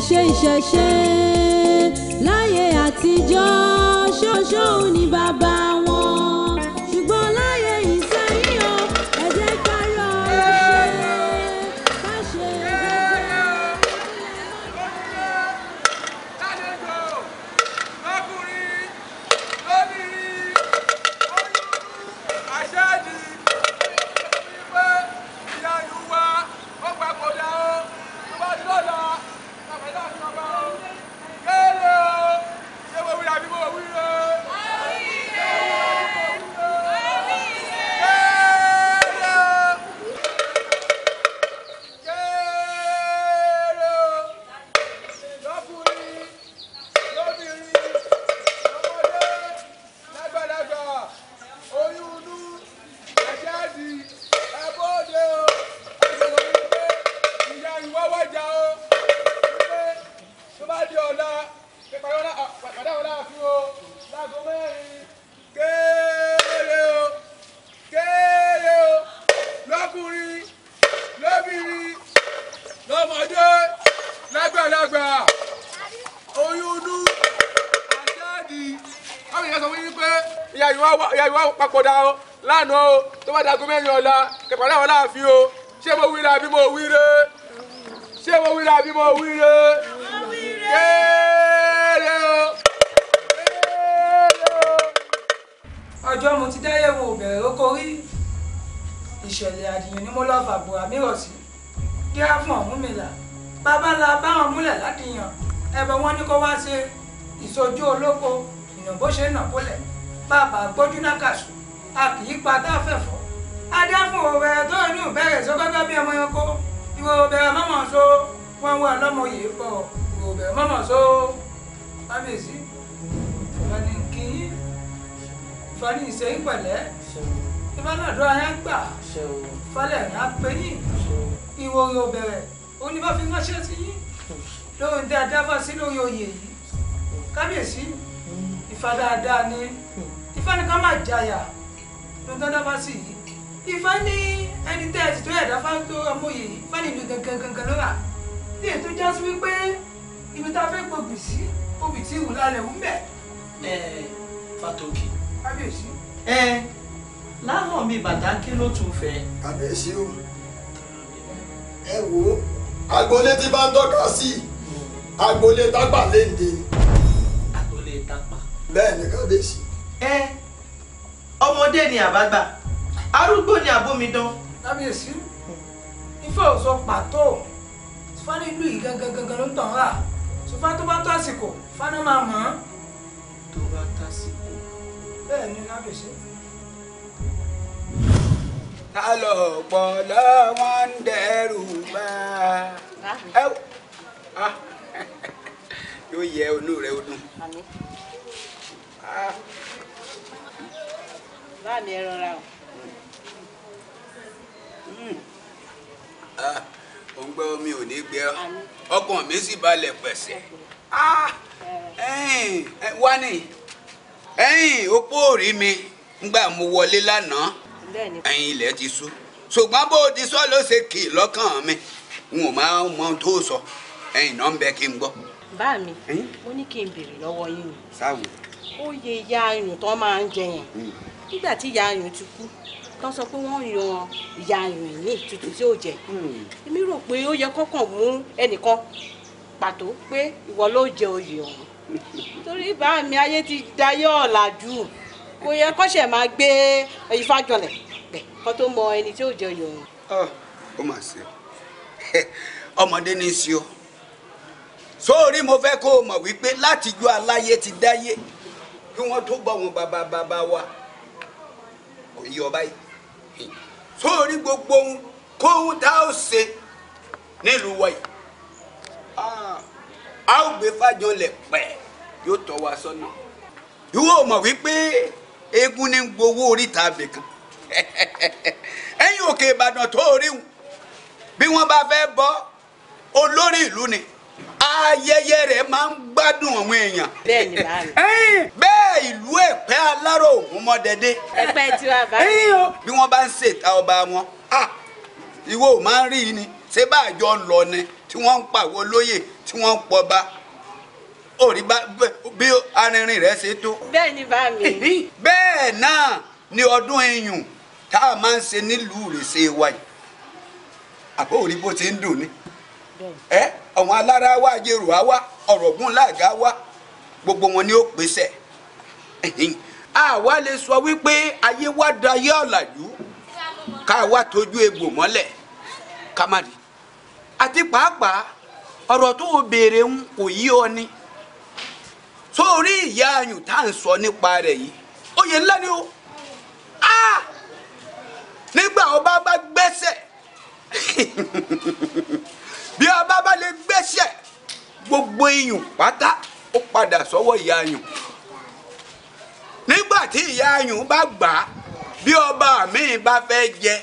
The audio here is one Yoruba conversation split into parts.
ìṣẹ̀ṣe ìṣẹ̀ṣe láyé àtijọ́ ṣóṣó ò bá. àná o tó bá dago mẹ́rin ọ̀la kẹ̀pàdé àwọn láàfin o ṣé mo wíra àbí mo wíre ṣé mo wíra àbí mo wíre kéèrè o kéèrè o. ọjọ́ mo ti dáyẹ̀wò òbẹ̀rẹ̀ ó korí ìṣẹ̀lẹ̀ àdìyàn ni mo lọ́ọ́ fàgbọ́ àmírọ̀sí kí á fún ọ̀hún mi là bàbá la báwọn múlẹ̀ ládìyàn ẹ̀bọ̀ wọn ní kó wá ṣe ìṣojú olóko ìnàbó ṣe nà bàbá gbójú náà a kì í pa tá a fẹ́ fọ́ adáfún òwe tó inú bẹ̀rẹ̀ sọ gẹ́gẹ́ bí ọmọ ẹranko ìwé obìnrin mọ́mọ́ so wọ́n wọ ọlọ́mọ yìí pọ̀ ìwé obìnrin mọ́mọ́ so kábíyèsí ìfani kì í ìfani ìsẹ́yìn pẹ̀lẹ́ ìfọlọ́dọ̀ ayé gbà falẹ̀ ní apẹ́yìn ìwò oyè òbẹ̀rẹ̀ oníbàfin ránṣẹ́ sí yín lóhun tí a dábọ̀ sí lórí oyè yìí kábíyèsí ìfà dáadáa ni ìfani kan máa jàyà tọ́jọ́ bá sì yìí ìfá ní ẹni tẹ́ ẹ sì tó ẹ̀dá fá tó ọmọ yìí fẹ́ni ìlú gangan gangan ló rà ní ètò já sí wípé ibi tá a fẹ́ gbòbì sí gbòbì tí ìwúlá rẹ̀ ń bẹ̀. ẹ fatoki. kábíyèsí. ẹ lánàá mi bàtà kí ló tún fẹ́. kábíyèsí o ẹ wo agboolé tí bá ń tọ́ka sí agboolé tápà léde. agboolé tápà. bẹ́ẹ̀ ni kábíyèsí. ẹ. Eh, ọmọdé ni àbágbà arúgbó ni àbómidán. lábíyèsí ifá ò sọ pàtó Ifá nílùú yìí gangan gangan ló ń tàn á Ifá tó bá tó àsìkò Ifá náà máa mọ̀ ọ́n. tó bá tásìkò. bẹ́ẹ̀ ni lábíyèsí. alọ̀pọ̀ lọ́wọ́ ń dẹ́rù bá a yóò yẹ onú rẹ ó dùn láàmì ẹran ra o. ò hmm. ah, ń gbọ́ mi ò ní gbẹ́ ọkàn mi sì balẹ̀ pẹ̀sẹ̀ ah, wá ní opó òrí mi ngbà mo wọlé lánàá ẹ̀yìn ilẹ̀ ti sú ṣùgbọ́n bó ti sọ ló ṣe kì í lọ́kàn mi n ò máa mọ ohun tó sọ ẹ̀yìn náà ń bẹ kí n gbọ́. bá mi mo ní kí n béèrè lọ́wọ́ yín ni. sáwù. ó yẹ ìyá ayùn tó máa ń jẹ nígbà tí ìyá ayùn ti kú tán sọ pé wọ́n yan ìyá ayùn ní ìtutù tí ó jẹ hmm. èmi rò pé ó yẹ kọ́kàn mú ẹnìkan pàtó pé ìwọ ló jẹ oyè ọ̀hún torí bá ayé ti dayé ọ̀làjú kò yẹ kọ́ṣẹ̀ máa gbé ìfàjọlẹ̀ pẹ̀ kó tó mọ ẹni tí ó jẹ oyè ọ̀hún. Ah, ó mà ṣe ọmọdé ní í ṣe ọ sórí mo fẹ́ kó o mọ̀ wípé láti ju aláyé ti dáyé kí wọ́n tó bọ̀ wọn bàbá bàbá wa. kò gbogbo ohun kóhun tá a ṣe nílùú wa ah, a ó gbé fàjọlẹ̀ pẹ̀ yóò tọ́ wa sọ́nà ìwọ mọ̀ wípé eégún ní gbowó oríta abẹ kan ẹ̀yìn òkè Ìbàdàn tó rí ayẹyẹ rẹ̀ máa ń gbádùn àwọn èèyàn. bẹ́ẹ̀ ni bá mi. bẹ́ẹ̀ ìlú ẹ̀pẹ́ aláró òun mọ́dẹ́dẹ́. ẹ̀pẹ́ tí wàá bá mi. bí wọ́n bá ń ṣèta ọba wọn ìwọ ò máa ń rí i ni ṣé bá àjọ lọ ni tí wọ́n ń pàwọ́ lóyè tí wọ́n ń pọba òrí bí arìnrìn rẹ̀ ṣe tó. bẹ́ẹ̀ ni bá mi. bẹ́ẹ̀ náà ni ọdún iyùn tá a máa ń ṣe nílùú rèé ṣe wáyé àbó òrí bó ti ń dùn ni àwọn alára wa ajérò á wá ọ̀rọ̀gún láàgá wá gbogbo wọn ni ó pèsè àwa lè sọ wípé ayé wa dayé ọ̀làjú ká wa tójú egbò mọ́lẹ̀ ká má rí àti pàápàá ọ̀rọ̀ tó o béèrè ń kò yí ọ ni sórí ìyá ayùn tá à ń sọ nípa rẹ̀ yìí oyè ńlá ni o nígbà ọba bá gbẹ́sẹ̀ bí ọba bá lè gbéṣẹ́ gbogbo iyùn pátá ó padà sọ́wọ́ ìyá ayùn nígbà tí ìyá ayùn bá gbà á bí ọba mi bá fẹ́ jẹ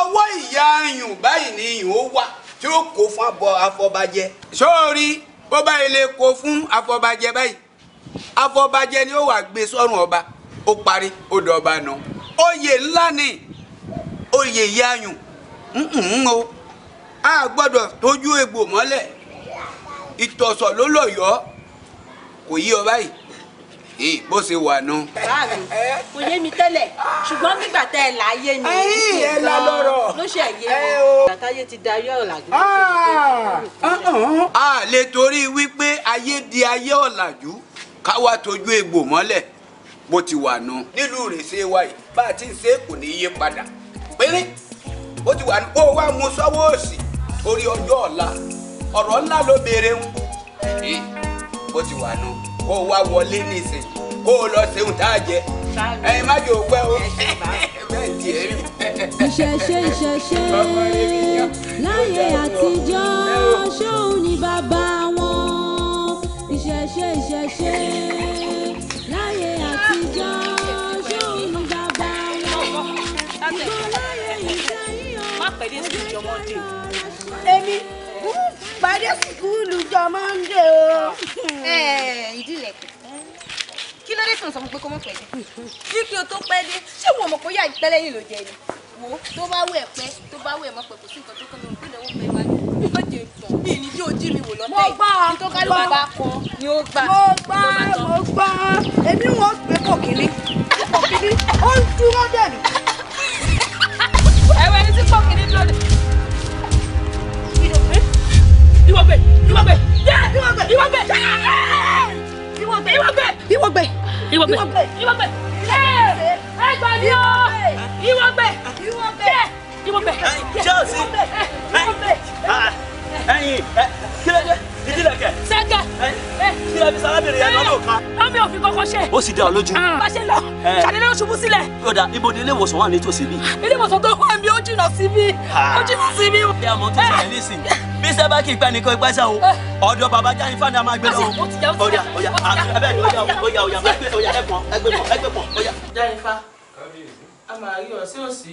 ọwọ́ ìyá ayùn báyìí ni iyùn ó wà tí ó kó fún afọbajẹ sórí bó bá ilé kó fún afọbajẹ báyìí afọbajẹ ni ó wà gbé sọ́rùn ọba ó parí ó dọba nù oyè ńlá ni oyè ìyá ayùn ń ń o a gbọ́dọ̀ tójú egbò mọ́lẹ̀ ìtọ̀sọ̀ ló lọ̀yọ́ kò yí ọ báyìí ee bó ṣe wà nù. báàmì kò yé mi tẹ́lẹ̀ ṣùgbọ́n nígbà tẹ́ ẹ là á yé mi. ẹyìn ẹ la lọ́rọ̀. ló ṣe yé mi. àtàyè ti da ayé ọ̀làjú. Ah, uh-uh. a lè torí wípé ayé di ayé ọ̀làjú káwa tójú egbò mọ́lẹ̀ bó ti wà nù. nílùú rẹ̀ ṣe wáyé bá a ti ń ṣe kò ní í yé padà péré bó ti wà nù kó o wá mú sọ́wọ́ orí ọjọ́ ọ̀la ọ̀rọ̀ ńlá ló béèrè ń kí bó ti wà nù kó wá wọlé nísìnyí kó o lọ ṣeun tá a jẹ ẹ má jò pẹ́ o bẹ́ẹ̀ di ẹ̀rí. ìṣẹ̀ṣe ìṣẹ̀ṣe láyé àtijọ́ ṣóun ni bàbá wọn ìṣẹ̀ṣe ìṣẹ̀ṣe láyé àtijọ́ ṣóun ni bàbá èmi pàdé sùkúlù jọ mọ́ndé o. ìdílé kí ló dé tó ń sọ fún pé kó mọ̀ pẹ́ dé kí kí o tó pẹ́ dé ṣé wo mọ̀ pé yà pẹ́ lẹ́yìn ló jẹ ni wo tó bá wẹ̀ pẹ́ tó bá wẹ̀ mọ́ pẹ́ kò sí nǹkan tó kọ́ mi òkú ìdánwò pẹ́ wájú má jẹ tán mi ní yóò jí mi wò lọ́tẹ̀ yìí tó kálù bàbá kan ni ó gbà mo gbà mo gbà èmi wọn gbé pọ̀ kínní pọ̀ kínní ó ń dúró dẹ̀ mí. ẹ̀wẹ̀ ni tí pọ̀ kínní lónìí ìwọ gbé ìwọ gbé ìwọ gbé ìwọ gbé ìwọ gbé ìwọ gbé ìwọ gbé ìwọ gbé ìwọ gbé ẹ ẹ gbà mí o ìwọ gbé ìwọ gbé ìwọ gbé ìwọ gbé ìwọ gbé ẹyin ẹ kílẹ̀dẹ̀ ìdílẹ̀kẹ̀. sẹ́kẹ̀. kí ẹ fi sárábìnrin yẹn lọ́dọ̀ kan. lọ́mí ò fi kọ́kọ́ ṣe. ó sì dá ọ lójú. Ah, bá ṣe lọ ṣàdédé ló ṣubú sílẹ̀. yọ̀dà ibo ni ilé ìwòsàn wà nítòsí bí. ilé ìwòsàn tó wà bí ó jìnnà sí bí ah. ó jìnnà sí bí. bí a mọ̀ tó ṣẹlẹ̀ nísìn eh. bí sábà kì í pẹ́ nìkan ìpẹ́ sẹ́wọ̀ ọ̀dọ̀ bàbá jáde fáńdà máa gbé lọ́wọ́. ọ̀yà ọ̀yà abẹ́ ọ̀yà ọ̀yà ọ̀yà ọ̀yà ẹ̀pọ̀n ẹgbẹ̀pọ̀n ẹgbẹ̀pọ̀n ọ̀yà. jáyẹ̀fà a máa rí ọ̀sẹ̀ òsì.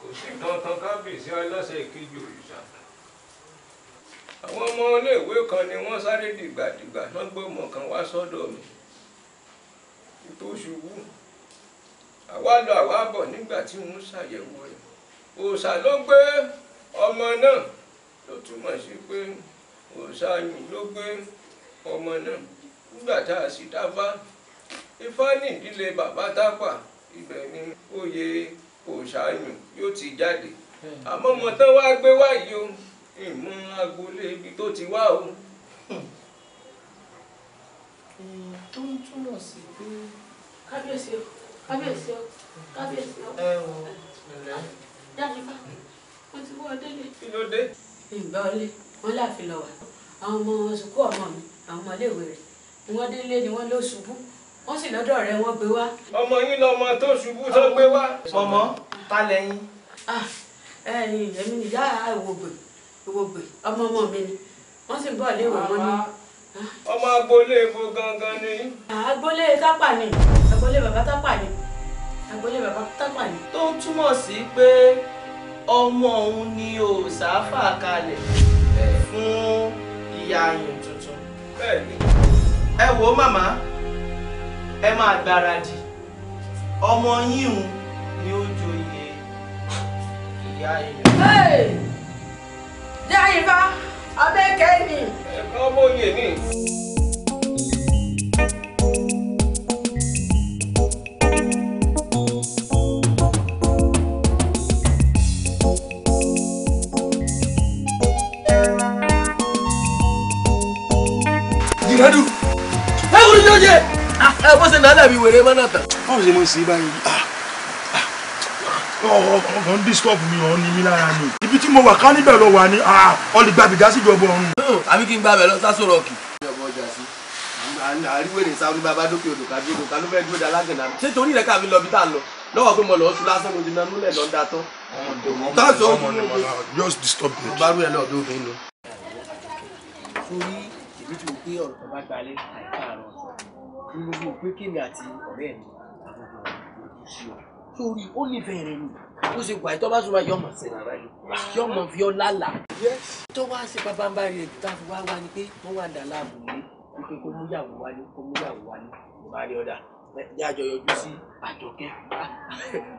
kò sí dandan kábíyèsí ọlọ́sẹ̀ ìkejì òrìṣà àwọn ọmọ iléèwé kan ni wọ́n sáré dìgbàdìgbà náà gbọ́mọ kan wá sọ́dọ̀ mi tó ṣubú àwa lọ àwa bọ̀ nígbà tí wọ́n ṣàyẹ̀wò rẹ̀ òòṣà ló gbé ọmọ náà ló túmọ̀ sí pé òòṣà yìí ló gbé ọmọ náà nígbà tá a sì dábá ifá ní ìdílé bàbá tápà ibẹ̀ ni oyè òòṣà yìí yóò ti jáde àmọ́ ọmọ tán wá gbé wáyé o ìmú agboolé ibi tó ti wá o. èyí tó ń túmọ̀ sí pé. kábíyèsí o kábíyèsí o kábíyèsí o. ẹ o ẹlẹ. jáde bá mo ti wọ délé. kí ló dé. ìgbà ọlẹ wọn láàfin lọ wà àwọn ọmọ sùkú ọmọ mi àwọn ọmọ iléèwé rẹ ni wọn délé ni wọn ló ṣubú wọn sì lọ́dọ̀ rẹ wọn gbé wá. ọmọ yín lọmọ tó ṣubú tó gbé wá. mọmọ ta lẹ́yìn. ah ẹyin èmi nìyá ìwògbè gbogbo ọmọ ọmọ mi ni wọ́n sì ń bọ̀ léèwé wọn ní. ọmọ agboolé epo gangan ni. agboolé tápà ni agboolé bàbá tápà ni agboolé bàbá tápà ni. tó ń túmọ̀ sí pé ọmọ òun ni òòṣà fà kalẹ̀ fún ìyá àyàn tuntun. bẹ́ẹ̀ni. ẹ wo màmá ẹ máa gbáradì ọmọ yín ni ó joyè ìyá èèyàn ifá abẹ́kẹ́ ni. ẹ̀ka ọmọ oyè ni. ìrẹ́dù ẹ kúrò jọjẹ ah, ẹ bó nàá dàbí wèrè mọ́nà tán. báwo ṣe mọ̀ sí báyìí. Ah, ọkàn disturb mi ọ̀hún ni mi lára ni ibi tí mo wà ká níbẹ̀ lọ wà ní ọlùgbàbí gá síjọba ọ̀run. àbí kí n gbà lọ sásò rọ̀kì. torí rẹ̀ just disturb tí mo gbé ọ̀rọ̀ tó bá gbalẹ̀ àìkáàrọ̀ ọ̀sán ní gbogbo pé kémi àti ọ̀rẹ́ mi àwọn ọ̀rọ̀ ìlú sí ọ torí ó nífẹ̀ẹ́ rẹ ni ó ṣe gbà tó bá sùn bá yọ ọmọ sí rárá yìí yọ ọmọ fi ọ lálà. tó wá ṣe pàbàǹbà rẹ tá a fi wá wá ni pé wọn wà dà láàbò ní wípé kó múyàwó wálé kó múyàwó wálé kó bá rí ọ̀dà jájọ yọjú sí àjọkẹ́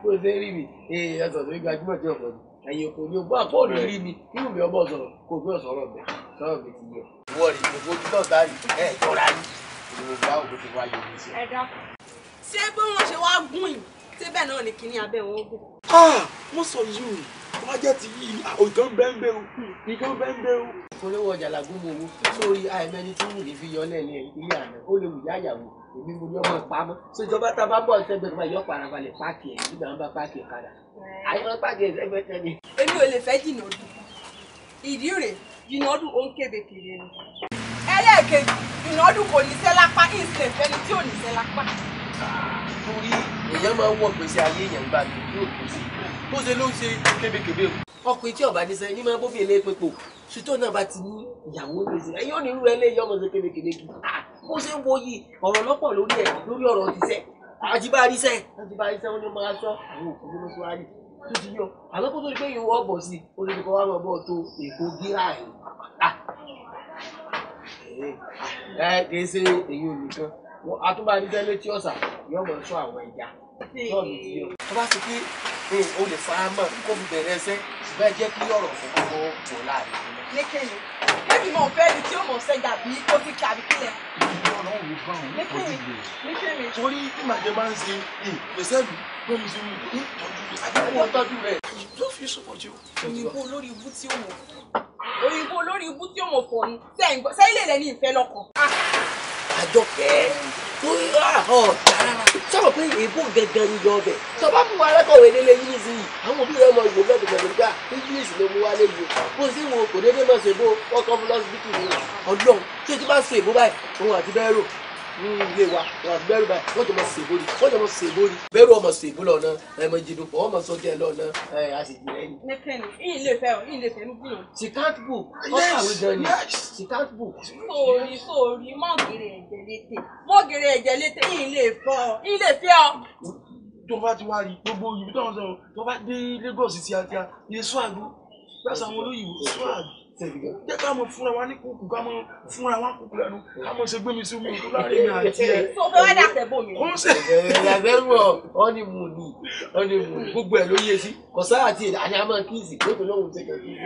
bó ṣe rí mi ọ̀sán tó gbajúmọ̀ tí ọ̀pọ̀ ni ẹ̀yìn kò ní ogbó àpò ní rí mi nínú mi ọmọ sọ̀rọ̀ kò gbé ọ̀sọ̀rọ̀ bẹ̀ sọ̀rọ̀ mi ti yẹ. wọ́ọ̀rì gbogbo títọ̀ sáré ẹ̀ tọ́ra yìí ìwọ̀n bá òkú ti wáyé omi sí. ṣé bí wọ́n ṣe wá gún yìí síbẹ̀ náà ni kinní abẹ́ wọn gùn. wọ́n ah, sọ yìí o wọ́n jẹ́ ti yí ìkan bẹ́ńbẹ́ o hmm. ìkan bẹ́ńbẹ́ o. polówó ọjà làgùn mọ owó sórí àìmẹni tí wùdí fi yọ lẹ́ni ilé àná ó lè wùdí àyàwó èmi mo ní ọmọ ìpamọ́ so ìjọba tá a bá bọ̀ sẹ́gbẹ̀ẹ́ kan yọ parabalẹ̀ páàkì ẹ̀ nígbà wọn bá páàkì ọ̀kadà àyẹ̀wò páàkì ẹ̀ sẹ́gbẹ̀ẹ́ tẹ́lẹ̀. èmi ò lè fẹ́ jìnnà ọdún ìdí rèé jìnnà ọdún ó ń kébé kiri ni ẹlẹ́ẹ̀kejì jìnnà ọdún kò ní sẹ́ lápá ìsìn ìfẹ́ni tí èèyàn máa ń wọ gbèsè ayé èèyàn gbà mí yóò gbèsè bó ṣe ló ń ṣe kébékébé o. ọkùnrin tí ọba níṣẹ ní máa bófin ilé pépò ṣùtò náà bá ti ní ìyàwó gbèsè ẹ̀yin ò ní irú ẹlẹ yọmọ ṣe kébékébé kí bó ṣe ń wòye ọ̀rọ̀ lọ́pọ̀ lórí ẹ lórí ọ̀rọ̀ tíṣẹ àjíbáríṣẹ àjíbáríṣẹ ó ní máa sọ àwọn òkú ló sọ wáyé tó ti yọ àmọ́ kó tó di pé ìwọ ọ̀bọ̀ sí i ó lè kọ́ wá máa bọ̀ tó èkó gíra ẹ̀ kì í ṣe èyí ò nìkan àtúbàdíjẹ́ létí ọ̀sà yóò mọ̀ sọ àwọn ẹja lọ́ọ̀nù tí yóò. tó bá ti pé o lè fara mọ́ kó fi bẹ̀rẹ̀ ẹsẹ̀ ṣùgbọ́n ẹ jẹ́ kí ọ̀rọ̀ fún gbogbo wò láàrin. lékèlè kébì mọ̀ fẹ́ ni tí ó mọ̀ ṣe dàbí kó fi kàbí kílẹ̀. lékèlè lékèlè. torí ìmàjẹ máa ń ṣe ìpèsè mi pé mi ti mú un tọ́jú rẹ̀ àtàwọn tọ́jú rẹ̀. tó fi support you. òyìnbó lórí ibú tí ó mọ̀ òyìnbó lórí ibú tí ó mọ̀ fọ̀ ni sẹ́yìn ilé rẹ̀ ní ìfẹ́ lọ́kàn àjọkẹ́ tó ah, ọ̀dà sọ̀rọ̀ pé èbó gẹ́gẹ́ ń yọ ọbẹ̀ sọ̀bá mú wa lẹ́kọ̀ọ́ ìdílé yìí sí i àwọn òbí rẹ̀ mọ ìwò fẹ́ẹ́ bẹ̀rẹ̀ gbà english ló mú wa léyìí bó ṣe wo kò déédéé mọ̀ ṣe bó ọkọ̀ fúlọ́sibítù ni ọlọ́run tí o ti bá so èbó báyìí òun àti bẹ́ẹ̀ rò ní ilé wa wọn bẹ̀rù báyìí wọn jọ mọ sèbó ni wọn jọ mọ sèbó ni bẹ̀rù ọmọ sèbó lọnà ẹmọ jìnnú pọ ọmọ sọjẹ lọnà ẹ àṣejì rẹ ni. tó bá ti wá rí gbogbo òyìnbó tó ń sọ tó bá dé Lagos tíátíá ilé swag that's àwọn olóyìnbó swag jẹ́ ká mọ̀ fúnra wa ní kúkú ká mọ̀ fúnra wa kúkú lẹ́nu ká mọ̀ ṣe gbé mi sí omi ìlú láàrin mi àti ẹ̀. tó fẹ́ wá dàtẹ̀ bò mí. kún sí. ìyàgbẹ́rù ọ ọ́nì mù ní ọ́nì mù ní gbogbo ẹ̀ ló yé sí kò sáà àti èdè àti àmọ́ kíìsì lóko lóhùn ṣe kẹ̀kẹ́.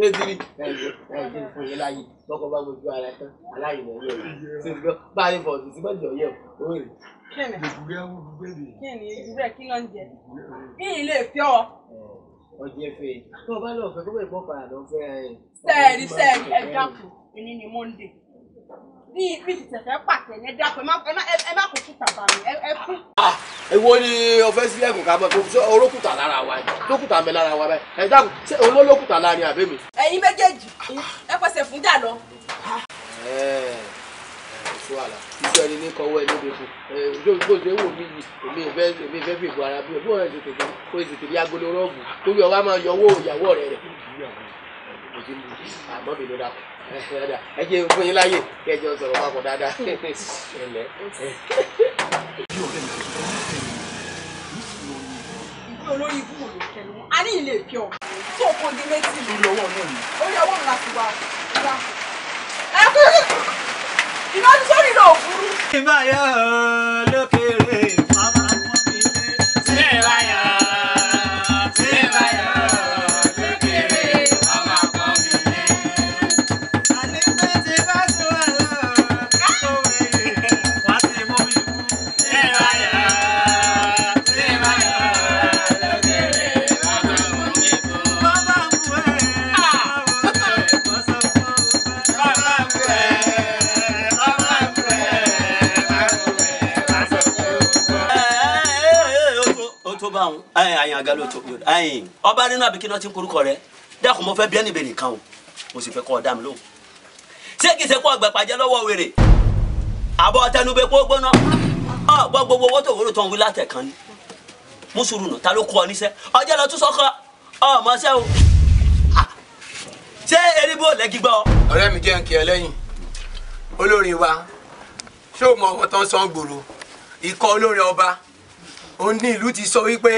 ẹ̀ẹ́dìrì ẹ̀ẹ́dìrì fún yẹn láyé lọ́kọ̀ bá gbogbo ara tán aláìmọ̀ yẹ̀ ṣe ti gbọ́ bá a lè fọ̀ ọ̀dùn sí mọ́jọ yẹ̀ o rè. kíni ìdúrẹ́ kí ló ń jẹ kí ilé ìfẹ́ ọ eh ọjẹ fẹ tó o bá lọ fẹ kó bẹ gbọ padà lọ fẹ ẹ. sẹẹri sẹẹri ẹ dákun ẹni ni monday bí bí tẹfẹ pàtẹ ẹ dákun ẹ má kó kúta bá mi ẹ kú. èwo ni ọfẹ sí ẹkùn ká bọ ṣé olókùtà lára wa ni lókùtà mẹ lára wa bẹ ẹ dákun ṣé olólókùtà lára ni àbẹ mi. ẹ̀yin méjèèjì ẹ pèsè fún jà lọ sí wàhálà iṣẹ́ ẹni ní kọ́wọ́ ẹni lóde fún ẹ bó ṣe wò mí yìí èmi ìfẹ́ èmi ìfẹ́ fìbò ara bí òbí ọ̀rẹ́ ti tètè kó ti tètè agolo rọ́ọ̀bù torí ọba máa yọ ìyàwó ọ̀rẹ́ rẹ̀ àmọ́ mi ló dà kọ́ ẹ jẹ́ fún yín láyè kí ẹ jọ sọ̀rọ̀ papọ̀ dáadáa ẹ̀lẹ́. olórí ibú di méjì lọ́wọ́ náà ni orí ọwọ́ mi láti wá wá iná sórí ló burú. ìbáyọ̀ lóòótọ́ àyàn àga lóòótọ́ ọba nínú àbíkí náà ti ń korúkọ rẹ dákun mo fẹ́ bí ẹni bèrè kan o mo sì fẹ́ kọ́ ọ dá mi lóhùn ṣé kìí ṣe kó ọgbà pàjẹ́ lọ́wọ́ wèrè àbọ̀ ọ̀tẹnubẹ kó gbóná ọ gbọ́ gbogbo owó tó wúlò tó ń wí látẹ̀ kan ni mùsùlù nù ta ló kọ́ ọ níṣẹ́ ọjọ́ lọ tún sọ́kọ ọ mọ ṣẹ́ o ṣé erigbó lẹ́gí gbọ́. ọ̀rẹ́ mi jẹ́ nkì ẹ lẹ́yìn olórin wa ṣé o mọ ọmọ tó ń san gbòòrò ikọ̀ olórin ọba òun ní ìlú ti sọ wípé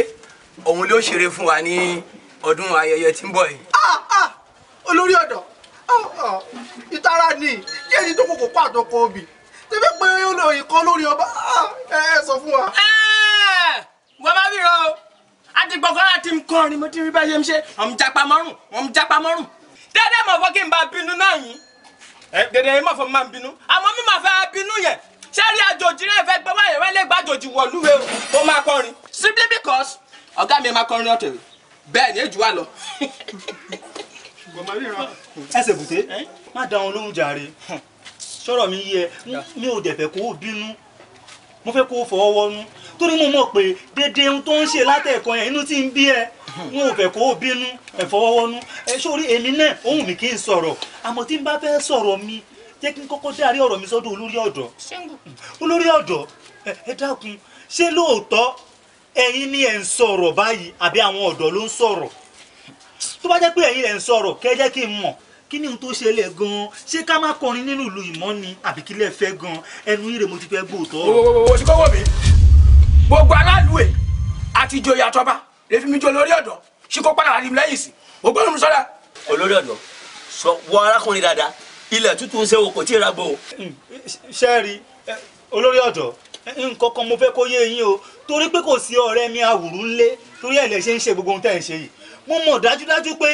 òun ló ṣeré fún wa ní ọdún ayẹyẹ tí ń bọ̀ yìí. Ah, ah, olórí ọ̀dọ́ ah, ìtara ni kí ẹni tó kókó pa àtọkọ obì tẹfẹ pé olóyìn kan lórí ọba ẹ sọ fún wa. Eh, wọ́n bá bìrọ̀ o a ti gbọ́kọ́ láti ni mo ti rí bá ṣe ń ṣe ọ̀n japa mọ́rùn ọ̀n japa mọ́rùn dédé mọ̀ fọ́ kí n bá bínú náà yìí eh, dédé mọ̀ fọ́ máa bínú àmọ́ mi máa fẹ́ bínú yẹn sẹ́rí àjòjì rẹ̀ fẹ́ gbọ́ wáyé wẹ́lẹ́ gbàjòjì wọ̀lúwe o mo máa kọrin simply because ọ̀gá mi máa kọrin ọ̀tẹ̀ bẹ́ẹ̀ ni èjì wà lọ. ẹsẹ̀ bùté má da wọn lóhùn jàre sọ̀rọ̀ mi yẹ mi ò dẹ̀ kó o bínú mo fẹ́ kó o fọwọ́ wọnú torí mo mọ̀ pé dédé ohun tó ń ṣe látẹ̀kọ́ yẹn inú ti ń bí ẹ wọn ò fẹ́ kó o bínú ẹ̀fọwọ́wọ́nú ẹ èmi náà ohun mi kì í sọ̀rọ̀ àmọ́ tí n bá fẹ́ sọ̀rọ̀ mi jẹ́ kí n kọ́kọ́ dárí ọ̀rọ̀ mi sọ́dọ̀ olórí ọ̀dọ́ olórí ọ̀dọ́ ẹ dákun ṣé lóòótọ́ ẹ̀yin ni ẹ̀ ń sọ̀rọ̀ báyìí àbí àwọn ọ̀dọ́ ló ń sọ̀rọ̀ tó bá jẹ́ pé ẹ̀yin ẹ̀ ń sọ̀rọ̀ kẹ́ jẹ́ kí n mọ̀ kí ni ohun tó ṣẹlẹ̀ gan-an ṣé ká má kọrin nínú ìlú ìmọ̀ ni àbí kí lẹ fẹ́ gan-an ẹnu ire mo ti fẹ́ gbóòótọ́. wo ti kọ́wọ́ mi gbogbo aráàlú ẹ̀ àti ìjòyè àtọ́ba olórí ọ̀dọ́ sọ wọ arákùnrin dáadáa ilẹ̀ tútù ń ṣe o kò tí ì ra gbò. sẹ́ẹ̀rì hmm. olórí ọ̀dọ́ nǹkan kan mo fẹ́ kó yé yín o torí pé kò sí ọ̀rẹ́ mi àwùrú ńlé torí ẹ̀ lẹ ṣe ń ṣe gbogbo ohun tẹ́ ń ṣe yìí mo mọ̀ dájúdájú pé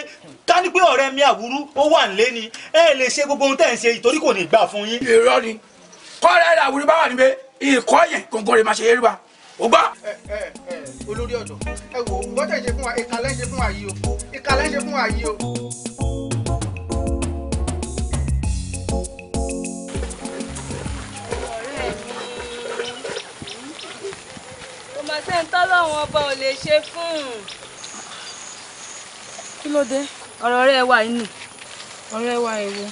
ká ní pé ọ̀rẹ́ mi àwùrú ó wà ńlé ni ẹ lè ṣe gbogbo ohun tẹ́ ń ṣe yìí torí kò ní gbà fún yín. irọ́ ni kọ́rẹ́ àwùrú bá wà níbẹ̀ ìkọ́ yẹn gbogbo rẹ̀ máa ṣe eré wa o gbọ́. olórí ọ̀dọ́ ẹ wò ó gbọ́dọ̀ ṣe fún wa ìkàlẹ́ ṣe fún wa yìí o ìkàlẹ́ ṣe fún wa yìí o. sẹ́ńtọ́ lọ́wọ́n ọba ò lè ṣe fún un. kí ló dé ọ̀rọ̀ ọ̀rẹ́ wa inú ọ̀rẹ́ wa èwo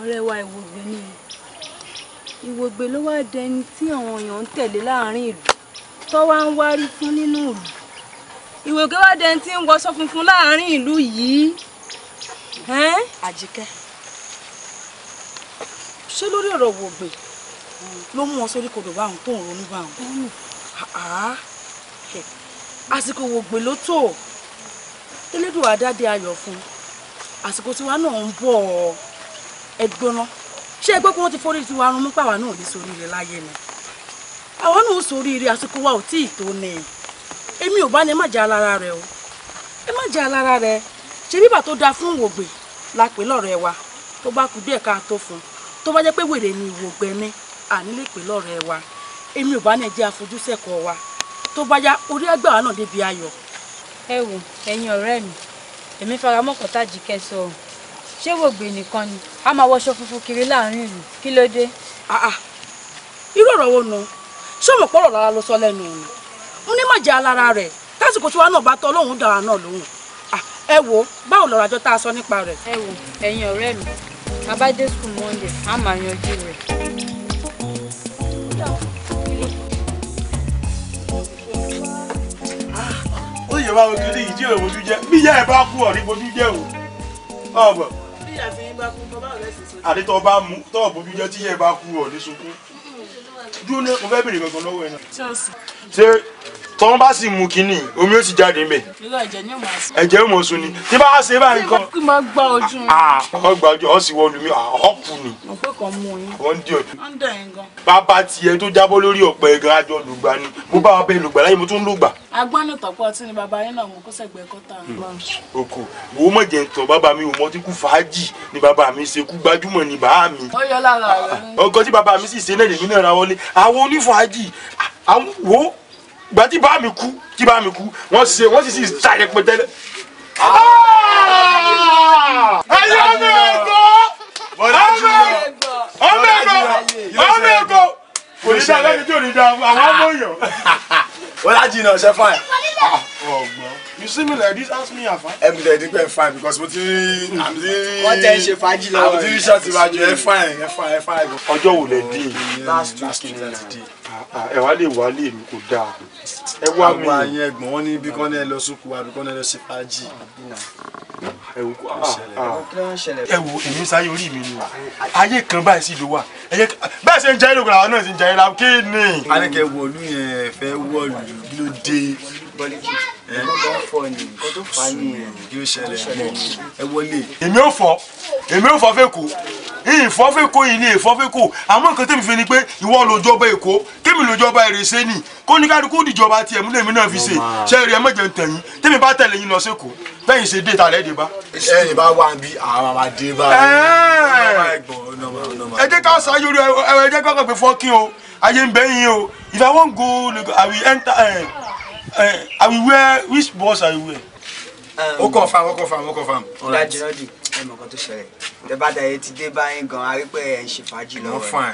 ọ̀rẹ́ wa ìwògbé ni ìwògbé ló wá dẹni tí àwọn èèyàn ń tẹ̀lé láàrin ìlú tó wá ń wárí fún nínú ìlú ìwògbé wá dẹni tí ń wọṣọ funfun láàrin ìlú yìí. àjíkẹ́ ṣé lórí ọ̀rọ̀ ìwògbé ló mú wọn sórí kodò báwọn tó ń ronú báwọn. Ah, ah. àsìkò wògbè ló tó tẹlẹdùn àdáde ayọ̀ fún àsìkò tiwa náà ń bọ̀ ẹgbọnà ṣé ẹgbẹ́ pé wọ́n ti forí tiwa rún nípa àwa náà ní soríire láyé ni àwọn náà soríire àsìkò wa ò tí ì tó ni èmi ò bá ní ẹ má jẹ́ alára rẹ o ẹ má jẹ́ alára rẹ ṣe bíbà tó dáa fún wògbè la pè lọ́rẹ́ wa tó bá kú díẹ̀ ká tó fún tó bá jẹ́ pé wèrè ni ìwògbẹ́ ni àní lè pè lọ́rẹ́ wa èmi ò bá náà jẹ́ àfojúsẹ́kọ̀ọ́ wa tó bá yá orí ẹgbẹ́ wa náà débi ayọ̀. ẹ wò ẹ̀yin ọ̀rẹ́ mi èmi fara mọ́kàntà jí kẹsọ̀ ọ́ ṣé wògbè nìkan ni a máa wọṣọ funfun kiri láàrin ìlú kí ló dé. irú ọ̀rọ̀ wo nu ṣé òun pọ̀rọ̀ lára ló sọ lẹ́nu ọ̀nà mo ní má jẹ́ alára rẹ̀ tásìkò tí wàá náà bá tọ́ lóhùn dára náà lóhùn ẹ wò báwo lọ́rọ̀ àjọ tá a sọ nípa rẹ̀. ẹ wò ẹ̀yin ọ̀rẹ́ mi abájẹ́sùn monday a máa yanjú rẹ̀. Ah, ó yẹ báwo kí ní ìdí òun ojú jẹ bí ìyá ẹ bá kú ọ̀rí ojú jẹ o ọ̀bọ̀. bí àti yín bá kú bàbá rẹ̀ sì sọ. àti tọ́ bá mú tọ́ bójú jẹ tí ìyá ẹ bá kú ọ̀rí sunkún. dúró ní mo fẹ́ bèrè kankan lọ́wọ́ ẹ náà. ṣé tọ́wọ́n bá sì mú kínní omi ó ti jáde ń bẹ̀. ẹ̀jẹ̀ ó mọ̀ sun ni tí bá ṣe báyìí kọ́. kí máa gba ojú. Ah, ọ gba ojú ọ sì wọ olùmí ọ kù ni. ọ̀pẹ kan mú yín. wọ́n ń dí ọ̀jọ́. wọ́n ń dẹ̀ yín gan. bàbá tiẹ̀ tó jábọ́ lórí ọ̀pẹ ẹ̀gán àjọ lùgbà ni mo bá wa bẹ́ẹ̀ lùgbà láyé mo tún lùgbà. agbánutọ̀pọ̀ tí ni bàbá yín náà mú kó sẹ̀gbẹ́ kọ́ta. Hmm, oko wo mi ò mọ tí mi ṣe kú gbajúmọ̀ ni bàá mi. ó yọ lára rẹ. ọkọ mi sì ṣe náà lèmi náà ra wọlé gba tí bá mi ku. tí bá mi kú wọ́n ṣe wọ́n sì sì ta yẹpẹ tẹ́lẹ̀. Ah! ẹyẹ ọmọ ẹgbọ ọmọ ẹgbọ ọmọ ẹgbọ ọmọ ẹgbọ kò ní sá lẹ́yìn tó ní da àwọn ọmọ yàn. Bọ́lájì náà ṣe fine. You see me like this ask me am fine. Ẹ̀mi lẹ̀ dípẹ́ fine because mo ti rí àmì ti rí. Wọ́n tẹ̀ ń ṣe fàájì lọ́wọ́ yìí. Àmì ti rí ṣọ́ọ̀tì fine ẹ̀ fine ẹ̀ fine. Ọjọ́ wo lè dé? Last two last two last day ẹ wá lè wá lè mi kò dáa ẹ wá mi. àwọn àyẹn ẹ̀gbọ́n wọn ní ibi kan náà lọ sóko àbí kan náà lọ sí fàájì. ẹ wo èmi sáyé orí mi ni o ayé kan báyìí sì ló wà bẹ́ẹ̀ ṣe ń jẹ́ ìlú kan àwọn náà ṣe ń jẹ́ ìlú kí ni. alẹ́ kẹ́ wọ̀lú yẹn fẹ́ wọ̀lú ló dé bọ́líkì ẹ èmi ò fọ èmi ò fọ fẹ́kù ìfọ́ fẹ́kù yìí ni ìfọ́ fẹ́kù àmọ́ nǹkan tẹ́mi fi ni pé ìwọ lójọba èkó tẹ́mi lójọba ìrèsé ni kó dìjọba tiẹ̀ múlẹ̀ mi náà fi ṣe ṣe eré ẹmọ́jẹ̀ ń tẹ̀yìn tẹ́mi bá tẹ̀lé yín lọ sẹ́kọ̀ọ́ bẹ́yìn ṣe dé ìtàlẹ́ dé bá. ẹyìn bá wà bí àwọn máa dé bá. ẹ jẹ́ ká sá yorùbá ẹ jẹ́ ká kàn pé fọ́kín o ayé ń bẹ́yìn o if I wan go I will enter. Uh, Uh, I will wear which boss I will wear. ó confirm ó confirm ó confirm. dájú náà di ẹ mọ̀ kan tó ṣẹlẹ̀ tẹ bá dayé ti dé báyìí gan arí pé ẹ ń ṣe fàájì lọ́wọ́ ẹ fine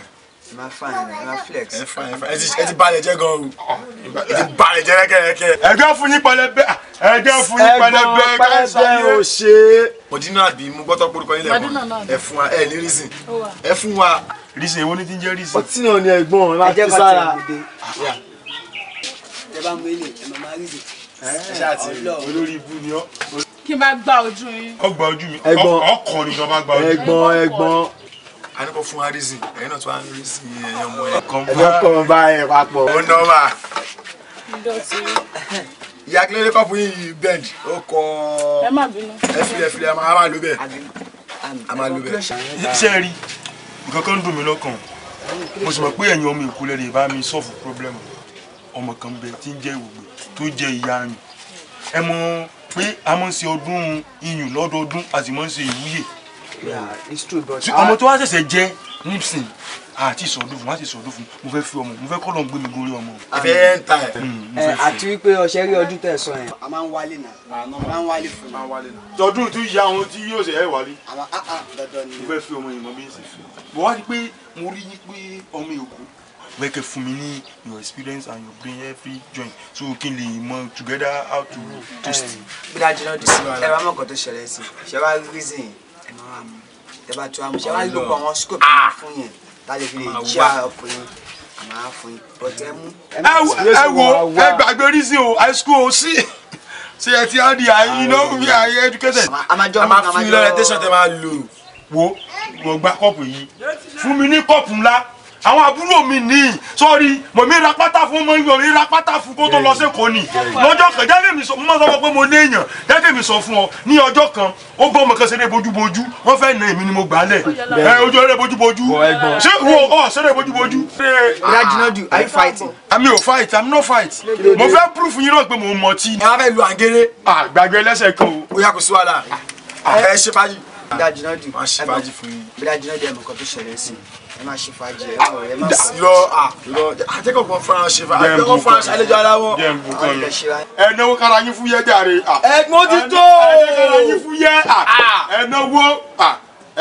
ẹ máa fine ẹ máa flex. ẹ fine ẹ ti ẹ ti balẹ̀ jẹ́ gan o ẹ ti balẹ̀ jẹ́ rẹ́kẹ̀rẹ́kẹ̀. ẹgbẹ́ fún yín pẹlẹbẹ ẹgbẹ́ fún yín pẹlẹbẹ ẹgbẹ́ ò ṣe é. mọ̀dínà àbí mo gbọ́tọ̀ gbórúkọ yín lẹ́kọ̀ọ́ ẹ fún wa ẹ ní reason ẹ fún wa. reason èwo ni ti ń jẹ́ reason. ọtí náà ni ẹ̀gbọ́n ẹ jẹ́ tẹ bá mú ilé ẹ máa rí ìsìnkú. olórí ibú ni ọ. kí n bá gba ojú yín. ọ gba ojú mi ọkàn ni kí bá gba ojú mi. ẹ̀gbọ́n ẹ̀gbọ́n a ní kó fún wa rísì náà tó wá ń rísì ẹ̀yin ọmọ ẹ̀ kàn bá ẹ̀ kàn bá ẹ̀ papọ̀. ó ná wa. ìyá kọ́pù yìí bend ó kọ ẹfilẹ̀ ẹfilẹ̀ a máa lò bẹ́ẹ̀ a máa lò bẹ́ẹ̀. ṣé rí nǹkan kan dùn mí lọ́kàn mo sì mọ̀ pé ẹ̀yin ọmọ ìkúlẹ̀ lè bá mi sọ́ọ̀fù pírọ́blẹ́mù ọmọ kan bẹ tí ń jẹ ìwògbè tó jẹ ìyá ayùn ẹ mọ pé a máa ń ọdún iyùn lọ́dọọdún a sì máa ń ìwúyè ọmọ tó wá ṣẹ̀ṣẹ̀ jẹ nipson àti ìsọdún fún àti ìsọdún fún mo fẹ́ fi ọmọ mo fẹ́ kọ́ lọ́n gbé mi gorí ọmọ. ìfẹ́ ẹ̀ ń ta ẹ̀. Mm, eh, àti wípé ọ̀sẹ̀ rí ọdún tẹ̀ sọ yẹn. a máa ń wálé náà a máa ń wálé fún mi. tọdún tún ya àwọn tí yóò ṣe ẹ wálé. àmọ́ ah, ah, dandan ni. mo fẹ́ fi ọmọ yìí mọ bí n ṣe fi. bọ̀ wá pé mo rí yín pé ọmọ èkó lẹ́kẹ̀ fún mi ní your experience and your brain every joint so we can lè mọ together how to mm. toast. gbígbà eh, jìnnà dùn sí ẹ bá mọ nǹkan tó ṣẹlẹ̀ sí ṣe wá reason ẹ máa wà mí ẹ bá tó wà mí ṣe wá lóko àwọn scope máa fún yẹn tá a lè fi lè jí àwọn ọkùnrin àmọ́ á fún yín bọ́tẹ́ mú. ẹ wo ẹ gbàgbé reason o high school o sí ṣe ẹ ti handi ayi iná mi ayi educated. a máa jọ máa fi lọ rẹ tẹsán tẹ máa lò. wo mo gba kọ́ọ̀pù yìí fún mi ní kọ́ọ̀pù ńlá àwọn àbúrò mi ní sọ́ọ́rí mọ̀mí rapátá fún mọ̀mí mọ̀mí rapátá fún kó tó lọ sẹ́kọ̀ọ́ ni lọ́jọ́ kan jáde mi sọ mo máa sọ pé mo léèyàn jáde mi sọ fún ọ ní ọjọ́ kan ó gbọ́ ọmọ kan ṣeré bójúbójú wọ́n fẹ́ na èmi ni mo gbà á lẹ̀ ẹ ojú ọ̀rẹ́ bójúbójú ṣé wo ọ ṣeré bójúbójú. ìyá jìnnà jù are you fighting. àmì ò fight àmì no fight mo fẹ́ proof yín náà pé mo mọtí. ẹ wá fẹ́ lu àǹgẹ̀rẹ̀. àgbàgbẹ́ lẹ́sẹ̀ kan o. ó yà kó sí wàhálà ẹ ṣe báyìí dájúnájú ẹgbẹ dájúnájú ẹmọ kan tó ṣẹlẹ̀ sí ẹ má ṣe fàájì ẹ má ẹ má sọ. lọ à ah, lọ àtẹkọ̀ọ́ ah, kan fara ṣe fà àtẹkọ̀ọ́ fara ṣe àlejò ara wọn. jẹ́ nbù kan lọ ẹ náwó kára yín fún yẹ jàre. Ah. ẹ̀gbọ́n ti tó. ẹ náwó kára yín fún yẹ ẹ náwó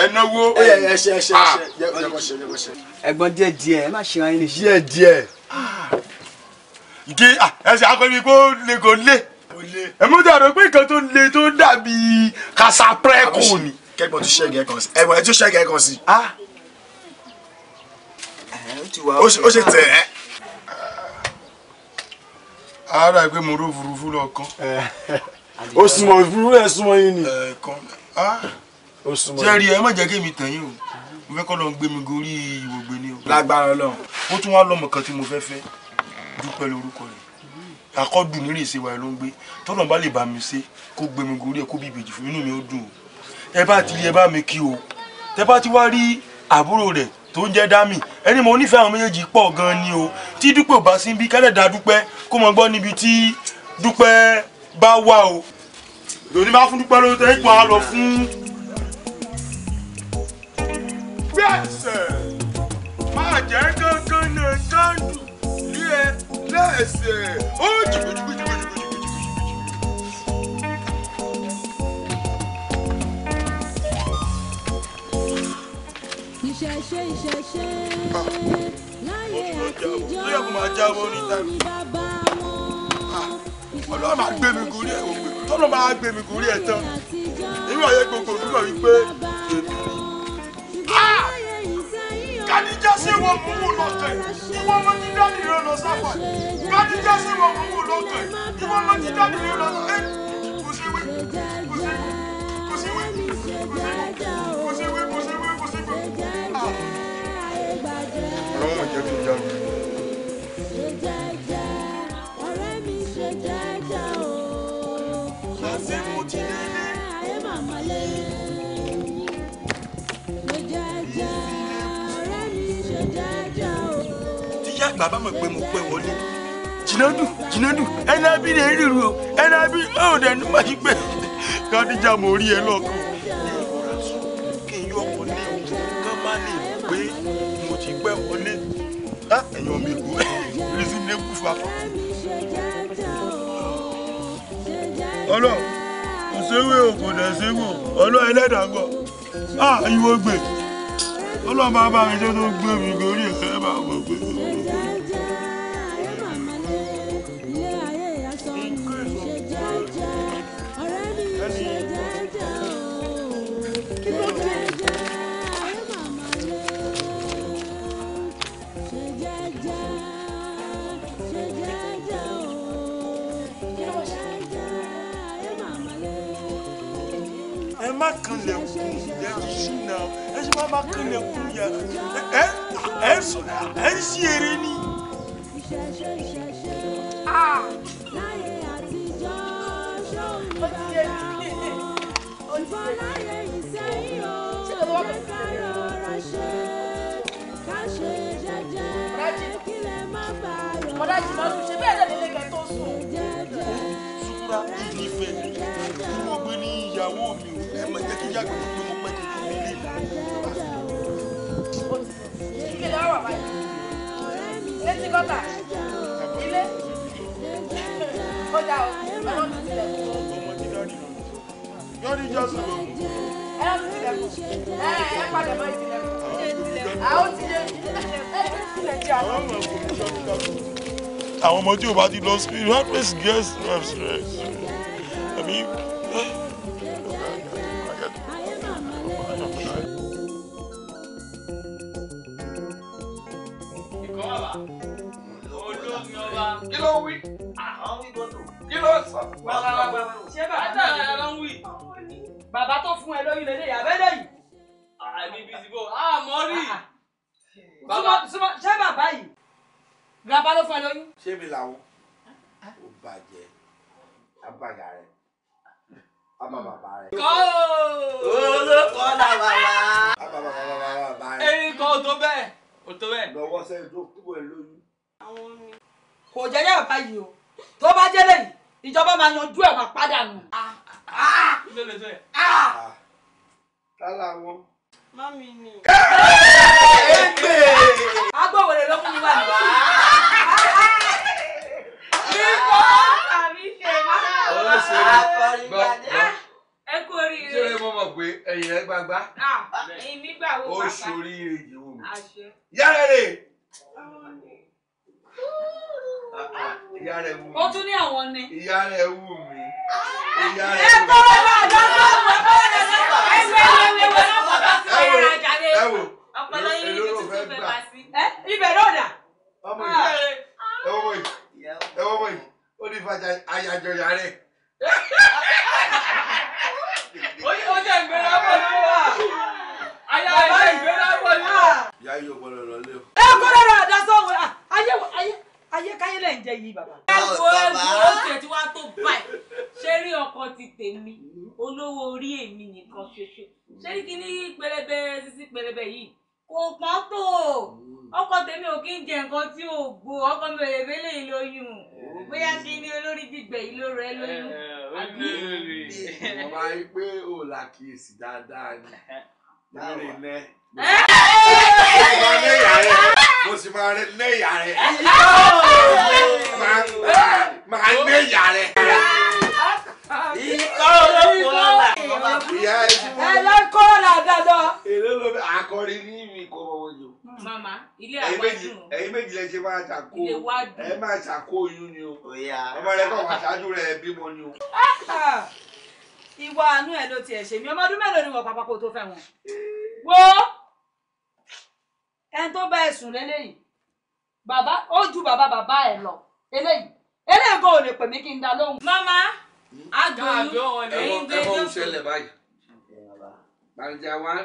ẹ náwó. ẹ ẹ ṣe ẹ ṣe ẹ ṣe. ẹ̀gbọ́n díẹ̀ díẹ̀ ẹ má ṣe ara yín léṣe. díẹ̀ díẹ̀. ǹkẹ́ ẹ ṣe akọ́ni kó lè kó lé. èmi ò dàrú pé nǹkan tó le tó dàbí kàṣà pẹ́ẹ́kù ni kẹ́gbọ́n tún ṣẹ́gi ẹ̀ kan sí ẹ̀gbọ́n ẹ̀ tún ṣẹ́gi ẹ̀ kan sí. Ah. ó ṣe tẹ̀ ẹ́. Ah. ara ìgbé mo ró furuufu lọ kán. o sùnmọ̀ òfurufú ẹ̀ súnmọ́ yín ni. jẹ́rìí ah. ẹ má jẹ́ kí èmi tàn yín o mo fẹ́ kọ́ lọ gbé mi gorí ìwògbé ni o. lágbára Ọlọ́run ó tún wá lọ́mọ kan tí mo fẹ́ fẹ́ dúpẹ́ lórúkọ rẹ̀ akọ́dùn nírèsè wa ló ń gbé tọ́lọ̀ bá lè bá mi ṣe kó gbé mi gorí ẹ̀ kó bí ìbejì fún inú mi ó dùn o tẹ bá ti rí ẹ bá mi kí o tẹ bá ti wá rí àbúrò rẹ tó ń jẹ́ dami ẹni mo nífẹ̀ẹ́ àwọn méjèèjì pọ̀ gan ni o tí dúpẹ́ ò bá sí bí kẹ́lẹ́dà dúpẹ́ kó mọ gbọ́ níbi tí dúpẹ́ bá wà o lòní bá fún dúpẹ́ ló tẹ́ ìpọ́n á lọ fún. gbẹ̀sẹ̀ máa jẹ́ kankan náà kándù lé ẹ lẹ́sẹ̀ ó jùbùjùbùjùbùjù. ìṣẹ̀ṣe ìṣẹ̀ṣe ah. láyé àtijọ́ ọlọ́run ni bàbá wọn. Ah. ọlọ́run máa gbé mi gorí ẹ̀ òwe tọ́lọ́ máa gbé mi gorí ẹ̀ tán èmi àyè gbogbo òdúrà wípé èmi ah. kàdíjà sí wọn mú un lọ́kàn ìwọ ọmọ ti dáàdì rẹ lọ sáfà kàdíjà sí wọn mú un lọ́kàn ìwọ ọmọ ti dáàdì rẹ lọ sáfà kò sí wí kò sí wí kò ọlọ́run jẹ́ kí n jáde. ṣe jẹ́jẹ́ ọ̀rẹ́ mi ṣe jẹ́jẹ́ o. ṣe jẹ́jẹ́ ayé màmá lé. ṣe jẹ́jẹ́ ọ̀rẹ́ mi ṣe jẹ́jẹ́ o. tíyá bàbá mọ̀ pé mo pẹ́ wọlé jinadu jinadu ẹnabi lè ríru o ẹnabi ọ̀dẹ̀ nígbà yí pé kádìjà mo rí ẹ lọ́kàn. olúwa kan. ọlọ́ kò séwé o kò dẹ̀ séwò ọlọ́ ẹlẹ́dàá gbọ́ á ìwọ gbè ọlọ́ bá bá mi ṣe tó gbé mi gorí ẹ̀ ẹ̀ bá wọ gbé mi. má kanlẹ̀kùn yẹ ṣìnà ẹ ṣe má má kanlẹ̀kùn yẹ ẹ ẹ sọ ẹ ń ṣí eré ni. Ah! Mọ̀dájì máa ń ṣe bẹ́ẹ̀ lẹ́nu ilé gan. ìyàwó mi ò ẹ mọ̀ jẹ́ kí yàgbẹ́ mi tó mo pẹ́ kí n fún mi lé. kí ló wà báyìí létí gọ́tà ilé ó dá o ẹ̀rọ mi sílẹ̀. ọmọ ti dárí lọ yọrí jọ́sì lọ. ẹ̀rọ mi sílẹ̀ kù ẹ̀ ẹ̀ padà mọ́ ìsìlẹ̀ kù àwọn ọmọ tí o bá ti lọ sí you have to get rest rest i mean. wí. àwọn wí bó tó. kí ló sọ. wàhálà ṣé bàbá náà ló ń wí. bàbá tó fún ẹ lóyún lélẹ́yìn abẹ́lẹ́ yìí. àmì ibi ìdìbò àmọ́ rí. Ah, ṣé bàbá yìí. bàbá ló fún ẹ lóyún. ṣé mi làwọn ò bàjẹ́ abàgà rẹ̀ ama bàbá rẹ. kọ́ olóko la bàbá. ama bàbá bàbá bàbá rẹ. ẹyin kan ò tó bẹ́ẹ̀ ò tó bẹ́ẹ̀. lọ́wọ́ sẹ́yìn tó kúrò lóyún. àwọn ni kò jẹ́jẹ́ báyìí o tó bá jẹ́ lẹ́yìn ìjọba máa yanjú ẹ̀ máa padà nù. Ah! Ah! kálá mami ni. ẹgbẹ́. agbóhùnrè ló fún mi wà nígbà. nígbà àmì ṣe máa ń bá ẹ kú oríire. ṣé mo mọ̀ pé ẹ̀yìn ẹ gbagba. ẹ̀yìn ah, mi gbà wo pàpà. ó ṣoríire yìí wò mí. yára rè ìyá rẹ̀ wù mí. ó tún ní àwọn ni. ìyá rẹ̀ wù mí. ìyá rẹ̀ wù mí. ẹ tọrọ bá a dáná ọmọ ẹ wẹ wẹ wẹ náà bàbá sí ẹ rà jáde. ẹ wò ọpọlọ yín ní tuntun fẹ́ bá sí. ẹ ibẹ̀ náà dà. ọmọ ah. yìí ẹ wọ́n mọ̀ yìí ẹ wọ́n mọ̀ yìí ó ní ìfajà ayájọ ìyá rẹ̀. ó jẹ́ ìgbéra pọ̀ ní wà. ayá ìgbéra pọ̀ ní wà. ìyá yóò gbọ́dọ̀ lọ lé o. ẹ gbọ́dọ̀ lọ àdá sọ́wọ́ ah, ayé ayé ayékáyé lẹ̀ ń jẹ yìí bàbá. ẹ̀wọ̀ ẹ̀wọ̀ oṣù tí wàá tó báyìí ṣé rí ọkọ ti tèmi olówó orí èmi nìkan ṣoṣo ṣé rí kí ní pẹlẹbẹ sísí pẹlẹbẹ yìí kò pọ́n tó ọkọ tèmi ò kí ń jẹ nǹkan tí ò gbó ọkọ mi ò lè bẹ́lẹ̀ ìlóyún bóyá kí ni olórí gbígbẹ ìlú rẹ lóyún àbí. mo máa ń pé ò làkíyèsí dáadáa ni lórí iná mo sì máa rẹ lẹ́yà rẹ. Màá lẹ́yà rẹ. Ìkọ́ olóko ọ̀la. Ìyá ẹ̀dínwó. Ẹ lọ kó ra dandan. Èlé ló bẹ akọrin ní ìrìn kọ́ ọmọ jù. Màmá, ilé àwájú. Ẹ̀yin méjì lẹ ṣe máa ṣàkó. Ẹ máa ṣàkó oyún ni o. Ọmọ rẹ kọ̀ wá ṣáájú rẹ bímọ ni o ìwà àánú ẹ ló tiẹ̀ ṣe mí ọmọ ọdún mélòó ni wọ́n papapọ̀ tó fẹ́ wọn. wo ẹni tó bá ẹ sùn lélẹ́yìí bàbá ó ju bàbá bàbá ẹ lọ eléyìí eléyìí kò lè pè mí kí n dá lóhùn. mama àgbọ̀yún ẹ̀yin gbé ẹjọ́ fún nàìjà one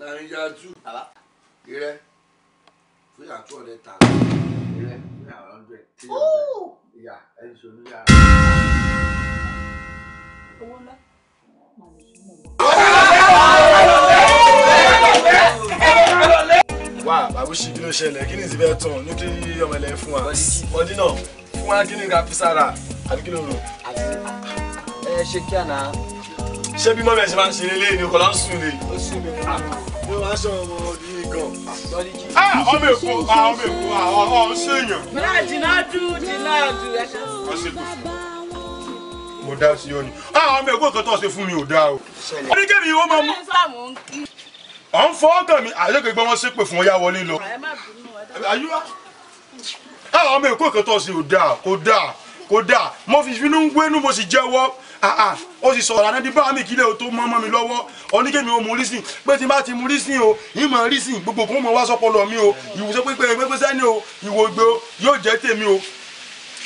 nàìjà two ìrẹ fún yà two hundred thousand ìrẹ fún yà one hundred three hundred ìyá ẹ̀ ń sọ níyà. owó ńlá. wá àbúṣì kí ló ṣẹlẹ̀ kí ni ti fẹ́ tán ní kí ọmọ ẹlẹ́ fún wa bọ́dí náà fún wa kí ni ká fi sára àbí kí ló rò. ẹ ṣe kí àná. ṣé bí mọ́mí ẹ̀ ṣe máa ń ṣe lélẹ́yìn ni kọ́lá ń sùn lè. ó sùn mi kọ́ mo máa ń sọ ọmọ ọdún yìí gan. Ah, ọmọ èkó ah, ọmọ èkó ah, ọ̀ ń ṣèyàn. bọ́lá jìnnà dùn jìnnà dùn ẹ̀ ṣe. wọ́n ṣe kò fún mo dá sí ọ ni. àwọn ọmọ ẹgbẹ́ kan tó ṣe fún mi ò dáa o. oníkẹ́mi ìwọ máa mú ọ̀ ń fọ́ gàn mí àyẹ̀kẹ́ gbọ́ wọn ṣépè fún ọyá wọlé lọ. àyùwá àwọn ah, ọmọ èkó ìkẹtọ sí ò dáa kò dáa kò dáa mo fi inú ń gbénú mo sì jẹ́wọ́ àà ah, ah, ó sì sọ̀rọ̀ àná di bá mi kílẹ̀ o tó mọ́ mọ́ mi lọ́wọ́ oníkèmí o mú rí sìn pé tí n bá ti mú rí sìn o yìí mọ̀ rí sìn gbogbo kó mọ̀ wá sọ́pọ̀lọ́ mi o ìwòsàn pípẹ́ pípẹ́ sẹ́ni o ìwò gbé o yóò jẹ́ tèmi o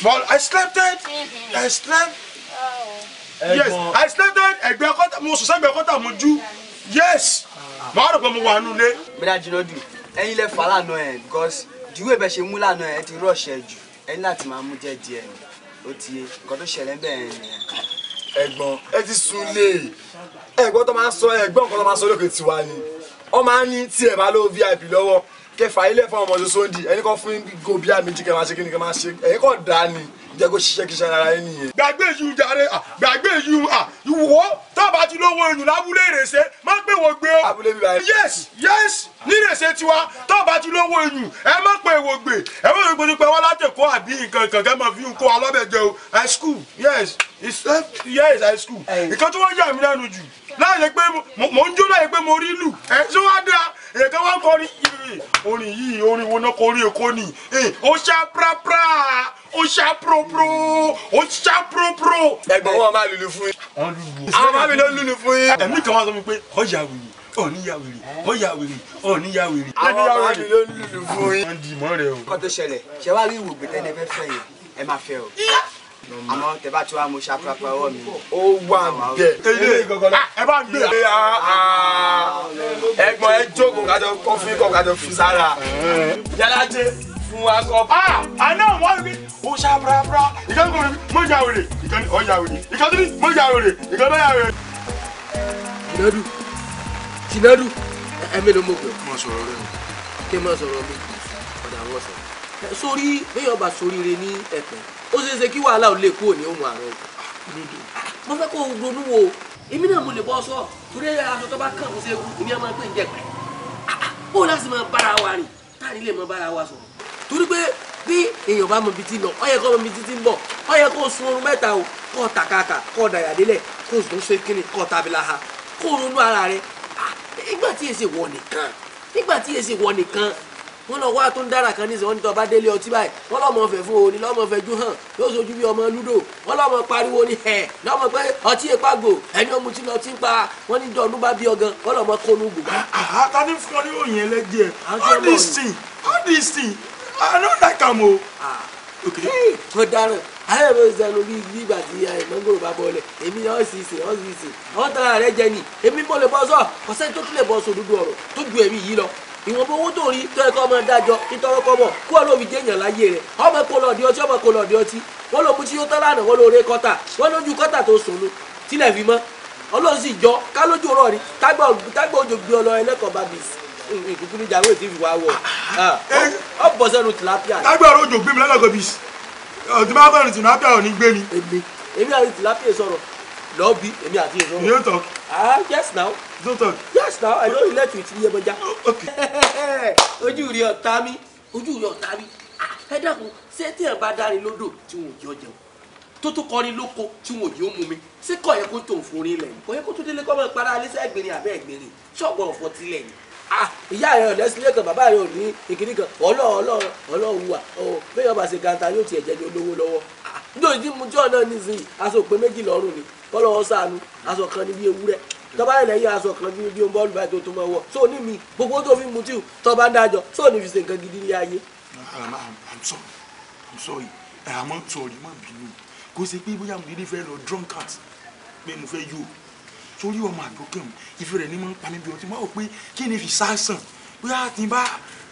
but I slept mm-hmm. I slept oh. yes I slept ẹgbẹ́ kọ́tà mo sùn sẹ́gbẹ́ kọ́tà mo jú yes màá rò pé mo wà nù lé. bẹ́ẹ̀ jìnnàdù ẹ̀yin lẹ fà lánàá ẹ̀ because dùwé bẹ́ẹ̀ ṣe mú lánàá ẹ̀ ti rọ̀ṣẹ̀ jù ẹ̀yin láti máa mú jẹ́ díẹ̀ ni ó ti yé nǹkan tó ṣẹlẹ̀ bẹ́ẹ̀ nìyẹn. ẹ̀gbọ́n ẹ ti sùn lé ẹ̀gbọ́n tó máa ń sọ ẹ̀gbọ́n kan tó máa ń sọ lókè tiwa ni wọ́n máa ń ní tí ẹ̀ bá ló vip lọ́wọ́ kẹfà ilé fún ọmọ ṣoṣo ń di ẹni kan fún gòbíà méjì kẹ máa ṣe kí ni máa ṣe ẹ̀yin kan dá ni jẹ́ kó ṣiṣẹ́ kí sanara yín nìyẹn. gbàgbé yìí jàre gbàgbé yìí ìwọ tábà ti lówó èèyàn lábúlé ìrèsé má pè wò gbé o. abúlé bíbá yẹn. yes yes ní ìrèsé tiwa tábà ti lówó èèyàn ẹ má pè wò gbé ẹ má pè wò gbé wọn látẹ̀kọ́ àbí nǹkan kankan máa fi kó alọ́bẹ̀ jẹ o high school yes yes high school. ìkan tí wọ́n yà mí lẹ́nu jù láyé pé mò ń jó láyé pé mo rí lù ẹ ṣó wá dá èyí tó wá ń kọrin orin yìí orin wo náà kọrí èkó ni eh, ó ṣá prapra ó ṣá propro ó ṣá propro. ẹ̀gbọ́n wọn máa lulu fún yín àwọn máa mi ló lulu fún yín. ẹ̀mí kan wá sọ mi pé ọjà wìrì ọ̀níyàwèrè ọ̀yàwèrè ọ̀níyàwèrè. àwọn ọmọ mi ló lulu fún yín. wọ́n di ìmọ̀ rẹ̀ o. kọ́ tó ṣẹlẹ̀ ṣe wá rí ìwògbè tẹ́lẹ̀ fẹ́ fẹ́ yẹn ẹ máa fẹ́ o àmọ́ tẹ bá tí wàá mo ṣàpàpà ọwọ́ mi. ó wà bẹ ilé ẹ bá gbé ẹ̀gbọ́n ẹ jókòó kájọ kọfí kọ kájọ fi sára yàrá jẹ fún wa kọ. àná wọn rí o ṣàpàpà ìkànnì kò rí mo yà wèrè ìkànnì ọ̀ yà wèrè ìkànnì rí mo yà wèrè ìkànnì ọ̀ yà wèrè. tinadu tinadu ẹ mélòó mo pè. mo sọ̀rọ̀ rẹ. kí n má mi ọ̀dà àwọn sọ̀rọ̀. sórí bẹ́ẹ̀ ọba sóríire ní ẹ̀pẹ̀ ó ṣeé ṣe kí wàhálà ò lè kúrò ní òun àrùn mo fẹ́ kó o ronú wo èmi náà mo lè bọ́ sọ torí aṣọ tó bá kàn fún ṣe kú ní ọmọ pé ń jẹ pẹ́ ó láti máa bára wa rìn táàrí lè máa bára wa sọ̀rọ̀ torí pé bí èèyàn bá mọ ibi tí lọ ó yẹ kó mọ ibi tí ti ń bọ̀ ó yẹ kó sun oorun mẹ́ta o kó o tàkàkà kó o dàyà délẹ̀ kó o sùn ṣe kíni kó o tàbí laha kó o ronú ara rẹ nígbà tí èsì wọ nìkan nígbà tí èsì wọ nìkan wọ́n lọ wá tó ń dára kan nísìnyí wọ́n ní tó bá délé ọtí báyìí wọ́n lọ́mọ fẹ́ fún òní lọ́mọ fẹ́ ju hàn yóò sojú bí ọmọ lúdò wọ́n lọ́mọ pariwo ní ẹ̀ lọ́mọ pé ọtí èpá gbò ẹni ó mutí lọ tí ń pa wọ́n ní dọ̀nù bá bí ọgàn wọ́n lọ́mọ kónú gbò. Ah, ah, ah, ta ni fún ọ ní òyìn ẹlẹ́jẹ̀ all this thing all this thing i no like am o. wọ́n dáràn ayé mi sẹnu bí gbígbà tí eh, mọ́ngòrò bá bọ́ọ̀lẹ̀ èmi náà sì sè ọ́ sì sè ọ́ tara rẹ jẹ ni èmi mo lè bọ́ sọ ọ̀sẹ̀ tó tún lè bọ́ sọ òdodo ọ̀rọ̀ tó ju èmi ìwọ̀nba owó tó rí tó ẹ̀kọ́ ọmọ dájọ́ nítorí ọkọ bọ̀ kó olómi déèyàn láyé rẹ̀ ọmọ kò lọ di ọtí ọmọ kò lọ di ọtí wọn ló mú tí ó tán lánàá wọn lóore kọ́tà wọn lójú kọ́tà tó sòlò tílẹ̀ fi mọ́ ọlọ́run sì jọ ká lójú ọ̀rọ̀ rí tágbà òjò gbé ọlọ ẹlẹ́kọ̀ọ́ bá bì ìkùkù níjà wọ́n ti fi wá wọ̀ eh, ọ bọ̀ sẹ́nu tilapia. tágbà òjò gbé mi lẹ́lẹ́kọ̀ọ́ don't talk. yes now i don relate with me. iye bọjá. ojú rí ọ̀tá mi ojú rí ọ̀tá mi ah, ẹ dàkún ṣé tí ẹ̀ bá dárin lódò tí wọn ò jẹ́ ọjà tó tó kọrin lóko tí wọn ò yóò mú mi ṣé kọ̀ yẹ kó tó nfun orin lẹ̀ kọ̀ yẹ kó tó délé kọ́ mọ́ ìpara alẹ́ sẹ́gbìnrin àbẹ́ ẹ̀gbìnrin ṣọ́ọ̀gbọ̀n ọ̀fọ̀ tilẹ̀ ni ah, ìyá rẹ ọ̀dẹ́ sílé kan bàbá rẹ ò ní ìkíní kan ọlọ́ ọlọ́ ọlọ́ wùwà ọ bẹ́ẹ̀ ọba ṣe gàǹtà yóò tiẹ̀ jẹ́ ní olówó lọ́wọ́ nítorí ah, tí mo jọ́ náà nísìnyí aṣọ òpè méjì lọ́rùn ni kọ́lọ́wọ́ sànù aṣọ kan ní bí ewúrẹ́ tọ́ba ilẹ̀ yìí aṣọ kan bí o ń bọ́ọ̀lù tó tó máa wọ̀ so ní mi gbogbo tó fi mu tí tọ́ba ń dájọ́ so ní fi ṣe nǹkan gidi ní ayé. I'm sorry I'm sorry àmọ́ eh, sọ̀rí má bínú kó ṣe pé bóyá mo dédé fẹ́ lọ drunkard pé mo fẹ́ yó torí ọmọ àgbọ̀kẹ́ mu ìfẹ́ rẹ̀ ní máa ń pa mí bí ọtí máa wò pé kí ni fi sáàsàn bóyá tí n bá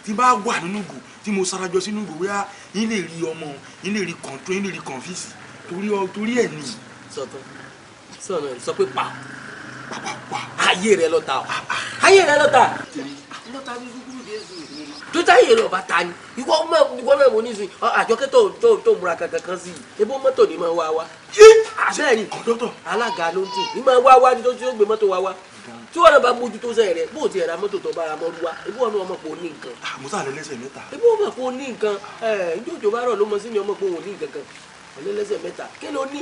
tí n bá wà nínú ìgò tí mo sarajọ sínú ìgò bóyá yín lè rí ọmọ yín lè rí kọ̀ǹtó yín lè rí kọ̀ǹfíìsì torí ẹ̀ nìyí. sọ pé pa ayé rẹ lọ ta o ayé rẹ lọ ta tó táyé lọ bá ta ni ìwọ mọ ìwọ mọ ní sùn ah, àjọké tó tó tó múra kankan kan sí i ebó mọ́tò ni máa wá wá. bẹ́ẹ̀ ni alága ló ń tì ní máa wá wá ní tó tí ó gbé mọ́tò wá wá tí wọn bá mójú tó sẹ rẹ bóòtì ẹ̀rá mọ́tò tó bára mọ́ wá ebó wọn ọmọ pé o ní nǹkan. àmúta ah, lẹ́lẹ́sẹ̀ mẹ́ta. ebó wọn mọ̀ ní nǹkan ẹ̀ ǹjọ́jọ́ bá rọ̀ ló mọ sí ni ọmọ pé ní nǹkan kan lẹ́lẹ́sẹ̀ mẹ́ta kí ló ní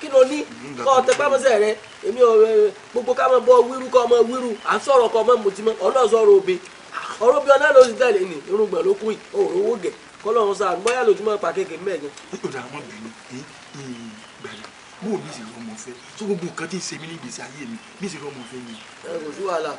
kí ló ní kọ́ ọ tẹpámọ́sẹ̀ rẹ èmi ò eh, gbogbo ká máa bọ wíru kọ́ ọmọ wíru à ń sọ̀rọ̀ kọ́ ọmọ mùtímọ́ ọ̀nà sọ̀rọ̀ òbe ọ̀rọ̀ bí ọ̀nà ló ti tẹ̀lé ni irúgbọ̀n ló kún yìí òòrùn owó gẹ̀ kọ́lọ́run sáà bóyá lójúmọ́ pàkéèké mẹ́ẹ̀gẹ́. ó dàá mọ́ bínú bó mi sì rọmọ fẹ tó gbogbo nǹkan tí ṣe mí ní ìgbésí ayé mi mi sì rọmọ fẹ yìí. ẹ kò sí wàhálà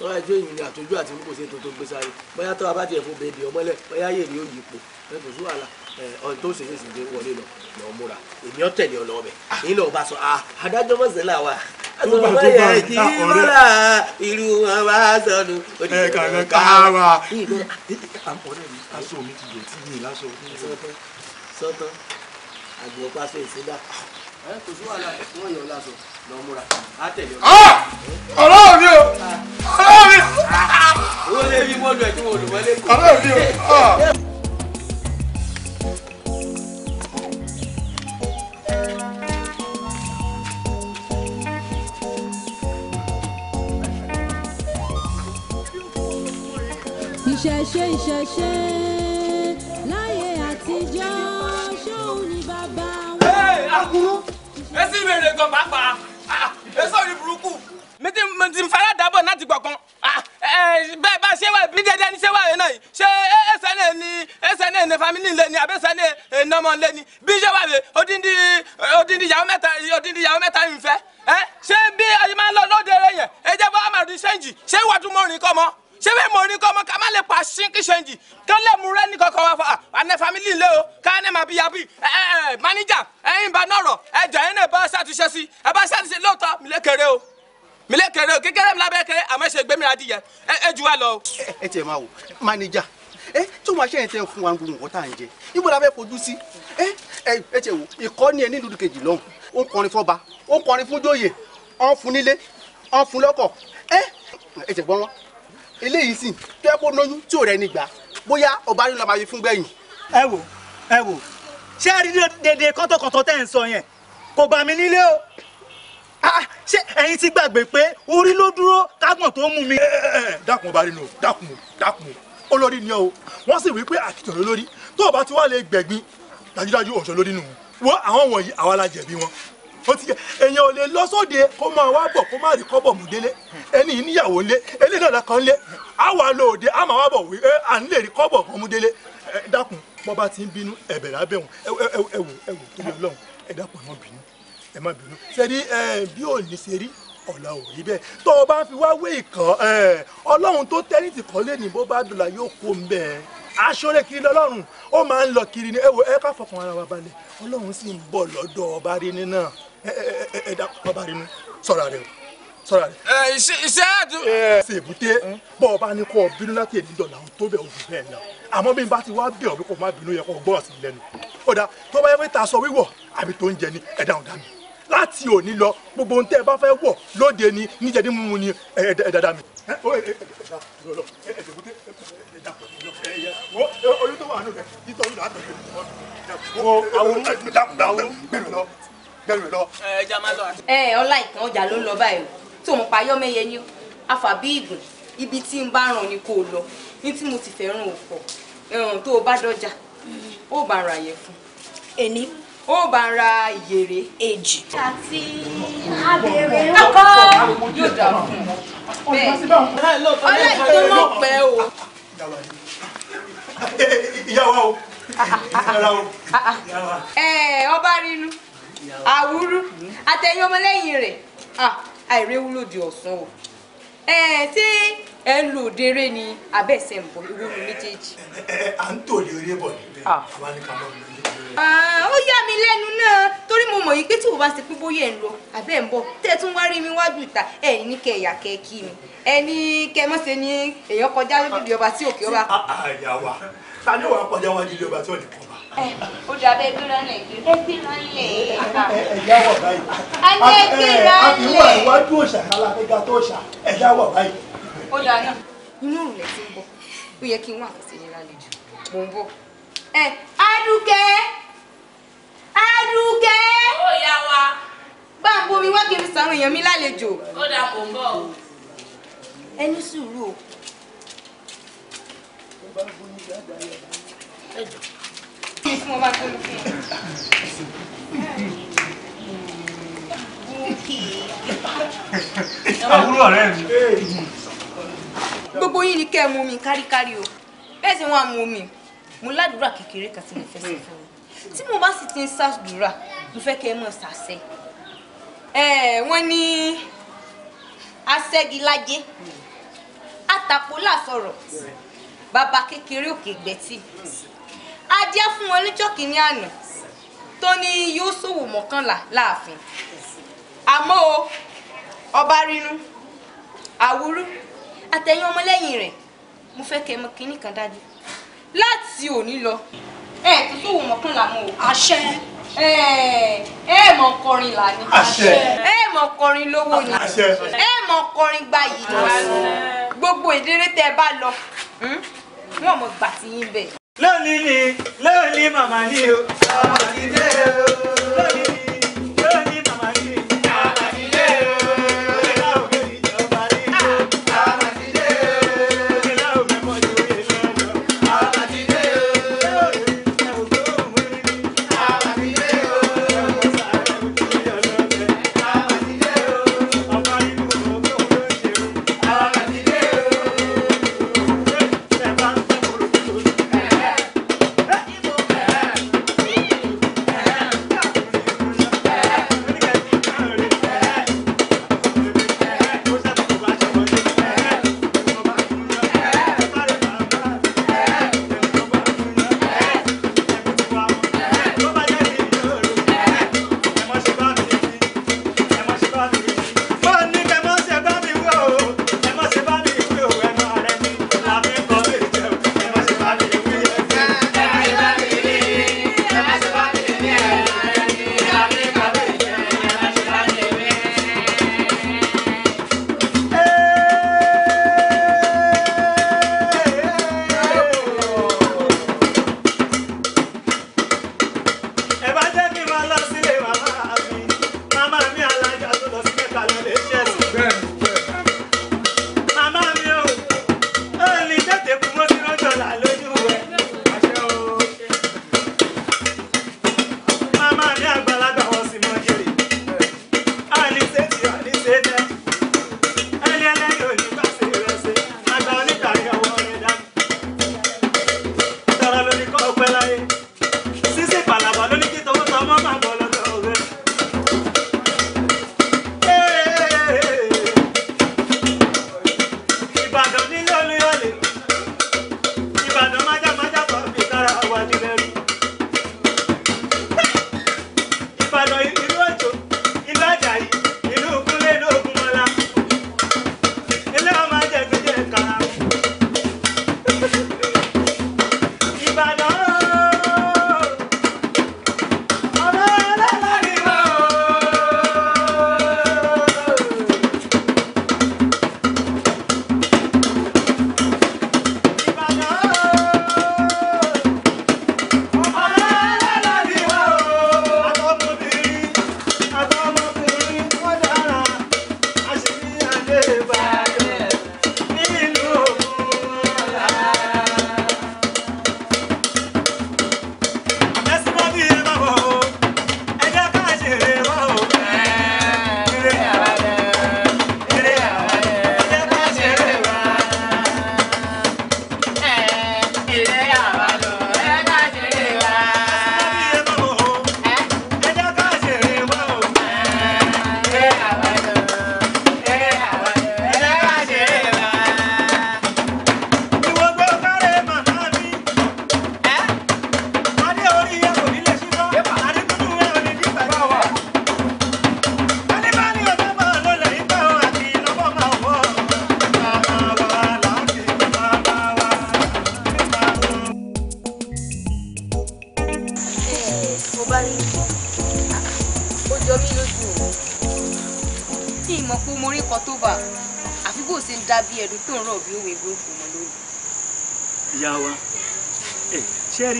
wọn àjọ ìyìn àtọjú àti mú kò sí tuntun gbèsè ayé bóyá tó a bá tiẹ̀ fún bèbè ọmọlẹ̀ bóyá yèrè yóò yípo ẹ kò sí wàhálà ọ̀n eh, tó ṣe ṣèṣì ń wọlé lọ lọ múra èmi ọ̀ tẹ̀lé ọ lọ bẹ̀ èyí lọ́ọ́ bá sọ ah, adájọ́ mọ̀sẹ̀ là wà àtọ̀rọ̀ yẹ kí mọ́ra ìlú wọn bá sọnù òdìbò kan ká ah, wa. àpọ̀lẹ́ mi aṣọ mi ti dọ̀tí mi láṣọ mi. sọ́tọ̀ àgbọ̀ pàṣẹ ìṣẹ́dá ah! ọlọ́run mi o ọlọ́run mi o. owó lè fi mọ́tò ẹ̀ tí mo lò wọlé. ọlọ́run mi o. ìṣẹ̀ṣe láyé àtijọ́ ṣóun ni bàbá wọn. ẹ akuru ẹ sì bèrè gan pàápàá ah, ẹ sọ ní burúkú. mi ti mi ti fara dábọ̀ láti gbọ̀ngàn ah, bẹ́ẹ̀ bá ṣé wà ní dẹ́dẹ́ ní ṣé wà yẹn náà yìí ṣé ẹsẹ̀ náà ni ẹsẹ̀ náà ni family ńlẹ̀ ni àbẹ́sẹ̀ náà ni ọmọ ńlẹ̀ ni bí ṣé wà yẹn odindi odindi ìyàwó mẹ́ta odindi ìyàwó mẹ́ta yìí fẹ́ ṣé bí ọdún máa ń lọ lóde rẹ̀ yẹn ẹ jẹ́ bọ́ àmàdù ṣẹ́ǹjì ṣé wàá tún mọ́rin kọ́ mọ́ ṣé bẹ́ẹ̀ mo ní kọ́ ọmọ ká má lè pa ṣínkì ṣẹ́ǹjì kán lè mú rẹ́ni kankan a fà àná family ńlẹ̀ o ká ní máa yabi ẹ ẹ manager ẹyin bá nọ̀rọ̀ ẹ jọ ẹyin náà bá ṣàtúnṣe sí ẹ bá ṣàtúnṣe lóòótọ́ mi lè kéré o mi lè kéré o kékeré mi lábẹ́ kéré àmọ́ ṣe gbé mi ra díyẹ ẹ ẹ ju wa lọ. ẹ tiẹ̀ máa wò manager ẹ tí wọn aṣẹ́yìn tẹ fún wa ń gbogbo nǹkan tá à ń jẹ ibo la fẹ́ fojú sí ẹ ẹ tiẹ̀ wò ìkọ́ni ẹ nílùú kejì lọ́hùn ó ń kọrin fọba ó ń kọrin fún jóyè ó ń fún nílé ó eléyìí sì tó yẹ kó lóyún tí ò rẹ ní gbà bóyá ọba yóò lọ máa yí fún gbẹ̀yìn. ẹ wò ẹ wò ṣé ẹ rí dédé kọ́tọ̀kọ́tọ̀ tẹ́ ń sọ yẹn kò bà mí nílé o ṣé ẹ̀yin ti gbàgbé pé orí ló dúró kágbọ̀n tó mú mi. dákun ọba rinu dákun dákun olórí ni o wọ́n sì wí pé àkìtàn lórí tó o bá ti wá lè gbẹ̀gbin dájúdájú ọ̀ṣọ́ lórí nù wọ́n àwọn wọ̀nyí àwa la jẹ̀bi wọn èèyàn ò lè lọ sóde kó máa wá bọ̀ kó má rí kọ́bọ̀ mú délé ẹni níyàwó lé eléyìí náà kan lé á wà lọ òde á máa wá bọ̀ wí à ń lè rí kọ́bọ̀ kan mú délé ẹ dákun bọ́ bá ti ń bínú ẹ̀bẹ̀ lábẹ́ wọn ẹ wò ẹ wò torí ọlọ́run ẹ dákun ẹ má bínú ẹ má bínú sẹ́ni bí ò ní ṣe rí ọ̀la ò rí bẹ́ẹ̀ tó o bá ń fi wá wé ìkàn ọlọ́run tó tẹ́lí ti kọ́ lé ní bó bá dùn la yóò kó ń bẹ́ẹ̀ aṣọ́rẹ́ kiri lọ́lọ́run ó máa ń lọ kiri ni ẹ wò ẹ ká fọkàn ara wa balẹ̀ ọlọ́run sì ń bọ̀ lọ́dọ̀ ọba rí ni náà ẹ dá bàbá rẹ nu sọ̀rọ̀ rẹ o sọ̀rọ̀ rẹ. ẹ iṣẹ́ é àdùn. ẹ ṣe èbúté bọ́ ọ bá ní kó o bínú láti èdè dọ̀là o tó bẹ̀ o jù bẹ́ẹ̀ lọ àmọ́ bí n bá ti wá bẹ̀ ọ́ bí kò má bínú yẹ kó o gbọ́ ọ̀sìn lẹ́nu ó dá tó bá yẹ pé ta sọ wíwọ̀ àbí tó ń jẹ ni ẹ dáhùn dá mi láti òní lọ gbogbo ohun tẹ́ ẹ bá fẹ́ wọ̀ lóde ni níjẹ̀dí mímu ni ẹ dada mi. wo àwọn bẹ́ẹ̀ mi ẹja ẹ ọjà ló ń lọ báyìí o tó ń pa yọmẹyẹ ni ibi tí n bá ràn ni kò lọ ní tí mo ti fẹ́ràn ọkọ tó bá dọ́jà fún. o. Ah, ah, ah, ìyá ọba rinu. àwúrú àtẹ̀yìn ọmọlẹ́yìn rẹ̀ àìréwú lòdì ọ̀sán o ṣé ẹ ń lo òde eré ni abẹ́sẹ̀ ń bọ̀ ìwé mi méjèèjì. à ń tò lé eré bọ̀ níbẹ̀ wá ní kàmọ́ mi ó yà mí lẹ́nu náà torí mo mọ̀ yìí pé tí mo bá ṣe pé bóyá ẹ̀ ń lọ àbẹ́ ń bọ̀ tẹ́ tún wá rí mi wájú ìta ẹ̀yìn ní kẹyà kẹ́kí mi ẹni kẹmọ́sẹ̀ ni èèyàn kọjá lójú ìdí ọba tí òkè ọba. àyà wa ta ni wàá kọjá wájú ìdí ọba tí òkè ọba. Eh, ó dàbẹ́ gbéra lẹ̀ gbéra lẹ̀. ẹ̀yà wọ̀ báyìí. alẹ́ gbéra lẹ̀. àfi wà iwájú òòṣà kálá nígbà tó òòṣà ẹ̀yà wọ̀ báyìí. ó dáa náà inú òrùn lẹ ti ń bọ̀ ó yẹ kí n wà kó sí nira lè jù mò ń bọ̀. ẹ adúkẹ́ adúkẹ́. ó yá wa. bá a bomi wá kí n sọ àwọn èèyàn mi lálejò. ó dáa mò ń bọ̀. ẹ ní sùúrù o. ẹ bá gbóyún dáadáa yẹ ẹ jọ mi tí mo bá gbé fún un. àbúrò ọ̀rẹ́ mi. gbogbo yín ni kẹ́ ẹ mú mi káríkárí o bẹ́ẹ̀ sì wọ́n á mú mi mo ládùúrà kékeré kan tí mo fẹ́ sí fún un tí mo bá sì ti ń ṣàdúrà mo fẹ́ kẹ́ ẹ mọ̀ ṣàṣẹ. wọ́n ní aṣẹ́gilájé àtàpọ̀ làṣọ̀rọ̀ bàbá kékeré òkè gbẹ̀tì ajẹ́ fún wọn níjọ́ kìíní àná tó ní yóò ṣòwò mọ́kànlá láàfin àmọ́ o ọba rínú àwúrú àtẹ̀yìn ọmọlẹ́yìn rẹ̀ mo fẹ́ kẹ́ mọ kínní kan dájú láti òní lọ ẹ tó ṣòwò mọ́kànlá mọ́ o. àṣẹ ẹ mọ kọrin là ní. ẹ mọ kọrin lówó ni. ẹ mọ kọrin gba yìí ni. gbogbo ìdílé tẹ bá lọ hmm, wọn mọ gbà yín bẹ lónìí ni lónìí màmá ni o màmá ni dé o.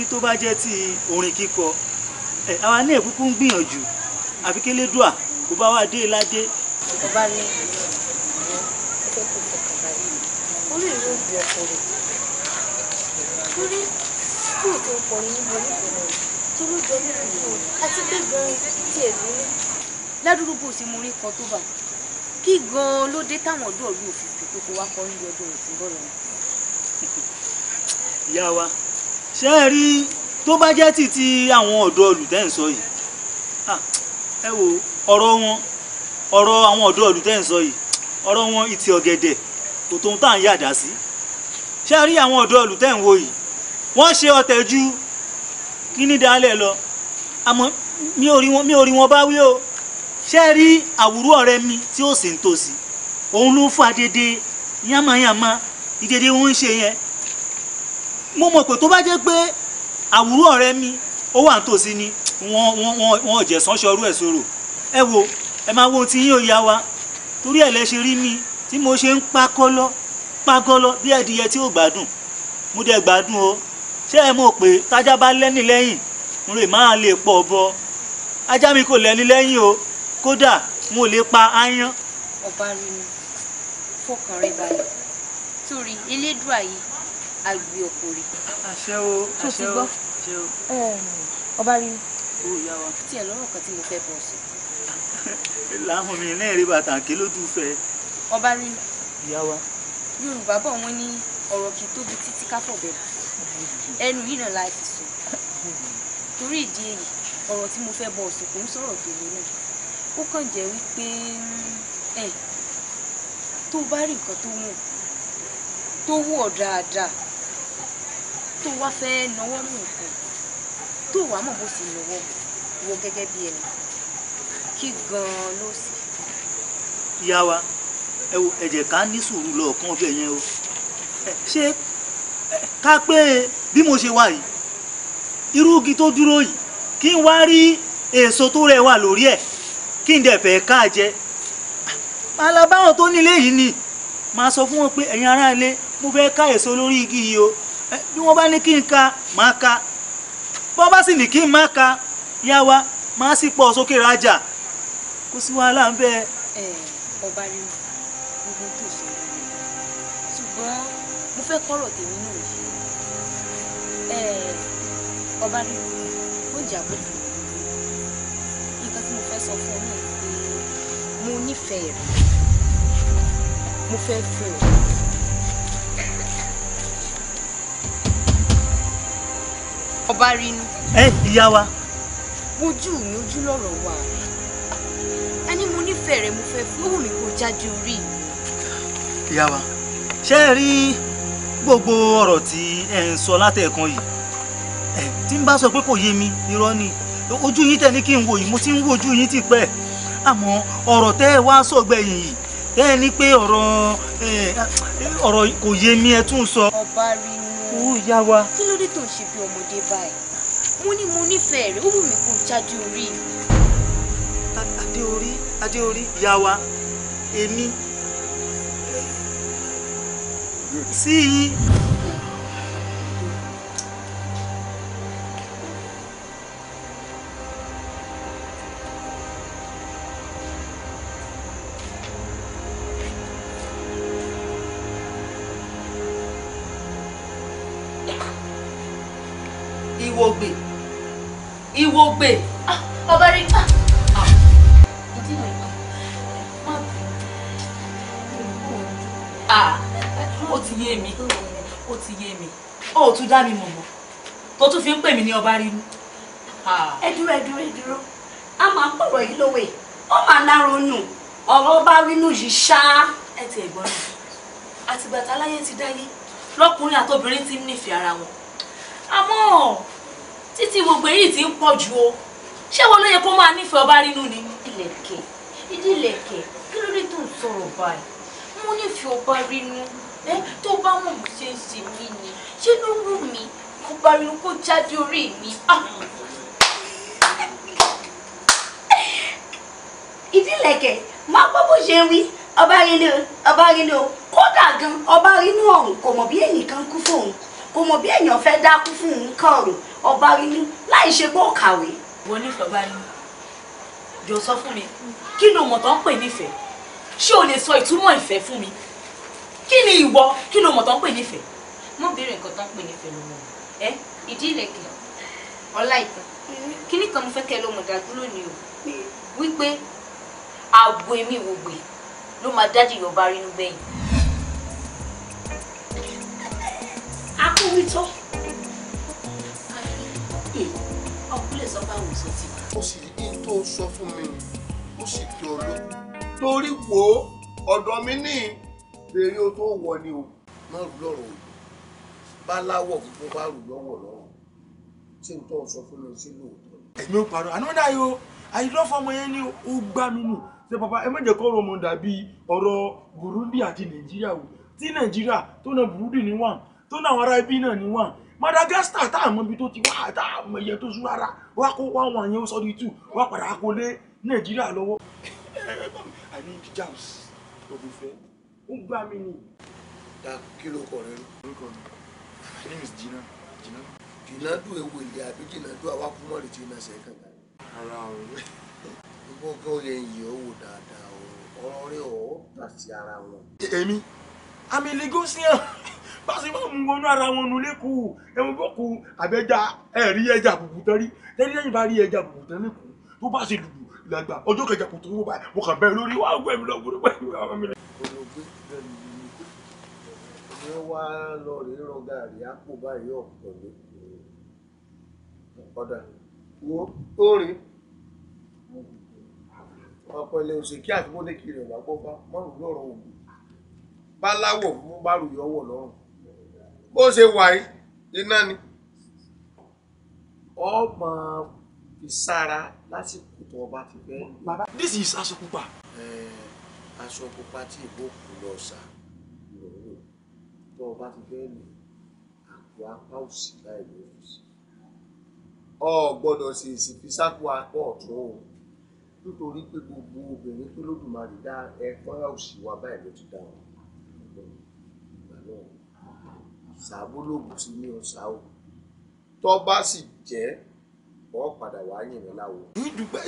torí tó bá jẹ́ ti orin kíkọ ẹ àwa náà kúkú ń gbìyànjú àfi kélédùà kó bá wà dé ládé. ọba ní ọjọ́ kò fọkàn báyìí torí kí òkè ọkọ níbo níbo tó ló jọ nínú ìlú àti pé gan-an ti ẹ̀lú ní. ládùúgbò sí mo rí kan tó bà kí gan ló dé táwọn ọ̀dọ́ ìlú òfin kókó wá kọrin lọ́dún ìtìbọ̀lọ́run. ìyá wa ṣé ẹ rí tó bá jẹ́ títí àwọn ọ̀dọ́ olùtẹ́ǹsọ yìí ẹ wo ọ̀rọ̀ wọn ọ̀rọ̀ àwọn ọ̀dọ́ olùtẹ́ǹsọ yìí ọ̀rọ̀ wọn ìtì ọ̀gẹ̀dẹ̀ kò tóun tá à ń yàdá sí ṣé ẹ rí àwọn ọ̀dọ́ olùtẹ́ǹwo yìí wọ́n ṣe ọ̀tẹ̀ ju kíní dalẹ̀ lọ àmọ́ mi ò rí wọn mi ò bá wí o ṣé ẹ rí àwùrú ọ̀rẹ́ mi tí ó sì ń tòsí òun ló fà dédé yánmayánmá ìdédé wọn ń ṣe yẹn mo mọ̀ pé tó bá jẹ́ pé àwùrọ̀ ọ̀rẹ́ mi ó wà nítòsí ni wọ́n wọ́n wọ́n jẹ̀sán ṣọrú ẹ̀ sòrò ẹ wo ẹ máa wo ti yín ò yá wa torí ẹ̀ lẹ ṣe rí mi tí mo ṣe ń pakọ́lọ́ pakọ́lọ́ bí ẹdìyẹ tí ò gbádùn mo dẹ̀ gbádùn o ṣé ẹ mọ̀ pé tájá bá lẹ́ni lẹ́yìn n lè máa lè pọ̀ bọ ajá mi kò lẹ́ni lẹ́yìn o kódà n ò lè pa áyán. ọba rí mi fọkàn rẹ balẹ̀ torí elédùà yìí agbe okori. àṣẹ o àṣẹ o àṣẹ o. ọba rí o ìyá wa. tiẹ̀ lọ́rọ̀ kan tí mo fẹ́ bọ̀ sọ. láwọn mi náà rí bàtà kí ló tún fẹ́. ọba rí ìyá wa. yorùbá bọ̀ wọ́n ní ọ̀rọ̀ kì í tóbi títí ká fọ̀ bẹ̀rẹ̀ ẹnu yìí náà láì fi sùn torí ìdí èyí ọ̀rọ̀ tí mo fẹ́ bọ̀ sùn kò ń sọ̀rọ̀ tó lé náà ó kàn jẹ́ wípé ẹ tó bá rí nǹkan tó wù tó wù ọ́ dáadáa tó wá fẹ́ náwó mú nǹkan tó wàá mọ̀ bó sì náwó wọ gẹ́gẹ́ bí ẹni kí gan-an ló sì. ìyá wa ẹ wo ẹ̀jẹ̀ ká ní sùúrù lọ́ọ̀kan ọbẹ̀ yẹn o ṣé ká pé bí mo ṣe wà yìí irú igi tó dúró yìí kí n wá rí èso tó rẹwà lórí ẹ̀ kí n dẹ̀ fẹ́ ká jẹ alábáwọn tó nílé yìí ni màá sọ fún wọn pé ẹ̀yin ará ilé mo fẹ́ ká èso lórí igi yìí o bí wọ́n bá ní kí n ka máa ka bọ́n bá sì ní kí n máa ka yá wa máa sì pọ̀ sókè rájà kó sí wàhálà ń bẹ. ẹ ọba rí gbogbo tó ṣe ṣùgbọ́n mo fẹ́ kọ́rọ̀ tèmi náà yìí ọba rí ó jà gbogbo nǹkan tí mo fẹ́ sọ fún ọ náà ni pé mo nífẹ̀ẹ́ rẹ̀ mo fẹ́ fẹ́ ọ. ọba rí inú. ẹ ìyá wa. wojú mi ojú lọ̀rọ̀ wa a ní mo nífẹ̀ẹ́ rẹ mo fẹ́ fún wù mí jáde orí. ìyá wa ṣé ẹ rí gbogbo ọ̀rọ̀ tí ẹ ń sọ látẹ̀ẹ̀kan yìí ẹ tí n bá sọ pé kò yé mi irọ́ ni ojú yín tẹ̀ ní kí n wò yìí mo ti ń wojú yín ti pẹ́ àmọ́ ọ̀rọ̀ tẹ́ ẹ wá sọ̀gbẹ̀yìn yìí ẹ ní pé ọ̀rọ̀ ọ̀rọ̀ kò yé mi ẹ tún sọ. ọba rí inú owó yá wa. kí ló dé tó ń ṣe bí ọmọdé báyìí mo ní mo nífẹ̀ẹ́ rẹ̀ ó wù mí kó o jáde orí. adéorí adéorí yá wa èmi sí i. èmi ni ọba rí mú. ẹ dúró ẹ dúró ẹ dúró a máa ń pọ̀rọ̀ yìí lówe ó máa lára nù ọ̀rọ̀ ọba rínú yìí ṣá. ẹ ti ẹ̀gbọ́n náà àtìgbà táláyé ti dáyé lọ́kùnrin àtobìnrin ti ń nífẹ̀ẹ́ ara wọn àmọ́ títí gbogbo èyí ti ń pọ̀ jù o ṣé wọn ló yẹ kó máa nífẹ̀ẹ́ ọba rínú ni. ìdílẹ̀kẹ̀ ìdílẹ̀kẹ̀ kí ló dé tó ń sọ̀rọ̀ báyìí mo nífẹ̀ẹ́ ọba rínú ẹ tó bá mọ̀ mo ṣe ń ṣe mí ni ṣé ló wù mí kó bá mi kó jáde orí mi. Ah. ìdílẹ̀kẹ̀ máa gbọ́ bó ṣe wí ọba rinu ọba rinu kódà gan ọba rinu ọ̀hún kò mọ̀ bí ẹnìkan kú fóun kò mọ̀ bí èèyàn fẹ́ dákú fún un kọ̀rọ̀ ọba rinu láì ṣe pé ó kàwé. wo nífẹ̀ẹ́ bá ní jọ sọ fún mi kí ni òmò tó ń pè nífẹ̀ẹ́ ṣé o lè sọ ìtumọ̀ ìfẹ́ fún mi kí ni ìwọ kí ni òmò tó ń pè nífẹ̀ẹ́ mo béèrè nǹkan tó ń pè nífẹ̀ẹ́ lọ́wọ́ ẹ eh, ìdí ìlẹ̀kẹ̀ ọlá ìtàn mm-hmm. kíní kan mo fẹ́ kẹ́ ló mọ̀ dájú lónìí o mm-hmm. wípé ààbò èmi ìwògbè ló máa dájú ìyọba rínú gbẹ̀yìn. akówítọ́ ọkùnrin eh, sọ bá òun sọ ti. ó sì rí kí n tó sọ fún mi ó sì kí ọ lọ. torí wo ọ̀dọ̀ mi ní ìbéèrè tó wọ ni o. má lọ́rọ̀ òjò bá láwọ̀ gbogbo bá rù lọ́wọ́ lọ́wọ́ tí n tọ́ sọ fún mi sí lóòótọ́. èmi ò parọ́ àná dá yìí o àìlọ́fọ̀ ọmọ yẹn ni ó gbá mi nù ṣe papa ẹ má jẹ́ ọmọ dàbí ọ̀rọ̀ Burundi àti Nàìjíríà o tí Nàìjíríà tó na Burundi ní wà tó na àwọn ará náà ní wà Madagascar tá àmọ́ ibi tó ti wá tá àmọ́ iye tó sún rárá wá kó wá wọn àyẹ̀wò sọ́dí tù wá padà kó lé Nàìjíríà lọ́wọ́ I need jams òbí fẹ́ ó gbá mi nì. dá kí ló kọ rẹ her name is Jina. Jina. Jina do ewu ilé àbí Jina do àwa kú mọ́rì tí iná ṣe kàn. Ara o. Gbogbo ọgọ́ yẹn yìí ó wò dáadáa o. Ọ̀rọ̀ rẹ̀ ọ̀ tàṣí ara wọn. Èmi, àmì Lagosian báṣe máa mú wọnú ara wọn nulẹ̀ kù ẹ̀wọ̀n bọ́ kù àbẹ́jà ẹ̀rí ẹja àbùkù tán rí lẹ́yìn lẹ́yìn bá rí ẹja àbùkù tán ní kù tó bá ṣe lùlù ìlàgbà ọjọ́ kẹjà kù tó wọ́n bá wọ́n kàn bẹ́ẹ̀ lórí wàá gbẹ̀mí lọ́gbọ̀dọ̀ pẹ̀lú àwọn mi ó wá lọ rèé rọ gàrí àpò báyìí ọ̀pọ̀ ní ọ̀dà wo ó rìn ọ̀pẹ̀lẹ̀ òsèké àti bódékì rẹ̀ wà gbọ́ bá mọ́rùn lọ́rọ̀ òògùn báláwọ̀ mú bárù yọ̀wọ̀ lọ́rùn bó ṣe wà yìí iná ni ọmọ ìsara lásìkò tó ọba ti fẹ́. this is aṣọ pupa. aṣọ pupa tí ìbò kù lọ sàá tó o bá ti fẹ́ lò àpò apá òsì láì lò ó sí ọ gbọ́dọ̀ ṣe ìsìnkú sápò apá ọ̀tún o nítorí pé gbogbo obìnrin tó lódùmarè dá ẹ̀kọ́ òsì wa báyìí ló ti dá wọn ìgbà náà sí ní ọ̀sà o tó bá sì jẹ́ ọ padà wá yìn mí láwo. dùgbẹ́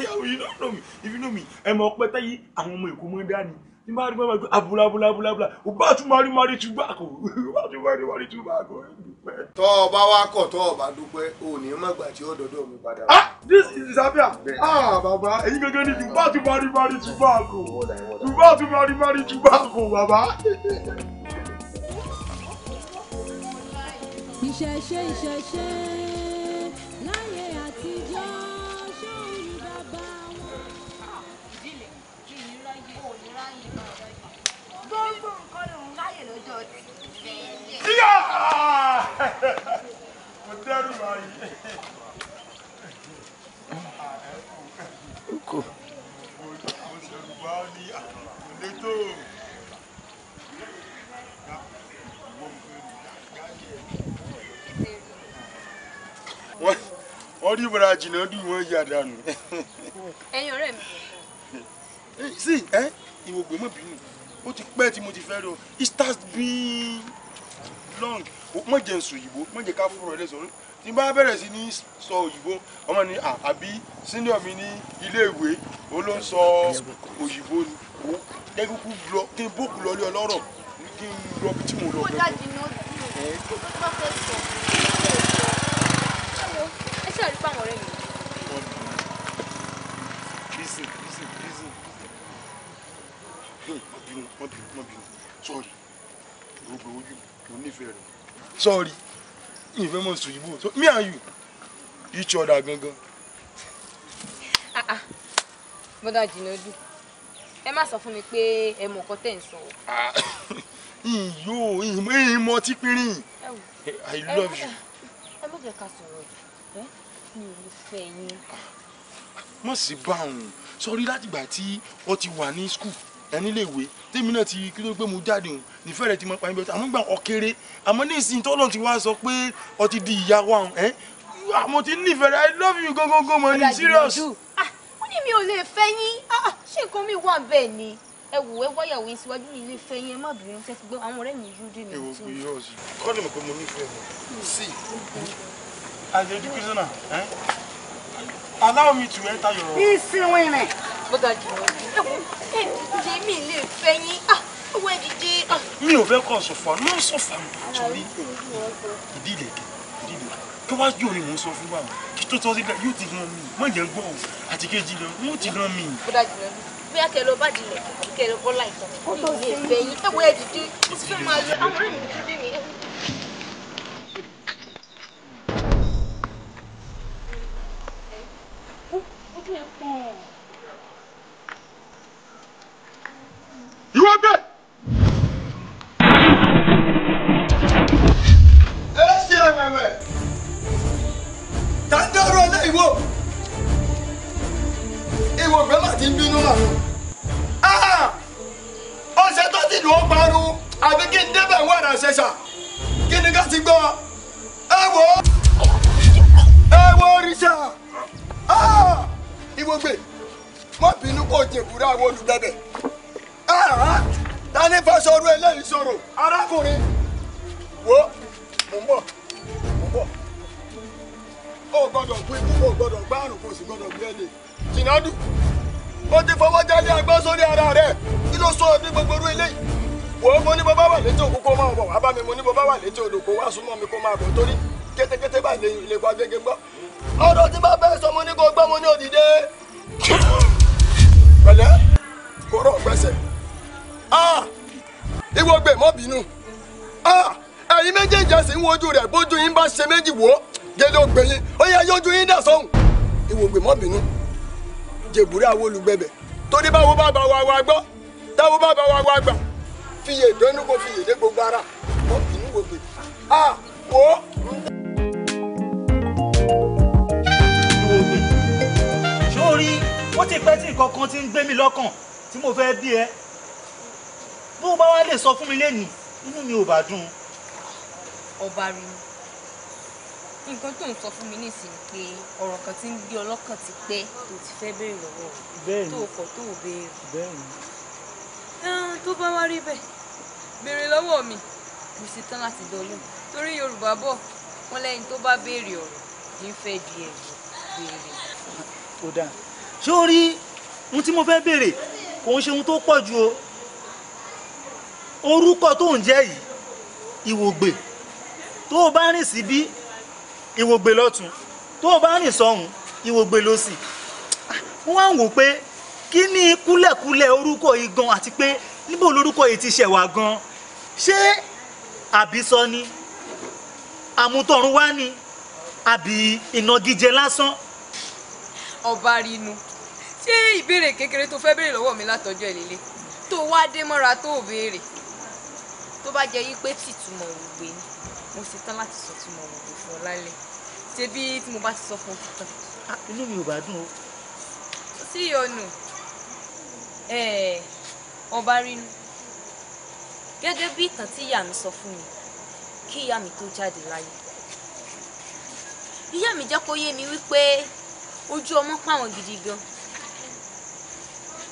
ìyàwó yìí ló nà mí ìbínú mi ẹ̀ mọ̀ ọpẹ́ táyé àwọn ọmọ èkó mọ́ dání tí máa rí máa gbé abúlé abúlé abúlé abúlé o bá tún máa rí máa rí tún bá kò bá tún máa rí máa rí tún bá kò o dúpẹ́. tọ́ ọ bá wá kọ̀ tọ́ ọ bá dúpẹ́ o ní má gbà tí ó mi padà. ah this is Zaria ah Baba. èyí gẹ́gẹ́ ni tùbá tún máa rí máa rí tún bá kò tùbá tún máa rí máa rí tún bá kò bàbá. ìṣẹ̀ṣe ìṣẹ̀ṣe. yá mo dẹ́rù báyìí. kò. mo ṣẹ̀rù bá ní àkọlẹ́tò. wọ́n rí ìbára jìnnà dùn wọ́n yà dànù. ẹ̀yin ọ̀rẹ́ mi. sí ẹ eh? ìwògbè mọ̀ bínú ó ti pẹ́ tí mo ti fẹ́ rí o it has been long mọ̀ jẹ́ nsọ òyìnbó mọ̀ jẹ́ ká fúnra ẹ̀ lẹ́sọ̀rọ̀ tí n bá bẹ̀rẹ̀ sí ní sọ òyìnbó ọmọ ni àbí senior mi ní ilé ìwé òun ló ń sọ òyìnbó ni o dẹ́kúkú lọ kí n bókù lọ lé ọlọ́rọ̀ kí n lọ bí tí mo lọ bẹ́ẹ̀ Sorry, gbogbo ojú mi mo nífẹ̀ẹ́ rẹ̀ sorry ìfẹ́ mọ̀ sùn ìbò so me and you each other gangan. Ah, ah. bọ́dà jìnnàdù ẹ má sọ fún mi pé ẹ mọ̀ nǹkan tẹ̀ ń sọ. iyo ah, ìmọ̀ tí pinrin i love you. ẹ má jẹ́ ká sọ̀rọ̀ jù mi ò lè fẹ́ yín. mọ̀ sí báwọn sọrí látìgbà tí wọ́n ti wà ní skul ẹni lè wé tèmi náà ti kí ló pé mo jáde òun nífẹ̀ẹ́ rẹ̀ ti mọ pa níbẹ̀ àmọ́ gbà ọ̀kẹ́rẹ́ àmọ́ ní ìsìn tọ́lọ̀ ti wá sọ pé ọ ti di ìyá wa ẹ́ àmọ́ ti nífẹ̀ẹ́ rẹ̀ i love you gógógó mọ̀ ní serious. Ah, ó ní mi ò lè fẹ́ yín ah, ah, ṣé nǹkan mi wà bẹ́ẹ̀ ni ẹ wò ẹ wáyàwó yín síwájú mi lè fẹ́ yín ẹ má bínú tẹ́ ti gbọ́ àwọn ọ̀rẹ́ mi rúdì mi. èwo kò yọ ọsì kọ́lé mi pé mo nífẹ̀ẹ́ mi sí àjẹjú allow me to enter your. ìsìn wẹ̀rẹ̀. bó dájú ẹ ẹ̀dìjẹ́ mi lè fẹ́ yín owó ẹ̀dìjẹ́. mi ò fẹ́ kọ́ sọ̀fà ló ń sọ̀fà mi sórí ìdílé ìdílé kí wá jù ni mò ń sọ fún wa kí tó tọ́ síbẹ̀ yóò ti rán mi má jẹ́ gbọ́ o àti kejì lọ wọ́n ti rán mi. bódà jùlọ bí akẹ́ lọ bá dilẹ̀ kẹ́ lọ bọ́ láìpẹ́ kó tó lè fẹ́ yín owó ẹ̀dìjẹ́ ó ti fẹ́ máa lọ àwọn ọ̀rẹ́ mi dúdú mi. ojú ẹ̀ pọ̀. ìwọ bẹ́ẹ̀. ẹ ṣe ẹ̀wẹ̀wẹ̀ tá ń dọ́rọ̀ ọdẹ ìwọ ìwọ bẹ́ẹ̀ má ti ń bínú màá nù. ọ̀sẹ̀ tó ti lù ó parun àbí kí n débẹ̀ wọ́n rà ṣẹ̀ṣà kí ni ká ti gbọ́ ẹ wò ó ẹ wò ó rí ṣá ìwọ gbé má bínú kó jẹ̀bùrẹ́ Ah, ah. ta ni fẹsọ̀ ọdún eléyìí sọ̀rọ̀ arákùnrin wo mò ń bọ̀ mò ń bọ̀ o gbọ́dọ̀ kú ikú o gbọ́dọ̀ gbá àrùn kò sì gbọ́dọ̀ gbé ẹni jìnnádù o ti fọwọ́ jáde àgbọ̀ sórí ara rẹ kí ló sọ ní gbogbo orú eléyìí wò ó mo ní bó bá wà létí òkú kó máa bọ̀ wá bá mi mo ní bó bá wà létí odò kó wá súnmọ́ mi kó máa bọ̀ torí kétékété báyìí lè wá gẹ́gẹ́ gbọ́ ọ̀rọ̀ tí bá bẹ́ẹ̀ sọ mo ní kó gbọ́ mo ní òdìdé pẹ̀lẹ́ kó rọ̀ gbẹ́sẹ̀. Ah! ìwọ gbè mọ́ bínú ah! ẹ̀yin méjèèjì ẹ̀sìn ń wojú rẹ̀ bójú yín bá ṣe méjì wò ó gẹ́gẹ́ ògbẹ̀yìn ó yẹ yọjú yín dà sọ́hùn ìwọ gbè mọ́ bínú jèbúrẹ́ àwọn olùgbẹ̀bẹ̀ torí báwo bá bá wa wa gbọ́ táwo bá bá wa wa gbà fiyè dánú kó fiyè dé gbogbo ara mọ́ bínú wò gbè ah! wò ó. sórí wọ́n ti pẹ́ tí nǹkan kan ti ń gbé mi lọ́kàn tí mo fẹ́ bí ẹ bó o bá wá lè sọ fún mi lẹ́nu inú mi ò bá dùn. ọba rí mi nǹkan tó ń sọ fún mi nísìnyí pé ọ̀rọ̀ kan ti ń gbé ọlọ́kàn ti pẹ́ tó ti fẹ́ béèrè lọ́wọ́ tó kọ̀ tó ò béèrè. tó bá wá rí bẹ́ẹ̀ béèrè lọ́wọ́ mi mo ṣe tán láti dọ́lé torí yorùbá bọ̀ wọ́n lẹ́yìn tó bá béèrè ọ̀rọ̀ ní fẹ́ di ẹ̀rù béèrè. ó dáa ṣé o rí ohun tí mo fẹ́ béèrè kò ń ṣe ohun tó pọ̀ ju o orúkọ tó ń jẹ́ yìí ìwògbè tó o bá rìn síbí ìwògbè lọ́tún tó o bá rìn sọ́hùn ìwògbè lọ́sì wọ́n á wò pé kí ni kúlẹ̀kúlẹ̀ orúkọ yìí gan àti pé níbo lorúkọ yìí ti ṣẹ̀ wá gan ṣé àbísọ ni àmútọ̀run wá ni àbí ìnagijẹ lásán. ọba rinu ṣé ìbéèrè kékeré tó fẹ́ béèrè lọ́wọ́ mi látọjọ́ ẹ̀ lélẹ̀ tó wá dé mọ́ra tó béèrè tó bá jẹ́ wípé tìtumọ̀ òwògbé ni mo ṣetán láti sọ tìtumọ̀ òwògbé fún ọ lálẹ́ ṣebí tí mo bá ti sọ fún ọ tán. inú mi ò bá dùn o. sí ọ̀nà ọba rínú gẹ́gẹ́ bí ìtàn tí ìyá mi sọ fún mi kí ìyá mi tó jáde láyé ìyá mi jẹ́ kó yé mi wípé ojú ọmọ pàwọn gidi gan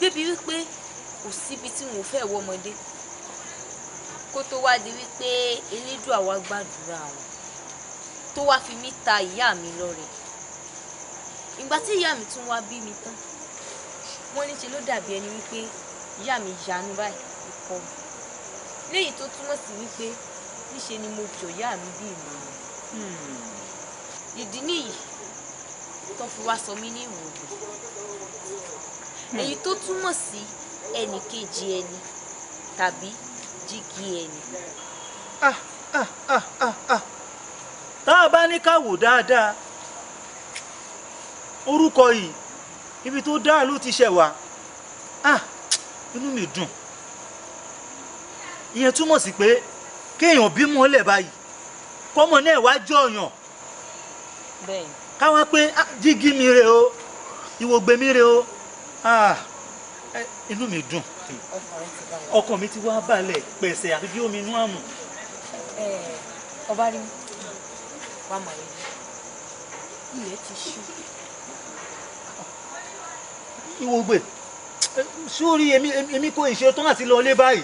débi wípé kò síbi tí wọn ò fẹ́ wọ ọmọdé kó tó wá di wípé elédùà wá gbàdúrà wọn tó wá fi mí ta ìyá mi lọ́rẹ ìgbà tí ìyá mi tún wá bí mi tán wọ́n ní ṣe ló dàbí ẹni wípé ìyá mi yanu báyìí kọ léyìí tó túmọ̀ sí wípé níṣe ni mo jọ ìyá mi bí ìlú mi hmm. ìdí nìyí tó fi wá sọ mí ní ìwòye hmm. èyí tó túmọ̀ sí ẹnì kejì ẹni tàbí GKN. ah ah ah ah ah tá a bá ní ká wò dáadáa orúkọ yìí ibi tó dáa ló ti ṣẹ̀ ah inú mi dùn ìyẹn túmọ̀ sí pé kéèyàn bímọ lẹ̀ báyìí kọ́mọ náà wá jọ̀yàn káwá pé ah, jígí mi re o ìwògbé mi re o ah inú mi dùn ọkàn mi ti wá balẹ̀ pẹ̀sẹ̀ àfi bí omi inú àmù. ọba rí wa mọ̀ yìí ilẹ̀ ti ṣú. ìwọ gbè sórí èmi kò ìṣe tán àti lọlé báyìí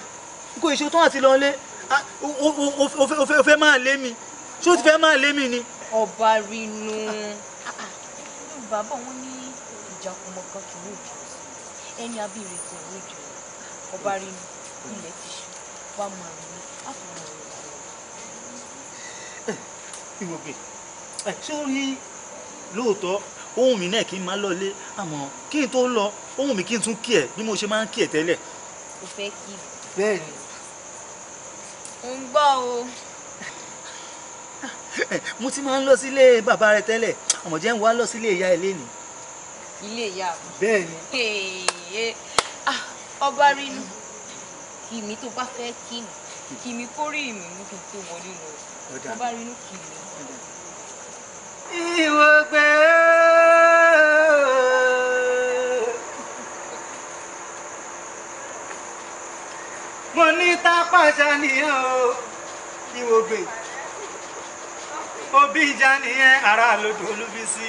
kò ìṣe tán àti lọlé o fẹ́ máa lé mi ṣé o ti fẹ́ máa lé mi ni. ọba rí nu bàbá wọn ní ìjà kùmọ̀ kan kì í wò jù ẹni abíire kò rújò ọba rí mi ilẹ̀ ti ṣù wá mọ àrùn mi àfọwọ́ rẹ̀ wà lọ. ìwògbè ṣé ó rí lóòótọ́ ohun mi náà kí n máa lọlé àmọ́ kí n tó lọ ohun mi kí n tún kí ẹ bí mo ṣe máa ń kí ẹ tẹ́lẹ̀. o fẹ́ kí mi. bẹ́ẹ̀ ń gbọ́ o. mo ti máa ń lọ sílé bàbá rẹ tẹ́lẹ̀ àmọ́ jẹ́ ń wá lọ sílé ìyá ẹ lénìí. ilé ìyá mi. bẹ́ẹ̀ yé ah, ọba rínú kì mí tó bá fẹ́ kì mí kì mí kó rí ìmì mú kí n tó wọlé lọ ọba rínú kì mí. ìwọ gbé mo ní tápàṣà nìyẹn o ìwọ gbé òbí ìjà nìyẹn ara lòdò olúbísí.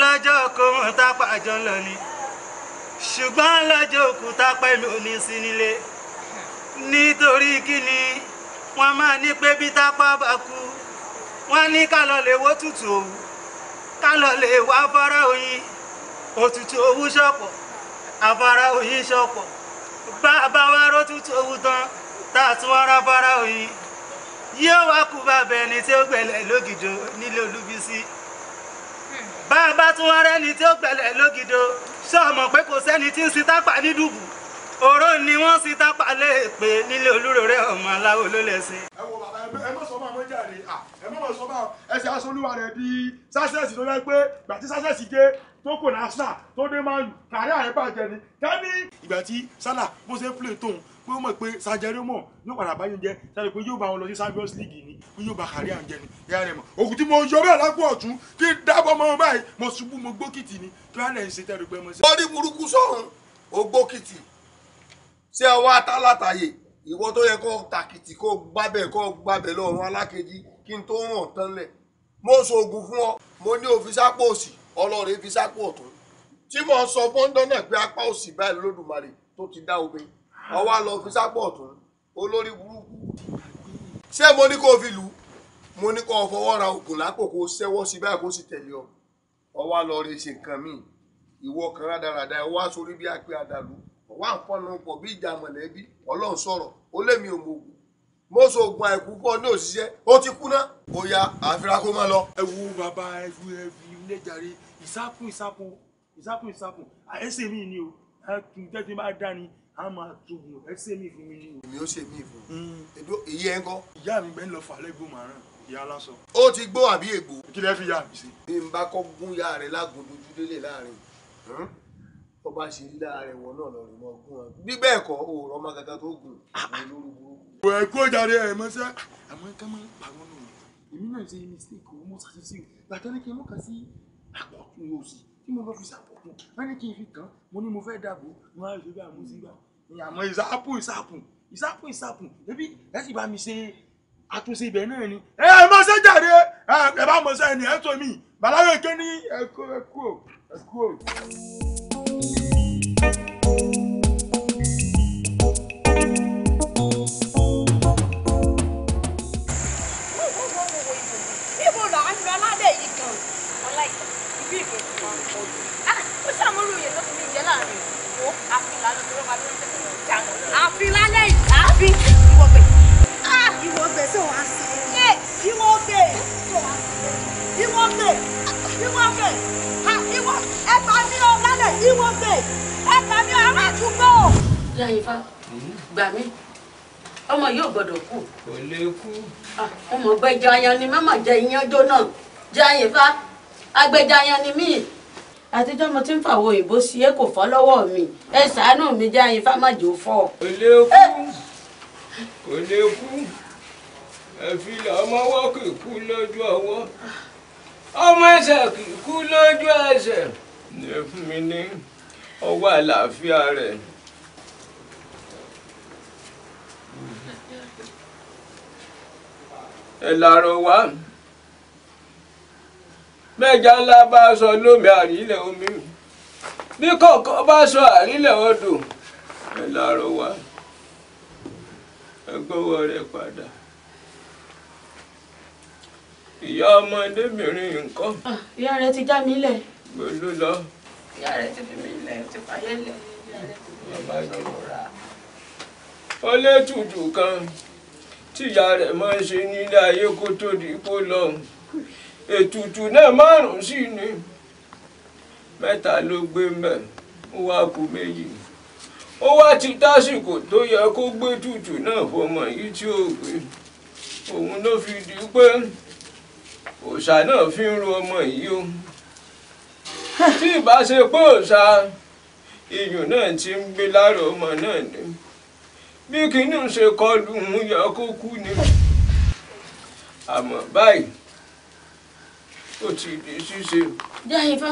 lọ́jọ́ okòrùn tápà jọ lọ ni ṣùgbọ́n lọ́jọ́ òkúta pẹ̀lú omi sí nítorí kí ni wọ́n máa ní pé bí tápà bá kú wọ́n ní ká lọ lè wó tutù òwú ká lọ lè wá afárá oyin òtútù òwú ṣọ̀pọ̀ afárá oyin ṣọ̀pọ̀ bá a bá wá rótútù òwú tán tá a tún wá rá afárá oyin yóò wá kú bàbá ẹni tí ó gbẹ̀lẹ̀ lógìjò nílé Olúbísí bá a bá tún wá rẹ́ni tí ó gbẹ̀lẹ̀ lógido ṣọ́ọ̀mọ̀ pé kò sẹ́ni tí ń sin tápà ní dùbù òró ni wọ́n sin tápà lè pè nílé olúròrè ọmọ aláwo ló lẹ̀ sí. ẹ wo bàbá ẹ mọ̀ sọ́mọ́ àwọn jàre ẹ mọ̀ sọ́mọ́ ẹsẹ̀ aṣọ́lúwa rẹ̀ di sásẹ̀sì tó yẹ pé gbà tí sásẹ̀sì dé tó kò náà sà tó dé máa lù kárí àyẹ̀bàjẹ́ ni kẹ́mi. ìgbà tí sálà bó ṣe ń play tóun pé ó mọ̀ pé sàjẹrí mọ̀ yóò padà bá yín jẹ sáré pé yóò bá wọn lọ sí Champions League ni pé yóò bá kárí à ń jẹ ni ìyá rẹ mọ̀ òkú tí mo yọ bẹ́ẹ̀ lápò ọ̀tún kí n dábọ̀ mọ́ báyìí mo ṣubú mo gbókìtì ni kí wọ́n lè ṣe tẹ́lu pé mo ṣe. lórí burúkú sọ̀rùn ó gbókìtì ṣé ọwọ́ atálàtàyè ìwọ tó yẹ kó tàkìtì kó gbábẹ̀ kó gbábẹ̀ lọ́rùn alákejì kí n tó hàn tán lẹ̀ mo ṣoògùn fún ọ mo ní òfisápò òsì ọlọ́run fi sápò ọ̀tún tí tó ti dá obìnrin ọwọ́ àlọ́ fi sápọ̀ ọ̀tún olórí burúkú ṣé mo ní kó fi lù ú mo ní kó o fọwọ́ ra oògùn lákòókò sẹ́wọ́ sí báyìí kó sì tẹ̀lé ọ ọwọ́ àlọ́ rẹ ṣe nǹkan míì ìwọ kan rádaràda ọwọ́ àsorí bí apẹ́ àdàlú ọwọ́ àǹfọ̀nù pọ̀ bí ìjà mọ̀lẹ́bí ọlọ́run sọ̀rọ̀ ó lémi òmò ògùn mo so oògùn àìkú kọ́ ní òṣìṣẹ́ ó ti kú ná ó ya àfihàn kó má lọ. ẹ wo bàbá ẹ fi ẹ fi ilé jàre ìsákùn ìsákùn ìsákùn ìsákùn àyẹ́sẹ̀ mi ni o ẹ tún tẹ́tí máa dá a máa tugun ẹ ṣe mí fún mi ni o. èmi ó ṣe mí fún un. èdò èyí ẹ ń kọ́. ìyá mi bẹ́ẹ̀ ń lọ fàlẹ́ gbó màrán ìyá aláṣọ. ó ti gbó àbí ègbó. kí lẹ́ fi yá mi sí. bí n bá kọ́ gún ya rẹ̀ lágùn dojú délé láàrin tó bá ṣe lílá rẹ̀ wọ̀ náà lọ rìn mọ́ gún ọ bí bẹ́ẹ̀ kọ́ òòrọ̀ ọmọ kankan tó gùn ah, ah. lórúkú. ẹ kó jáde ẹ mọ́ṣẹ́ ah, àmọ́ ká máa pàrọ̀ nù èmi náà ṣe mistake owó mọ́ṣáṣí sí o gbàtọ́ ní kí n mọ́ka sí àpọ̀tún òsì tí mo bá fi ṣàpọ̀tún wọ́n ní kí n fi kàn mo ní mo fẹ́ dàbò wọ́n á rí bá a bá a àmọ́ ìsáàpù ìsáàpù ìsáàpù ìsáàpù ẹbí ẹ sì bá mi ṣe àtúnṣe ibẹ̀ náà ni. ẹ ẹ mọ ṣe jàre ẹ bá mọ ṣe ẹni ẹ tó mi bàláwé ké ní ẹ kú ẹ kú o ẹ kú o. bí ìgbésùn máa ń pọ̀ jù. Ah, ó ṣàmúlò yẹn tó fi mí jẹ́ àfin lálẹ́ àfin ìwọ bẹ̀. ìwọ bẹ̀ sọ wá sí i. ìwọ bẹ̀ ìwọ bẹ̀ ìwọ bẹ̀ ìwọ ẹ bá mi ọ lálẹ́ ìwọ bẹ̀ ẹ bá mi ọ ará àdúgbò. láyìnfà gbà mí ọmọ yóò gbọ́dọ̀ kú. kò lè kú. Ah, ọmọ gbẹjọ ayan ni mọ́mọ́ jẹ iyán jóná jẹ àyìnfà agbẹjọ ayan ni míì àtijọ́ mo ti ń fàwọ òyìnbó sí é kò fọ́ lọ́wọ́ mi ẹ ṣàánú mi já yín fámájò fọ́. kò lè kú kò lè kú ẹ̀fí làmọ́ kì í kú lójú ọwọ́ ọmọ ẹsẹ̀ kì í kú lójú ẹsẹ̀ ní fún mi ní ọwọ́ àlàáfíà rẹ̀. ẹ lárọ wá mẹ́ja ńlá bá sọ lómi àrílẹ̀ omi bí kọ̀ọ̀kan bá sọ àrílẹ̀ odò ẹ láàárọ̀ wá ẹ gbọ́wọ́ rẹ̀ padà ìyá ọmọdébìnrin nǹkan. Ah, ìyá rẹ ti já mi lẹ̀. gbèlú lọ. ìyá rẹ ti fi mi lẹ̀ ti fàyẹ́ lẹ̀ ìyá rẹ ti fi mi lẹ̀. ó létùtù kan tíyà rẹ̀ máa ń ṣe nílé ayé kó tó di kó lọ ètùtù náà márùn-ún sí ni mẹ́ta ló gbé mẹ́ ó wá kù méjì ó wá ti tásìkò tó yẹ kó gbé tùtù náà fọmọ yìí tí ó gbé òun ló fi di pé òòṣà náà fi ń ro ọmọ yìí o tí ìbá ṣe pé òòṣà iyùn náà ti ń gbé lára ọmọ náà ni bí kinní ṣe kọlù ń yẹ kó kú ni àmọ́ báyìí ó ti di ṣíṣe. jáyìnbá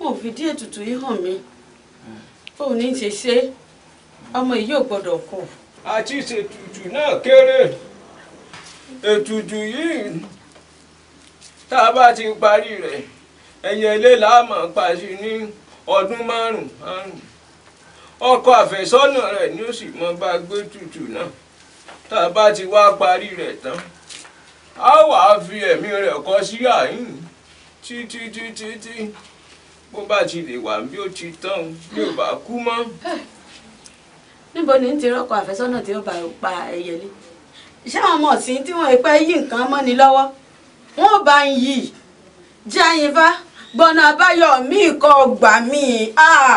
ò fi díẹ̀ tutù yìí hàn mí ò ní ṣe ṣe ọmọ yìí ò gbọ́dọ̀ kù. àti ṣètùtù náà kéré ètùtù yìí tá a bá ti parí rẹ̀ ẹ̀yìn ilé láàmú pàṣẹ ní ọdún márùn-ún márùn-ún ọkọ àfẹ́sọ́nà rẹ̀ ni ó sì mọ bá gbé tutù náà tá a bá ti wá parí rẹ̀ tán a wàá fi ẹ̀mí rẹ̀ kọ sí àyìn títí títí tí bó bá ti lè wà bí ó ti tán bí ó bá kú mọ́. níbo ni ń ti rọ́kọ àfẹ́sọ́nà tí ó bá pa ẹyẹlé ṣé àwọn ọmọ ọ̀sìn tí wọ́n pẹ́ yí nǹkan mọ́ni lọ́wọ́ wọ́n bá ń yí jẹ́ àyìnfá gbọ́nà àbáyọ mi kọ́ gbà mí.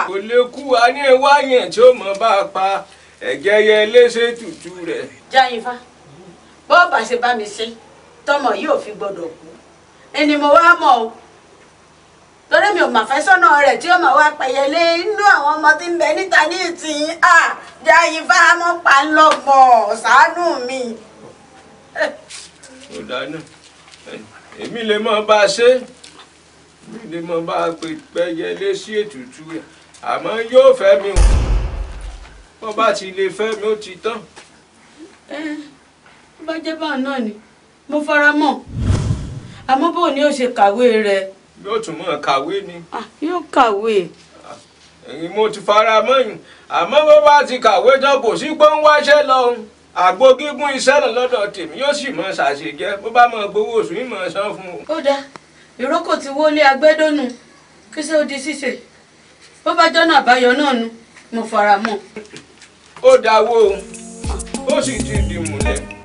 kò lè kú wa ní ẹwà yẹn tí ó mọ̀ bá a pa ẹ̀jẹ̀ yẹn léṣe tútù rẹ̀. jẹ́ àyìnfá bọ́ọ̀bà ṣe bá mi ṣe tọmọ yìí fi gbọ́dọ̀ kú ẹni mo wá mọ̀ o torí mi ò mà fẹ́ sọ́nà rẹ̀ tí ó mà wá pẹ̀yẹlé inú àwọn ọmọ tí ń bẹ níta ní ìtìyín à jẹ́ ayífá mọ́ pa ń lọ mọ̀ ṣàánú mi. ó dáná èmi lè mọ bá a ṣe èmi lè mọ bá a pẹ̀yẹlé sí ètùtù àmọ́ yóò fẹ́ mi o wọ́n bá ti lè fẹ́ mi ó ti tán. ẹ bá jẹ́ báwọn náà ni mo fara mọ́ àmọ́ bó ni ó ṣe kàwé rẹ̀. yóò tún mọ̀ kàwé ni. Ah, yóò kàwé. mo ti fara mọ́yìn àmọ́ bó bá ti kàwé tán kò sí pé ń wáṣẹ́ lọ àgbo gígùn iṣẹ́ náà lọ́dọ̀ tèmi yóò sì mọ ṣàṣejẹ́ bó bá mọ gbowó oṣù yìí mọ san fún un. ó dáa ìrókò ti wọlé agbẹ́dọ́nù kí ṣé ó di ṣíṣe bó bá jọ́nà àbáyọ náà nu mo fara mọ́. ó dáwó ó sì ti di múlẹ̀.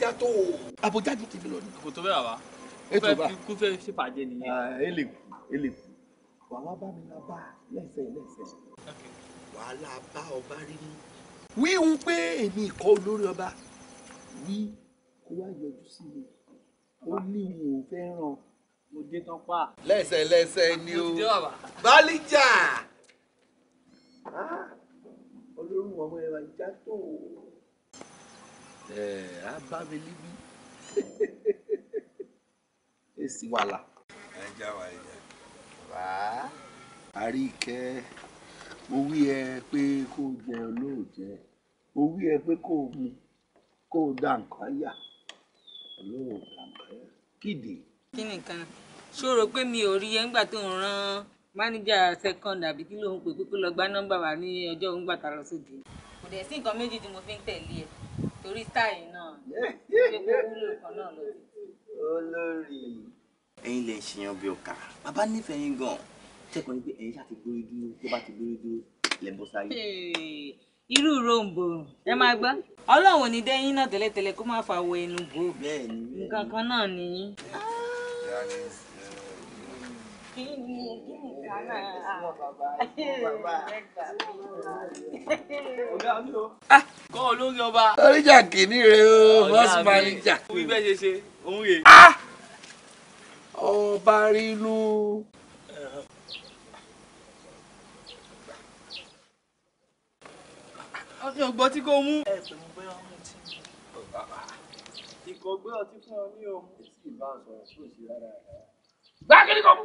já tó o àbójájú tèmi lọ ní. kò bẹ́ẹ̀ wá ètò bá kó fẹ́ ṣe bàjẹ́ nìyẹn. ele ele wàhálà bá mi la bá lẹ́sẹ̀ lẹ́sẹ̀ wàhálà bá ọba rí mi. wíhun pé èmi ìkọ́ olórí ọba wí kó wá yọjú sí mi ó ní òun fẹ́ràn mo dé tán pa. lẹ́sẹ̀ lẹ́sẹ̀ ni o bálíjà olórí ah! ọmọ ẹ̀ wá já tó o. á eh, bá mi níbí e wàhálà. ẹ já wa ẹ e pe ko o jẹ o mu ko o da nǹkan yà olóò dá nǹkan mi ò rí ẹ nígbà tó ń rán second àbí kí ló ń pè wa ní ọjọ gbàtà lọ sóde kò dẹ̀ sí nǹkan méjì tí mo fi ń tẹ̀lé torí táyì náà ṣé kó wúlò kan náà lọ. olórí ẹ̀yin lè ṣèyàn bí ọkà bàbá nífẹ̀ẹ́ yín gan tẹkọọ pé ẹ̀yin ṣáà ti gbórí dúró tó bá ti gbórí dúró lẹ́bọ̀ sáyé. irú rombo ẹ máa gbọ́ ọlọ́run ní dẹ́yìn náà tẹ́lẹ̀tẹ́lẹ̀ kó má fa wo ẹnu bò nǹkan kan náà nìyí kí ah, kọ́ olórí ọba. oríjà kìíní rẹ o bọ́sì manager. orí bẹ́ẹ̀ ṣe ṣe òun rè. Ah! ọba rínú. ọdún ọgbọ́n tí kò mú. ẹ ọtí fún ọ ní òun. gbá kí ni kò mú.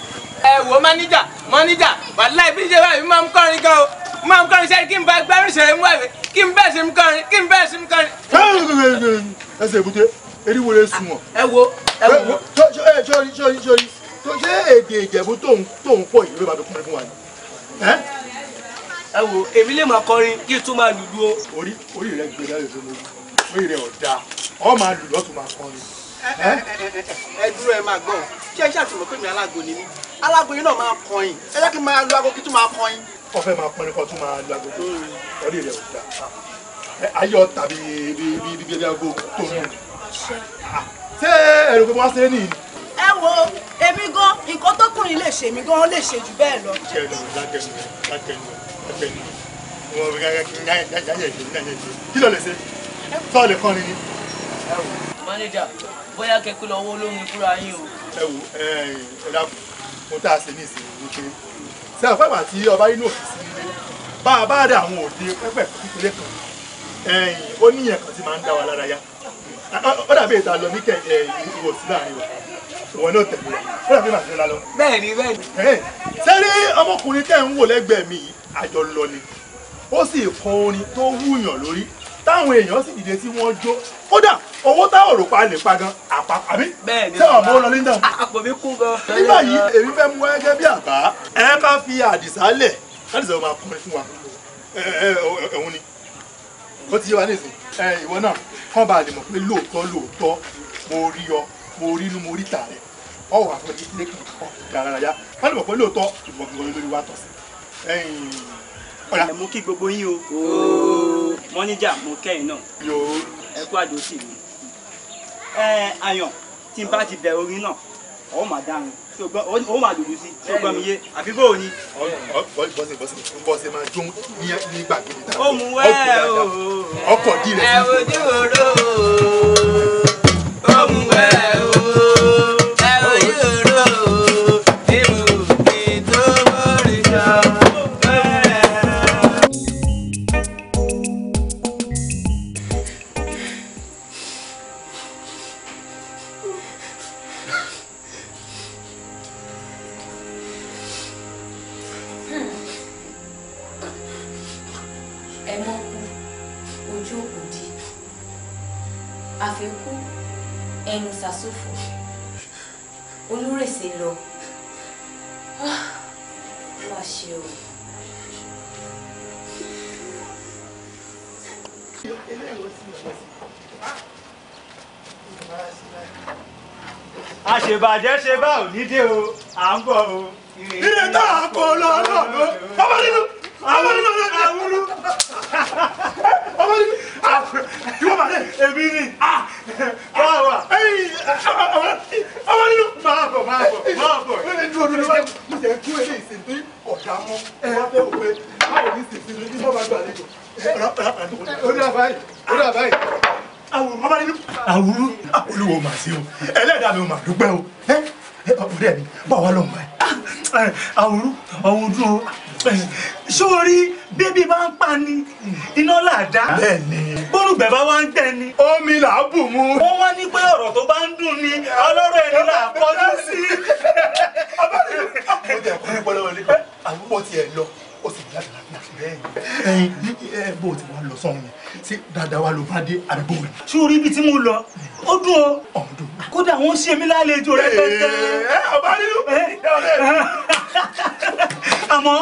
ẹ wo máníjà máníjà wàláì bí ṣe báyìí máa ń kọrin gan o máa ń kọrin sẹ́yìn kí n bá gbẹ́rù ìṣẹ̀lẹ̀ mú àwẹ̀ kí n bẹ́ẹ̀ sí mi kọrin kí n bẹ́ẹ̀ sí mi kọrin. ẹsẹ̀ èbúté eriwo lè sùn wọ̀. ẹ wo ẹ wo. sori sori sori tó ṣe èdè ìjẹ̀bú tóun tóun pọ̀ yìí ló bá fi kún fún wa ni. ẹ wo èmi lè máa kọrin kí n tún máa lùlù o. orí orí rẹ gbé dáre fún mi orí rẹ ọ̀dà ọ máa lù lọ́tún máa kọrin ẹ dúró ẹ máa gbọ́ ọ ṣé ẹ ṣe àtìmọ̀ pé mi alágbo ni mí alágbo yìí náà máa kọyìn ẹ jẹ́ kí n máa lo aago kí tún máa kọyìn. kọfẹ máa kọrin kọ tún máa lo aago tó orí rẹ ò dá ayọ̀ tàbí bí bí bí aago tó mú ṣé ẹrù pé wọn ṣe é nìyí. ẹ wo èmi gan nǹkan tọkùnrin lè ṣe èmi gan lè ṣe jù bẹ́ẹ̀ lọ. lákẹ́nu lákẹ́nu lákẹ́nu lákẹ́nu wọn bí káyọ̀ kí ló lè ṣe tọ́ọ̀lù kọrin ni. mánéjà bóyá kẹ́kẹ́ lọ wó lóhun fúnra yín o. ẹ wo ẹ ẹ dàbọ̀ mo tá a ṣe ní ìsinmi ní kéré ṣé àwọn fáwọn àti ọba inú òfìsí nílé bá a bá dà àwọn òde pẹ́pẹ́ kékeré kan ó níyẹn kan tí máa ń dá wa lára yá ó dàbí ìta lọ ní kẹ ìwòsí láàrin wa ìwọ náà tẹ̀lé wa ó dàbí màá tẹ̀lé lọ. bẹ́ẹ̀ni bẹ́ẹ̀ni. sẹ́rí ọmọkùnrin tẹ́ ń wò lẹ́gbẹ̀ẹ́ mi àjọlọ ni ó sì kọ orin tó wúyàn lórí táwọn èèyàn sì dìde tí wọ́n jó kódà owó táwọn òrò pa lè pa gan àpá àbí sẹ́wọ̀n bó lọ ní dàn. àpò mi kún gan. nígbà yìí èmi fẹ́ mú ẹgẹ́ bí àbá ẹ ká fi àdìsá lẹ̀ àdìsá máa kọrin fún wa ẹ̀hún ni ó ti yé wa nísìnyí ẹ ìwọ náà kàn bá a lè mọ̀ pé lóòótọ́ lóòótọ́ mo rí ọ mo rí inú mo rí tà rẹ̀ ọ wà fún ilé kan ọ̀ gàràrà yá wọ́n lè mọ̀ pé lóòótọ́ ìmọ̀ gbọ̀ngàn lórí wa tọ̀ sí ẹ̀yìn ọ̀la. mo kí gbogbo yín o. mọ́níjà mo kẹ́yìn náà. yòó. ẹ kú àjò sí mi. ẹ ayọ̀ tí n bá ti bẹ̀rẹ̀ orin náà ọ̀ máa dáhùn ó máa dùdú sí tó gbọ́ mi yé àfi bó o ní. bọ́sẹ̀ bọ́sẹ̀ bọ́sẹ̀ máa jó ní gbàgede tàbí ọkọ̀ dì rẹ̀ sí. ẹ wo dúró o. mú ẹ o. àfikún ẹnu sàsófò olúrèsè lọ ah, má ṣe o. àṣebàjẹ́ ṣe bá ò ní dé o à ń bọ̀ o. ìrè tá a kọ lọ́rọ̀ ló ọmọ ọmọ nínú ọmọ nínú ọmọ nínú. Ah, ìwọ bàdé èmi ni wà ah. wà àwọn nínú máa bọ̀ máa bọ̀ máa bọ̀ ẹ dúró dúró wá mo jẹ́ kú eré ìsìnkú ọ̀dà mọ́ wọ́n fẹ́ wò pé báwo ní ìsìnkú ní bọ́ bá gbàlejò ọ̀dà báyìí ọ̀dà báyìí àwòrán ọba nínú. àwòrán olúwo màá sí o ẹlẹ́dàá mi ò mà dúpẹ́ o ọ̀rẹ́ mi bá wa lọ́mọ ẹ̀ àwòrán ọ̀hún dùn sórí bébí máa ń pa ni iná làdá bọ́lùbẹ̀ bá wá ń tẹ̀ ni omi là á bù mu. wọ́n wá ní pé ọ̀rọ̀ tó bá ń dùn ni ọlọ́rọ̀ ẹni là á kọjú sí. mo tẹ̀ kú ní pọ́lọ́wọ́ lé lọ ó sì ní láti láti bẹ́ẹ̀ ni. bó o ti wá lọ sọ́run yẹn ṣé dadawa wa ló bá dé àdúgbò rẹ. sórí ibi tí mo lọ ó dùn o ọdún kódà wọn ṣe mí lálejò rẹ tẹtẹ. ẹ ọba nínú ọ̀rẹ́ rẹ. àmọ́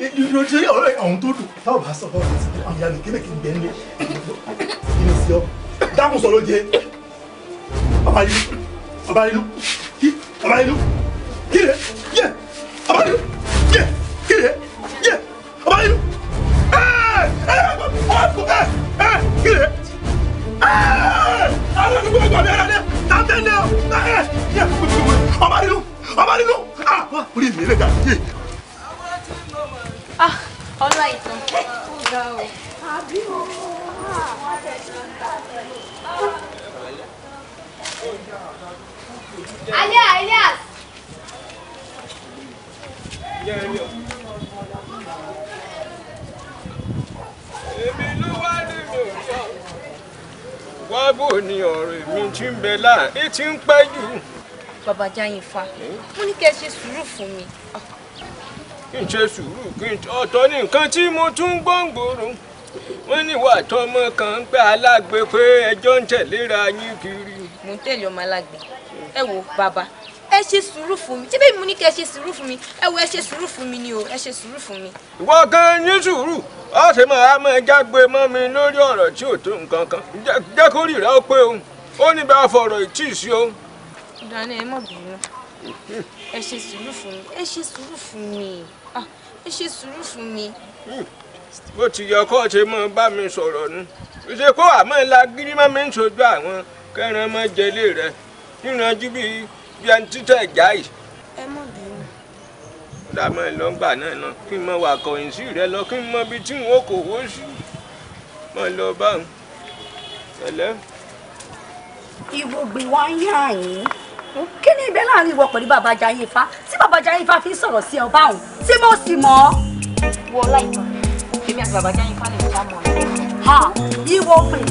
ìdúró ṣe ọ̀rẹ́ ọ̀hún tó dùn táwọn bá sọ fọwọ́ sí àwọn ìyá mi kí lèkì gbẹ nílé kí ni sí ọ dákun sọ ló jẹ ọba nínú ọba nínú ọba nínú kí lè yẹ ọba nínú yẹ kí lè yẹ ọba nínú. 哎哎哎！ẹ kílè ẹ àwọn ọmọ gbogbo mi ara dẹ ta tẹ ndẹ o ẹ yẹ ọmọ nínú ọmọ nínú ah orí mi lè ga yé. ah ọlá ìtàn ó ga o. àbí o máa tẹ̀ ṣe ń ta tẹ̀. alẹ́ alias. Yeah, yeah wá bò ní ọ̀rọ̀ mi ti ń bẹ láà é ti ń pẹ́ jù. bàbá Jáyínfà mo ní kí ẹ ṣe sùúrù fún mi. kí n ṣe sùúrù kí n ọ̀tọ̀ ní nǹkan tí mo tún ń gbọ́ngbòrò wọ́n ní ìwà àtọmọ kan ń pẹ́ alágbe pé ẹjọ́ ń tẹ̀léra yín kiri. mo ń tẹ̀lé ọmọ alágbe ẹ wo bàbá ẹ ṣe sùúrù fún mi síbẹ̀ mo ní kí ẹ ṣe sùúrù fún mi ẹ wo ẹ ṣe sùúrù fún mi ni o ẹ ṣe sùúrù fún mi. ìwọ gan ní sùúrù ó ṣe máa máa jágbe mọ́ mi lórí ọ̀rọ̀ tí ò tó nǹkan kan jẹ́ kó rírà ó pé òun ó ní bá fọ̀rọ̀ ìtì sí òun. ìdáná ẹ mọ̀ bínú ẹ ṣe sùúrù fún mi ẹ ṣe sùúrù fún mi ẹ ṣe sùúrù fún mi. bó ti yọ kó ṣe máa bá mi sọ̀rọ̀ ni ṣe kó àmọ́ ìlà gírí má mi ń ṣojú àwọn kẹrin ọmọ jẹlé rẹ níranjú bíi bí ẹni títọ́ ẹ̀já yìí. ẹ mọ̀ bínú. ó dà mọ́ ẹ lọ́ngbà náà náà kí n mọ wà kọ̀yìn sí rẹ lọ kí n mọ ibi tí n ó kò wó sí mọ́ lọ bá òun tẹ̀lẹ́. ìwò gbé wá ń yá yín kí ni ibẹ̀ láàrin ìwọ pẹ̀lú bàbá Jayé Ifá tí bàbá Jayé Ifá fi ń sọ̀rọ̀ sí ọba òun tí mo sì mọ̀ ọ́. wo láìpẹ́ èmi àti bàbá Jayé Ifá lè já mọ́ ọ. ìwọ pè ẹ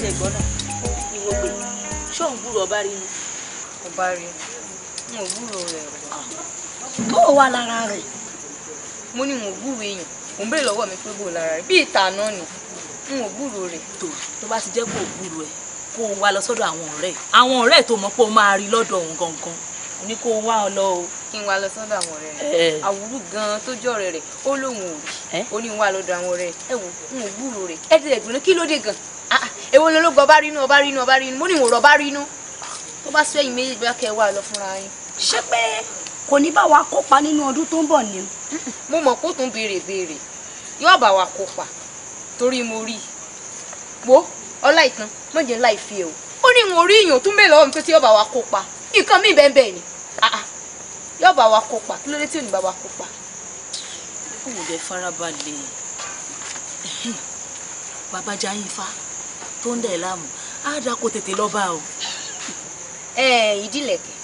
ti ẹ̀gbọ́n náà búrò ọba rí ni. ọba rí n ò búrò rẹ̀ mo ní n ò èèyàn òun bèrè lọ́wọ́ mi pé bò lára rẹ̀ bí ìta ni n ò búrò rẹ̀. tó tó bá ti jẹ́ kó o búrò ẹ̀ kó o wá lọ sọ́dọ̀ àwọn ọ̀rẹ́ àwọn ọ̀rẹ́ tó mọ̀ pé o máa rí lọ́dọ̀ òun gangan ní kó wá ọ lọ o. kí n wá lọ sọ́dọ̀ àwọn ọ̀rẹ́ rẹ̀ eh. àwùrú gan-an tó jọ ọ̀rẹ́ rẹ̀ ó lóun ò rí ó ní wá lọ́dọ̀ àwọn ọ̀rẹ́ ẹ wò ń wò gbúrò rẹ̀ ẹ ti ẹ̀dùn ní kí ló dé gan-an ah, ah, èwo lológun ọba rínú ọba rínú ọba mo ní ìwòrán tó bá sọ ẹ̀yin méjèèjì bóyá kẹ́ ẹ wà lọ fúnra yín. ṣé pé kò ní bá wa kópa nínú ọdún tó ń bọ̀ ni. mo mọ̀ kó tún béèrè béèrè yóò bá wa kópa torí mo rí i wo ọlá ìtàn mọ̀jẹ̀ ńlá ìfi ẹ̀ o ó ní mo rí ìyàn tún mélòó mi pé tí yóò bá wa kópa nǹkan míì bẹ́ẹ̀ bẹ́ẹ̀ ni ah, ah. yóò bá wa kópa kí ló dé tí ò ní bá wa kópa. kò lè farabalẹ̀ bàbá tó ń dẹ̀ láàmú á dáa kó tètè lọ bá o ìdílẹ̀kẹ̀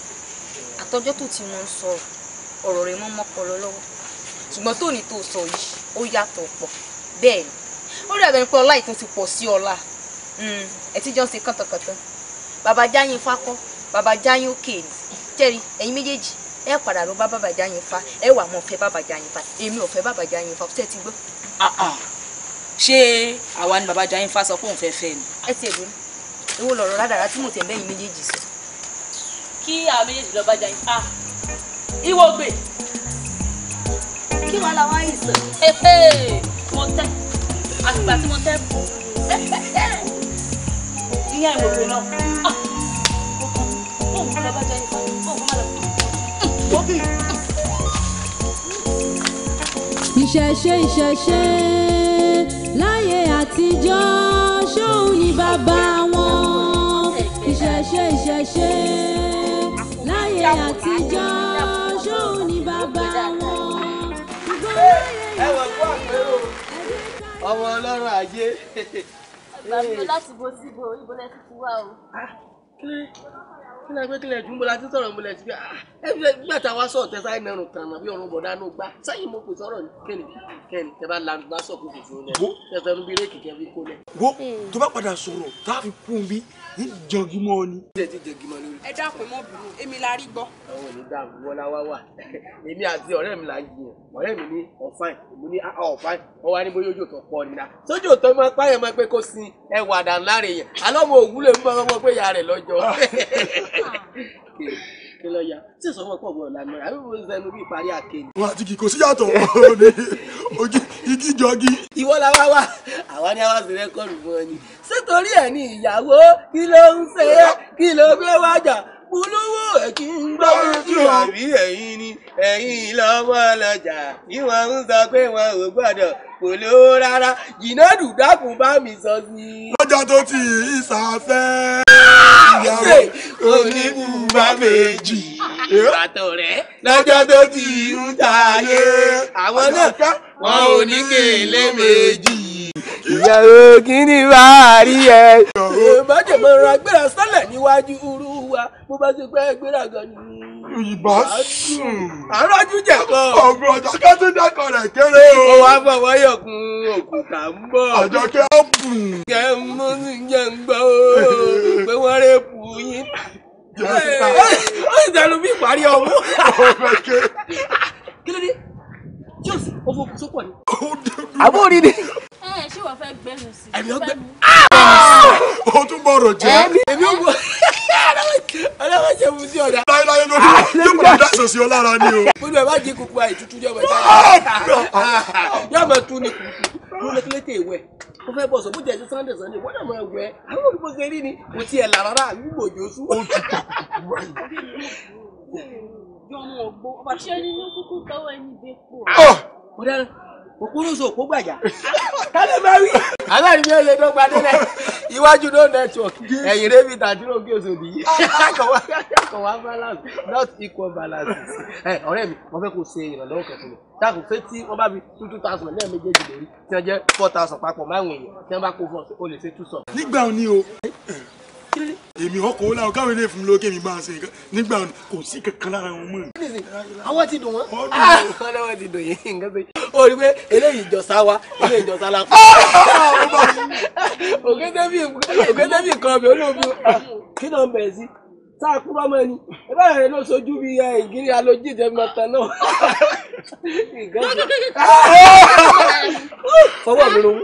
àtọjọ́ tó ti mọ̀ ń sọ̀rọ̀ ọ̀rọ̀ rẹ̀ mọ́ mọ́pọlọ lọ́wọ́ ṣùgbọ́n tóní tó sọ yìí ó yàtọ̀ pọ̀ bẹ́ẹ̀ ni ó rí àbẹ̀rẹ̀ pé ọlá ìtún ti pọ̀ sí ọlá hmm, ẹ̀ tíjọ́ ń ṣe kàntàkàntàn bàbá jáyín fákọ́ bàbá jáyín òkè ni jẹ́rìí ẹ̀yin méjèèjì ẹ padà lọ bá bàbá jáyín fa ẹ wà mọ́ ọ̀fẹ́ bàbá jáyín fa èmi ọ̀fẹ́ bàbá jáyín fa ṣé ẹ ti gbọ́. ṣé àwa ni bàbá jáyín fa sọ pé òun fẹ́ fẹ́ ni. ẹ ti ẹ̀ dúró ewo lọ̀rọ̀ rádàrá tí mo tẹ̀ bẹ́yìn méjèèjì sọ kí àwọn méjèèjì lọ bá jà yín ah ìwọ gbè. kí wàá làwọn yìí sọ. mo tẹ àtìgbà tí mo tẹ bù ìyá ìwò pé náà ah, mo kàn mo kàn láyé àtijọ́ ṣóun ní bàbá wọn ìṣẹ̀ṣe ìṣẹ̀ṣe àtijọ́ ṣóun ni bàbá wọn. ẹ wọ kó àpérò ọmọ ọlọ́run ayé. àgbàdo láti bo síbo ibo lẹ ti ti wá o. Ah, kí ni agbẹ́kẹ̀lẹ̀ ẹ̀jú ń bọ̀ láti sọ̀rọ̀ mo lẹ̀ sí bí gbà tá a wá sọ̀rọ̀ tẹ sáyẹn mẹ́rùn kan náà bí ọ̀run bọ̀dá náà gbá sáyẹn mo pè sọ̀rọ̀ kẹ́ni kẹ́ni tẹ bá lanu bá sọ̀kò fòfin lẹ̀ tẹ fẹ́ nu bí rékì kẹ́ fi kó lẹ̀. wo hmm. tó bá padà sọ̀rọ̀ tá a fi kún bí jọgímọ ni. ẹ dákun mọ bínú èmi la rí gbọ́. àwọn ò ní dààmú wọlá wá wà èmi àti ọ̀rẹ́ mi là ń jiyàn ọ̀rẹ́ mi ní ọfáìn oh, èmi ní ọfáìn ah, oh, wọn wá bóyá ojú òtọ pọ nira sójú òtọ máa páyọ máa pé kó sin ẹwà àdánù láre yẹn alọ́ mo òwúlò ń bọ́ ọmọ pé ìyá rẹ̀ lọ́jọ́. kí lọ ya tí ìsọfún ọ̀pọ̀ ọ̀gbọ̀n lànà àbí zẹnu bí ìparí àkè wọn àti kìkò síyàtọ̀ òní ojú igi jọgi. ìwọ la wá wá àwa ni a wá sí rẹkọọdù fún ọ ni sítorí ẹ ní ìyàwó kí ló ń ṣe é kí ló gbé wájà polówó ẹ kí n gbọ́ ojú àbí ẹ̀yin ni ẹ̀yin lọ́wọ́ ọlọ́jà bí wọ́n ń sọ pé wọn ò gbọ́dọ̀ kò rárá jìnnà dùdákùn bá mi sọ sí i. lọ́jà tó ti ìsàfẹ́ ìyàwó oníbùbá méjì. bàtò rẹ. lọ́jọ́ tó ti ń ta ayé. àwọn náà wọ́n ò ní gèlè méjì ìyàwó kìíní máa rí ẹ. ìbájẹ̀mọ̀ ra gbéra sálẹ̀ níwájú urú wa bó bá ti pẹ́ gbéra gan ni. ìbá sùn. àrọ́jú jẹ̀kọ. ọ̀gbìn ọ̀jọ̀ kẹ́tù dẹ́kọ̀ rẹ̀ kéré o. ó wá fọwọ́ yọkun òkúta ń bọ̀. àjọ kẹ́ ọ́ bùn. kẹ́ ń mú sí jẹ́ ń gbọ́ pé wọ́n rẹ̀ bù yín. ó sì dẹnu bí ìparí ọmú. kí ló dé? jọ́sì ọmọ òkú tó pọ̀ ni. àbúrò ni ẹ eh, ṣé wọ́n fẹ́ gbẹnu sí. èmi ò gbẹ o ah! tún bọ̀rọ̀ jẹ́. èmi ò gbọ́ ọlọ́wọ́ jẹ́ mu sí ọ̀dà. láyéláyé lórí ah, yóò kò dá sòsì ọlára ni o. mo ní bàbá jí kúkú àyè tútú ah! yóò bẹ jáde. yóò bẹ tún ní kúkú ló lé tẹ ìwẹ mo fẹ́ bọ̀ sọ bó jẹ́ ẹ̀sìn sunday sunday wọ́n dàmú ẹ̀wẹ̀ àwọn olùkọ́ ṣe rí ni kò tiẹ̀ là rárá àgbègbè òjò sùn. ó ti tà yọmọ ògbó ọba ṣe ni yín kúkú tọwọ ẹni dé pò kúkúrú so kó gbàjà kálẹ̀ máa wí. aláàrí mi ò lè dọ́gba délẹ̀ iwájú no network ẹ̀yìn rẹ́bí tàdúró gé òṣòdì yìí akọ̀ wá balance not equal balance. ẹ ọ̀rẹ́ mi wọ́n fẹ́ kó ṣe ìrànlọ́wọ́ kẹfún mi dákun fẹ́ tí wọ́n bá mi two two thousand lẹ́ẹ̀ méjèèjì lórí tí wọ́n jẹ́ four thousand papọ̀ máa ń wẹ̀yìn tí wọ́n bá kó fún ọ o lè ṣe two thousand. nígbà wo ni o kí ló dé. èmi ọkọ̀ ó láwọn káwọn ilé fún mi ló kémi máa ṣe nǹkan nígbà kò sí kankan lára wọn mọ́. àwọn ti dùn wọn. ọlọ́wọ́ ah! ti dùn yìí nǹkan tó yẹ. o rí pé eléyìí ìjọsá wa eléyìí ìjọsá la fún. Ah! òkété bíi kan ọbẹ̀ olóògbé kí náà bẹ̀rẹ̀ sí tá a kú bá mọ ni ẹ bá rẹ lọ sójú bí ìgírí alójì tẹ mọ tán náà. fọwọ́ mi ló ń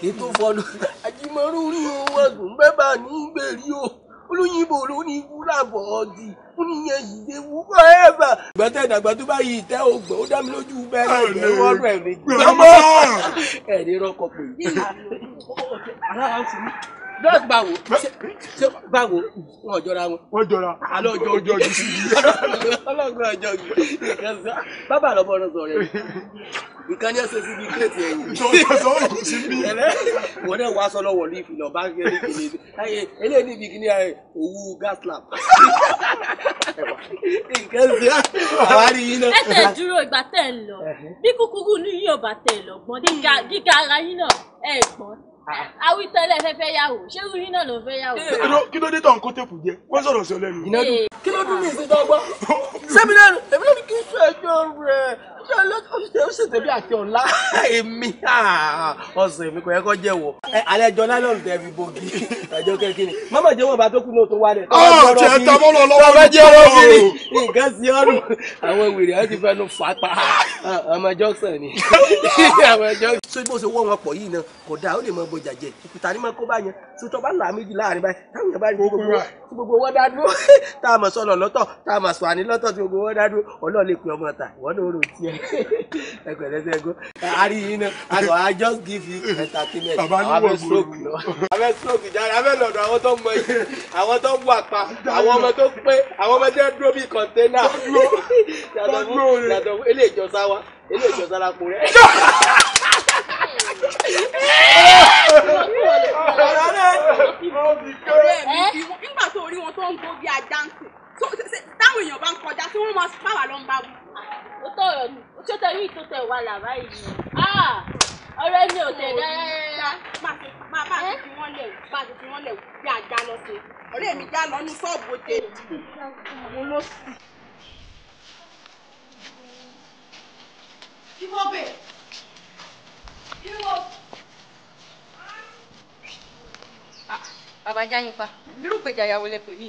kí tó fọdún. àjìmọ̀rú rí owó ẹ̀gùn bẹ́bà ní ìgbèrí o olóyìnbó ló ní gúlábọ̀ ọ̀dì ó ní yẹn yìí wú kọ́ ẹ̀bà. ìgbà tẹ́ ìdàgbà tó bá yí ìtẹ́ ògbẹ́ ó dá mi lójú bẹ́ẹ̀ ẹ̀rẹ́ wọ́ọ̀rọ̀ ẹ̀rẹ́ gbọ́mọ́ ẹ̀rẹ́ rọ́kọ̀ pé. ara ń fún mi dọ́ọ̀sì báwo ṣe báwo wọn jọra wọn. wọn jọra alọ ọjọ ojú ojú sí i. ọlọ́gbọ́n ọjọ́ ojú nǹkan sọ bábà lọ́mọ ọ̀rọ̀ sọ rẹ̀ nǹkan ní ẹsẹ̀ síbi kéètì ẹ̀yìn. sọ ọkùnrin sí mi. wọn náà wá aṣọ lọ́wọ́ ní ìfìlọ̀ bá gé ní kìnìún ayé eléyìí ní ibi kìnìún ayé òwú gas lab. nǹkan sí àwárí yín náà. ẹsẹ̀ dúró ìgbà tẹ̀ ń lọ bí kúkúrú ní yóò bá tẹ̀ lọ gbọ́n awitan lẹ fẹ́ fẹ́ yàwó ṣé wíwí náà ló fẹ́ yàwó. kí ló dé tó ń kó tèpù jẹ wọn sọ̀rọ̀ sí ọ lẹ́nu. kí ló dún ní ìsìn tó gbọ́ sẹ́mi lẹ́nu èmi ló ní kí n ṣe ẹjọ́ rẹ̀ ó sì tẹ̀bí àti ọ̀la èmi ah, ọ̀sẹ̀ mi kò yẹ kó jẹ́ wọ̀ alẹ́ jọ náà lọ́rùn tẹ̀bi bògì ẹ̀jọ́ kẹ́kẹ́ ni mọ́mọ́ jẹ́ wọ́n bá tó kú náà tó wá dẹ̀. ọ tiẹ̀ tọ́ mọ́ lọ lọ́wọ́ ló jẹ́ wọ́n fi ni. nǹkan sí ọ̀rùn àwọn wèrè ẹ̀ ti fẹ́nu fà pa ọmọ jọ́sàn ni àwọn jọ́sàn. so bó ṣe a mọ̀ sọ̀nà lọ́tọ̀ a mọ̀ sọ̀ ẹgbẹ̀rẹ́sẹ̀ ẹgbẹ́ àárín yìí náà àgbà i just give you entertainment àwọn abẹ́ stroke lọ abẹ́ stroke jáde abẹ́ lọ́dọ̀ àwọn tó mọ iye àwọn tó wà pa àwọn ọmọ tó pé àwọn ọmọ tó dúró bíi kọ̀ńténà yàtọ̀ fún yàtọ̀ fún ilé ìjọsá wa ilé ìjọsá la kú rẹ. nígbà tó rí wọn tó ń gbó bí ajá ń sùn táwọn èèyàn bá ń kọjá tí wọ́n máa bá wà lọ́n bá wù. ó tọ̀ ọ̀rọ̀ nù ó tó tẹ yìí tó tẹ wà làbá ah! yìí ọ̀rẹ́ mi ò tẹ̀ dáadáa. máa bá a ti fi wọ́n lẹ̀ bá a fi wọ́n lẹ̀ bí a já lọ sí i ọ̀rẹ́ mi já lọ ní ṣọ́ọ̀bù òde. mo ló sì. kí bẹ̀ kí wọ́n. bàbá pa irú ìpèjà ìyàwó lẹ pè mí.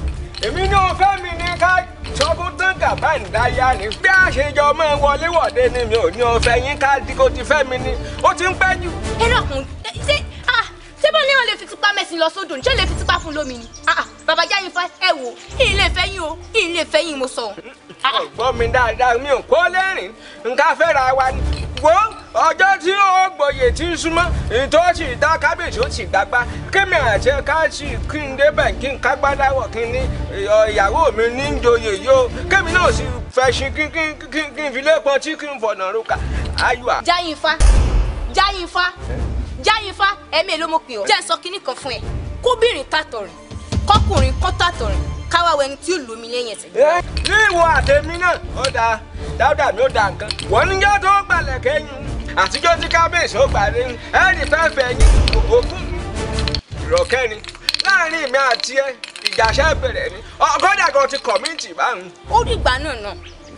èmi náà fẹ́ mi ní ká sọ́bù tán gàbá ìdáyà ni bí àṣejọ máa wọléwọ̀de ni mi ò ní ọ̀fẹ́ yín ká di kó ti fẹ́ mi ni ó ti ń pẹ́ jù. ẹ lọ́kùn ṣé ṣé bá ní wọn lè fi tipa mẹ́sìn lọ sódò ní ṣé lè fi tipa fún lómi ni ah, ah, bàbá jáyín fa ẹ wò kí n lè fẹ́ yín o kí n lè fẹ́ yín mo sọ. ọgbọ́n ah, mi dáadáa mi ò kó lẹ́rìn nǹkan fẹ́ra wa ni wo ọjọ́ tí ó gbòye tí ń súnmọ́ ìtọ́sí ìdá kábíyèsí ó sì gbàgbá kémi àti káàsì kí n débẹ̀ kí n kágbá dáwọ̀ kí n ní ìyàwó mi ní ń joyè yó kémi náà sì fẹ̀sìn kí n fi lé pọtí kí n fọ̀nà rúkà ayọ̀. jáyínfá jáyínfá jáyífá ẹ̀mí ló mọ̀ pé ọ́ jẹ́ sọ kínní kan fún ẹ kóbìnrin tàtọ̀ rìn kọkùnrin kan tàtọ̀ rìn káwá wẹni tí yóò lómi lẹ́yìn ẹsẹ̀. ní ìwọ àtẹ̀mí náà ó dáa dáúdà mi ó dáa nǹkan wọ́n níjọ́ tó gbalẹ̀ kẹ́yìn àtijọ́ tí kábíyèsí ó gbà ẹnì fẹ́ yín òkun ìrọ̀kẹ́ ni láàrin mi àti ẹ ìjàṣẹ́ bẹ̀rẹ̀ ni ọgọ́dà kan ti kọ̀míǹtì báyìí. ó dìgbà náà náà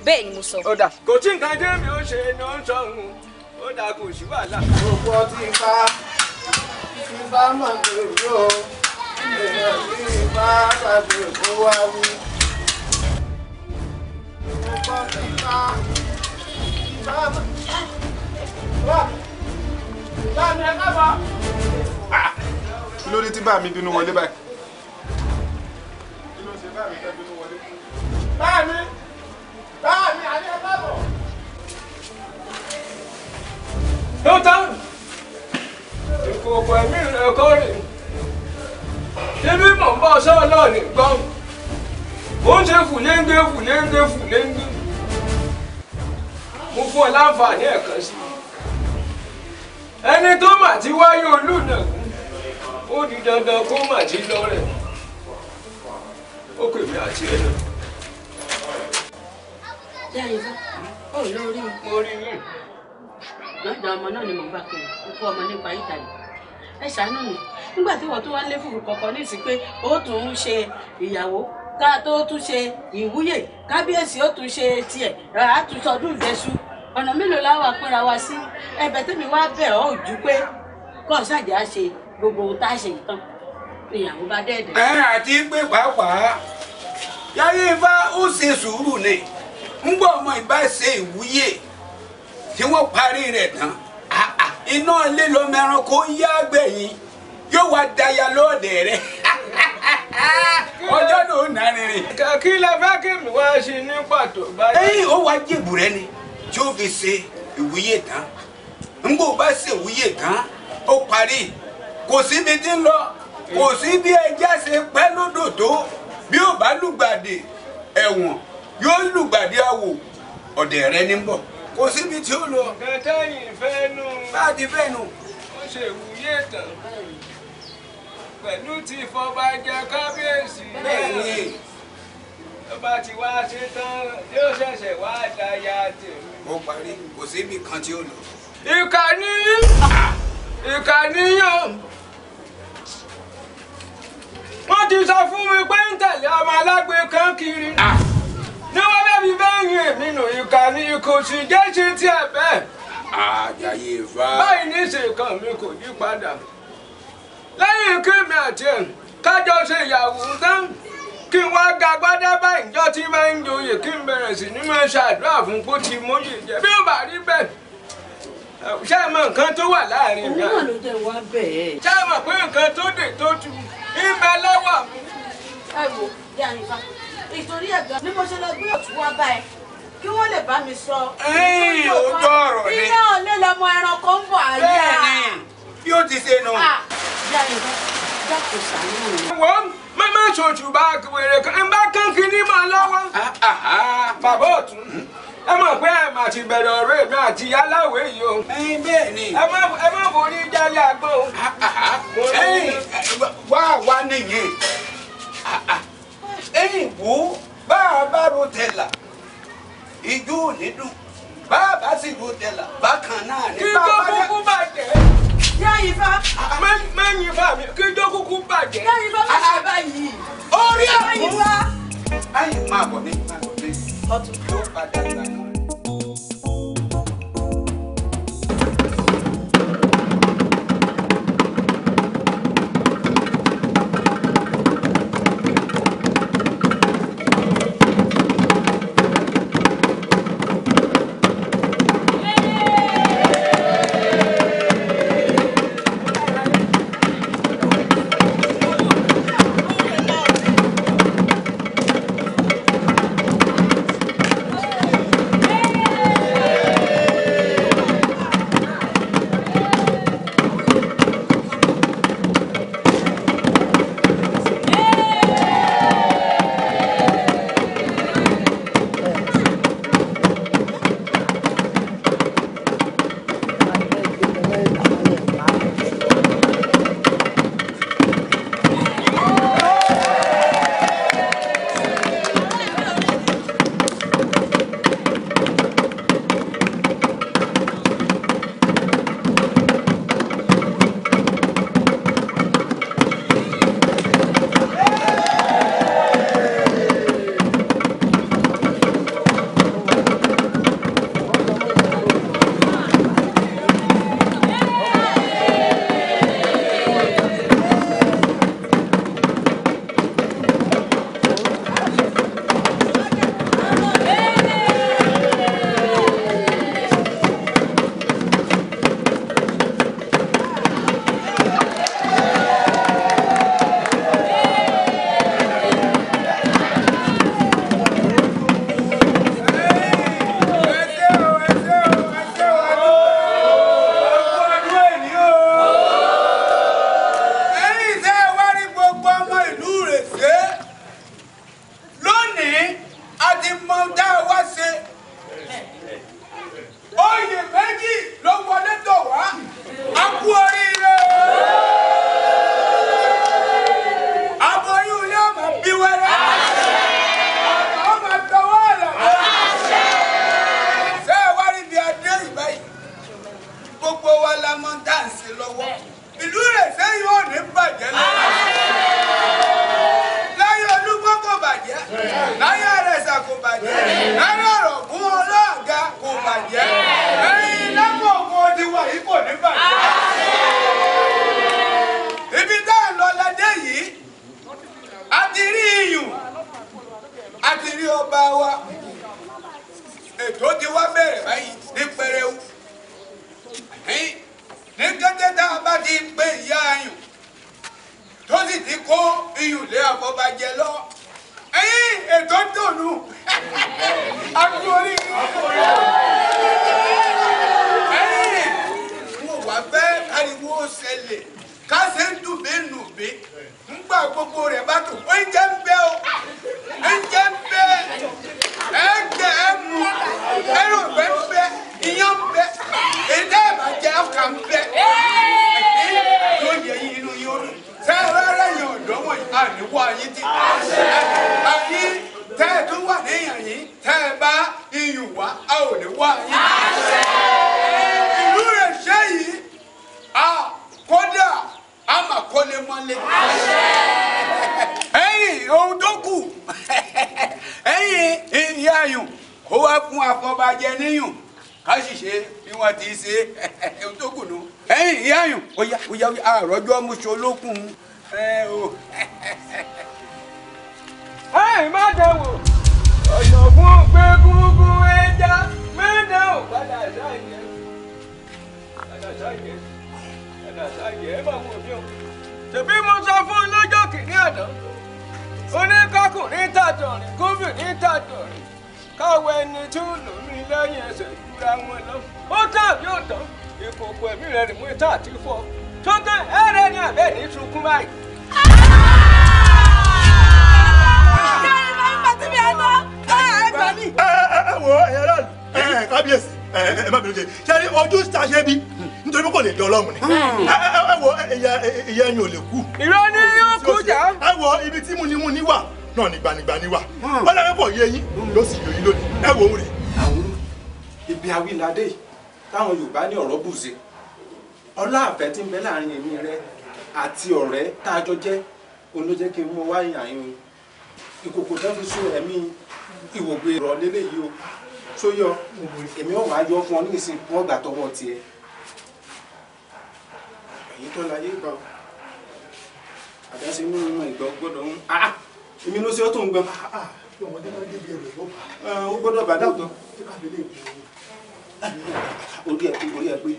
bẹ́ẹ̀ ni mo sọ. ó dà kò tí nǹkan jẹ́ mi ó ṣe ni ó ń sọ òun ó dáa kò sí wàhálà. gbogbo ọtí bá ti bá mọ̀ lòdò èèyàn bí bá pàdé kó wá wí. gbogbo ọtí bá ti bá mọ̀ wá bá mi ẹ kábọ̀. kí ló dé tí bá mi bínú wọlé báyìí. kí ló ṣe bá mi fẹ́ bínú wọlé. bá mi bá mi àlẹ́. yóò tán ìkòkò ẹ̀mí rẹ̀ kọ́ rè ibi mọ̀ ń bá ọṣẹ́ náà ní gbọ́n ó ń ṣe fùléńgé fùléńgé fùléńgé mo fún ọ láǹfààní ẹ̀kan sí ẹni tó mà ti wáyé olùnàkú ó di dandan kó mà ti lọ rẹ̀ ó pè mí àti ẹ̀ náà. mo rí yín lọ́jà ọmọ náà ni mò ń bá kiri ikú ọmọ nípa ìtàlẹ̀ ẹ ṣàánú mi nígbà tí wọ́n tó wá lé fùrù kọ̀ọ̀kan ní ìsìn pé ó tún ń ṣe ìyàwó ká tó tún ṣe ìwúyè kábíyèsí ó tún ṣe tiẹ̀ rárá tún sọdún ìdẹ́sù ọ̀nà mélòó láwà pínra wa sí ẹ̀bẹ̀ tẹ́mi wá bẹ̀ ọ́ òjú pé kọ́ ṣàjà ṣe gbogbo ohun tá a ṣe ìtàn ìyàwó bá dẹ́ẹ̀dẹ̀. ẹ àti pé pàápàá yáyé ifá ó ṣe sùúrù ni ń gbọ́ ọmọ ìbá ṣe ìwúyè tí wọ́n parí rẹ̀ tán iná lílọ́mọ ẹranko ń yá gbẹ̀yìn yóò wá daya lóde rẹ̀ ọjọ́ ló ń nani rìn. kàkí la fẹ́ kí mi wá ṣe ní pàtó báyìí. ẹyìn ó wá jèbù rẹ ni tí ó fi ṣe ìwúyè tán ngbò bá ṣe ìwúyè tán ó parí kò síbi tí ń lọ kò sí bí ẹja ṣe pẹ́ lódò tó bí ó bá lùgbàdì ẹ̀wọ̀n yóò lùgbàdì àwò ọ̀dẹ̀ rẹ ní bọ̀ kò síbi tí ó lọ. nǹkan tẹ́yìn nù. báàdì bẹ́ẹ̀ nù. ó ṣe wúyé tán pẹ̀lú ti fọba jẹ kábíyèsí. bẹ́ẹ̀ni. tó bá ti wá ṣe tán yóò ṣẹ̀ṣẹ̀ wá daya tèmi. mo parí kò síbi kan tí ó lọ. ìkànnì ìkànnì wọ́n ti sọ fún mi pé ń tẹ̀lé ọmọ alágbe kan kiri. Ah! Níwájú bẹ́ẹ̀ mi nù ìka ni kò sì jẹ́ ṣe tí ẹ bẹ́ẹ̀. Àjàyè Ifá. Báyìí ní ṣe nǹkan mi kò yí padà. Lẹ́yìn kí mi àti ẹ̀ kájọ ṣe ìyàwó tán kí n wá ga gbádá báyìí jọ tí máa ń joyè kí n bẹ̀rẹ̀ sí ní máa ṣàdúrà fún kó ti móyè jẹ bí ó bá rí bẹ́ẹ̀ ṣé ẹ mọ nǹkan tó wà láàrin mi. òun náà ló jẹ́ wá bẹ́ẹ̀. ṣé ẹ mọ̀ pé nǹkan tó dè tó nítorí ẹ̀gán ni mo ṣe lọ gbé òtún wá báyìí kí wọ́n lè bá mi sọ. ẹyìn ọ̀rọ̀ ni. iná ọ̀lẹ́ lọmọ ẹranko ń bọ̀ ayé. bẹ́ẹ̀ni bí ó ti ṣe nù. wọ́n má má ṣoṣù bá wèrè kan ń bá kán kínní mọ́ lọ́wọ́. Ah, ah, ah, bàbá ọ̀tún ẹ mọ̀ pé ẹ̀ mà ti bẹ̀rẹ̀ ọ̀rọ̀ èmi àti aláwọ̀ èyí o. ẹyin bẹ́ẹ̀ ni. ẹ má borí jáde àgbọn o. wá wá nìyẹn èyìnbó bá a bá ro tẹ̀là ijó ò ní dùn bá a bá sì ro tẹ̀là bákan náà ní bá a bá dé. kúkú bàjẹ́. yá ifá. má yin fá mi kíjó kúkú bàjẹ́. yá ifá má ṣe báyìí. orí àpò. yá máa bọ̀ ní máa bọ̀ ní. ọtún. yóò padà gbà. olóògùn. táwọn Yorùbá ní ọ̀rọ̀ bùṣe ọlá àfẹ́ tí ń bẹ láàrin èmi rẹ àti ọ̀rẹ́ tá a jọ jẹ́ òun ló jẹ́ kí n mú wá yàyàn ìkòkò tó fi sún ẹ̀mí ìwògbé rọ̀ lélẹ́yìí o tó yọ èmi ò yọ fún ọ ní wọn gbà tọwọ́ tiẹ̀ èyí tó láyé gbà ó àdáṣe inú ìmọ̀ ìgbà gbọ́dọ̀ ń ah èmi ló ṣe ọ́ tó ń gbọ́n. ó gbọ́dọ̀ bàdá ọ̀tọ̀ orí ẹ pé orí ẹ pé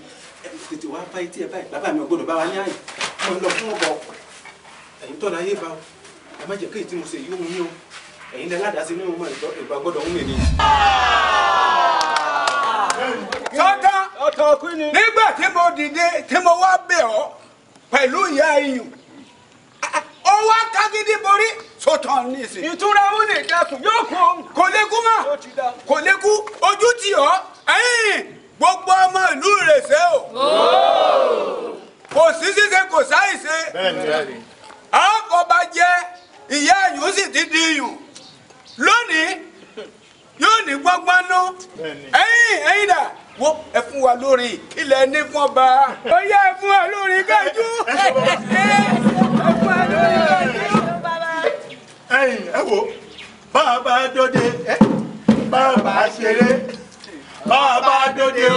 tètè wá bá etí ẹ báyìí bàbá mi ò gbọ́dọ̀ bá wa ní àyè mo ń lọ fún ọbọ ẹ̀yin tọ́lá ayé bá o ẹ má jẹ́ kéyìí tí mo ṣe yíwọ́n ní o ẹ̀yin lẹ́ ládàá sí ní mo mọ ìgbà gbọ́dọ̀ ń wèlé. sọ́tà nígbà tí mo dìde tí mo wá bẹ̀ ọ́ pẹ̀lú ìyá iyùn ó wá kágídí borí sótàn nísìnyí. ìtura ó lè yóò kún. kò lè kú mọ́ kò lè kú ojú tì ọ́ gbogbo ọmọ ìlú ìrèsé o kò sí ṣíṣe kò sáìṣe àkọba jẹ ìyá ẹyùn sì ti di iyùn lónìí yóò ní gbọgbọn nú ẹ̀yin ẹ̀yin dà wo ẹ fún wa lórí ìkìlẹ̀ ní fún ọba ó yẹ ẹ fún wa lórí gájú ẹ fún wa lórí gájú. ẹ̀yin ẹ wo bá a bá dọ́dẹ bá ṣeré bàbá dòde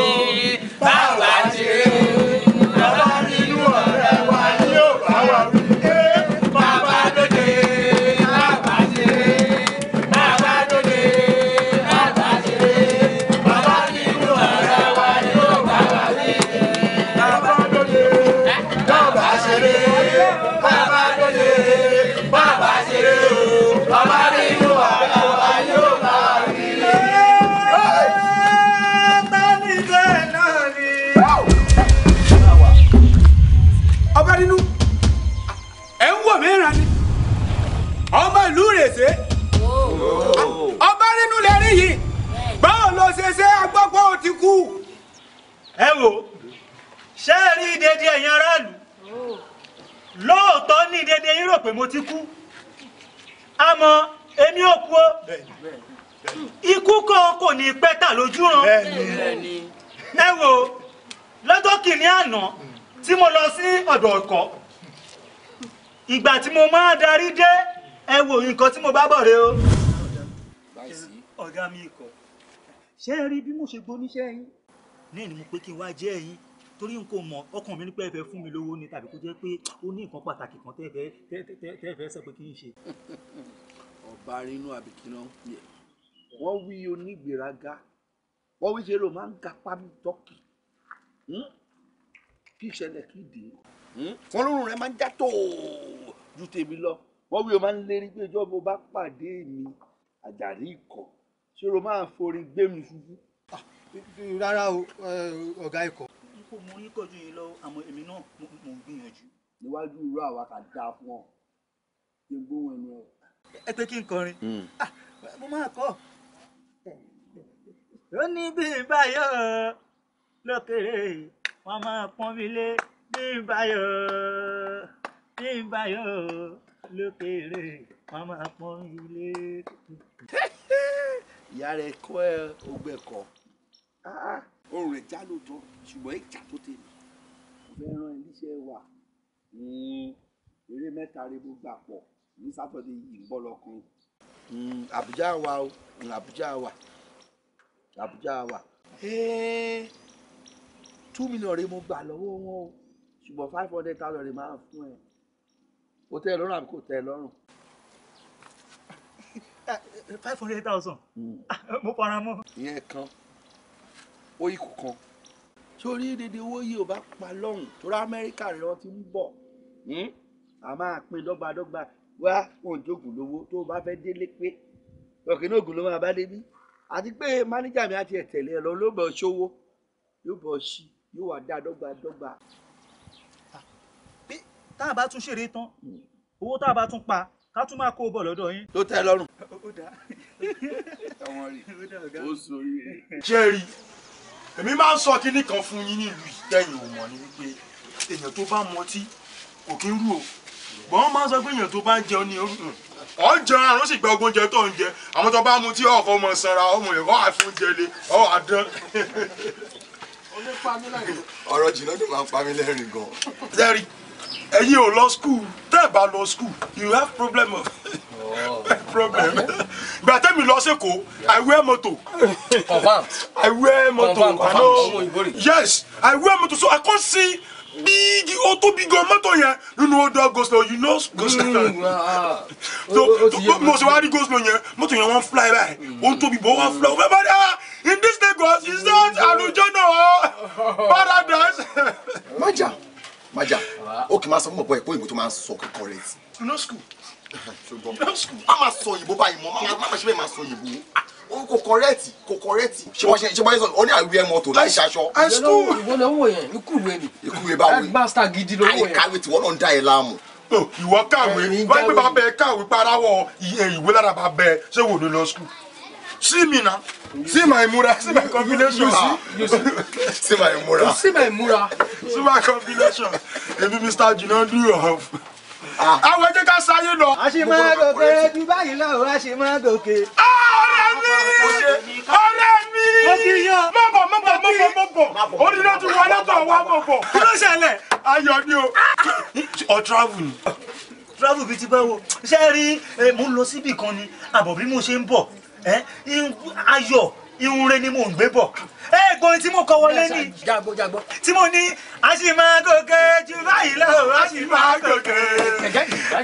ti kú ẹ wò ṣé ẹ rí dédé ẹ̀yin aráàlú lóòótọ́ ní dédé yín rò pé mo ti kú àmọ́ èmi ò kú o ikú kan kò ní pẹ́ tà lójú ràn ẹ wò lọ́jọ́ kìíní àná tí mo lọ sí ọ̀dọ̀ ọ̀kọ́ ìgbà tí mo máa darí dé ẹ wò nǹkan tí mo bá bọ̀ rẹ o ọ̀gá mi kọ̀ ṣé ẹ rí bí mo ṣe gbóníṣẹ́ yín náà ni mo pé kí n wá jẹ́ ẹ̀yin torí n kò mọ̀ ọkàn mi ní pé ẹ fẹ́ fún mi lówó ni tàbí kó jẹ́ pé ó ní nǹkan pàtàkì kan tẹ́ẹ̀fẹ́ tẹ́ẹ̀fẹ́ sọ pé kí n ṣe. ọba rinu abikina wọn wí onígbèraga wọn wí ṣeré o máa ń ga pábí tọkì hmm? kí ìṣẹ̀lẹ̀ kí dé wọn hmm? lórun rẹ máa ń já tó ju tèmi lọ wọn wí o máa ń lérí pé ìjọba bá pàdé mi àjàrí ìkọ̀ọ́ ṣé o máa forin gbé mi ṣubú. Ah, rárá o ọ̀gá ikọ̀. ikú mo ní kọjú yìí lọ àmọ́ èmi náà mo ń gbìyànjú. níwájú irú àwa kà dáa fún ọ kí gbóhùn ẹni ọ. ẹ pé kí n kọrin hmm. ah, mo máa kọ. ó ní bí báyọ̀ lókèrè wọn máa pọ́n mi lé bí báyọ̀ bí báyọ̀ lókèrè wọn máa pọ́n mi lé ìyá rẹ kọ́ ẹ ogbẹ́ kọ́ ah, ah. ohun rẹ̀ já lóòótọ́ ṣùgbọ́n ìjà tó tẹ̀ mí. mo fẹ́ rán iléeṣẹ́ wa eré mẹ́ta rẹ mo gbà pọ̀ ní sátọ̀dé yìí ń bọ̀ lọ́kùnrin. Hmm, àbújá wa o àbújá wa àbújá wa. Eh, two million rẹ mo gbà lọ́wọ́ wọn o ṣùgbọ́n five hundred thousand rẹ máa fún ẹ. o tẹ́ ẹ lọ́rùn àbí kò tẹ́ ẹ lọ́rùn five hundred thousand mm. mo fara mọ́. ìyẹn kan ó yí kù kan sórí dédé owó yìí ò bá pa lọ́hùn torí amẹ́ríkà rẹ̀ ti ń bọ̀ hmm? a máa pín dọ́gbadọ́gba wá òǹdógún lówó tó o bá fẹ́ délé pé ọ̀kẹ́ náà ògùn ló máa bá débí àti pé mánéjà mi àti ẹ̀tẹ̀lẹ̀ ẹ̀ lọ ló bọ̀ ṣówó yóò bọ̀ ṣí yóò wá dá dọ́gbadọ́gba. pé ah, tá a bá tún ṣeré tán hmm. owó tá a bá tún pa ká máa kó o bọ̀ lọ́dọ̀ yín. tó tẹ́ lọ́rùn. ó dà ọmọ rẹ̀ ó sori jerry èmi máa ń sọ kinní kan fún yín nílùú ìtẹ̀yìn ò mọ̀ ni wípé èèyàn tó bá mọtí kò kí ń rú o bọ́n máa ń sọ pé èèyàn tó bá ń jẹun ní orúkún ọ̀ ń jẹun àrùn sì gba ogun jẹ tó ń jẹ àwọn tó bá mu tí ọkọ ọmọ sanra ọmọ rẹ̀ wọ́n jẹlé ọ̀ á dán ọ̀rọ̀ jìnnà tó máa ń pa mí lẹ́rìn gan ẹ̀yin ò lọ school tẹ́ ẹ̀ bá lọ school you have problem of problem gba tẹ́mi lọ sẹ́kọ̀ọ́ i wear moto i wear moto i know yes i wear moto so i come see big o tóbi gan mọ́tò yẹn nínú odò goslo you know goslo mm, ah, ah. so to mo ṣe wá rí goslo yẹn mọ́tò yẹn wọ́n fly by o tóbi bọ́ wọ́n fly over there ah, in this Lagos is that Alujono paradise má jà ó kì í máa sọ fún bọ̀bọ̀ ẹ̀ pé òyìnbó tó máa ń sọ kọ̀ọ̀kan rẹ̀ no school no school má máa sọ òyìnbó báyìí mọ́ má máa ṣe bẹ́ẹ̀ máa sọ òyìnbó kò kọrẹ́ẹ̀tì kò kọrẹ́ẹ̀tì ṣé wọ́n ṣe ṣe wọ́n sọ ọ ní àwí ẹmọ tó láì ṣaṣọ. ìwọ ló ń wò yẹn ikúwe ni. ikúwe bá wò yẹn gbàsá gidi ló wò yẹn. àìkàwé tí wọ́n náà ń dá ẹ láàmú. Oh, ìwọ kàwé wọ́n gbé bàbá ẹ ìwé lára bàbá ẹ See my mura, see my combination. You see, you see. see my mura. You see my mura. see my combination. Ebi Mr. Jinan do your help. Àwọn ẹjẹ́ ká sáyé lọ. A ṣe máa gòkè ju báyìí lọ, a ṣe máa gòkè. Ah, ọ̀rẹ́ mi! Ọ̀rẹ́ mi! Má me, má bọ̀ me. bọ̀ má bọ̀. Orí ló ti wọlé tó wá má bọ̀. Kí ló ṣẹlẹ̀? Ayọ̀ ni o. Ọ̀ travel ni. Travel bíi ti báwo. Ṣé rí mò ń lọ síbì kan ni àbọ̀bí mo ṣe ń bọ̀ ayọ̀ ìhunre ni mò ń gbé bọ̀ ẹ̀ẹ́gbọ́n tí mo kọ wọlé ni tí mo ní a sì máa gòkè jù báyìí lọ a sì máa gòkè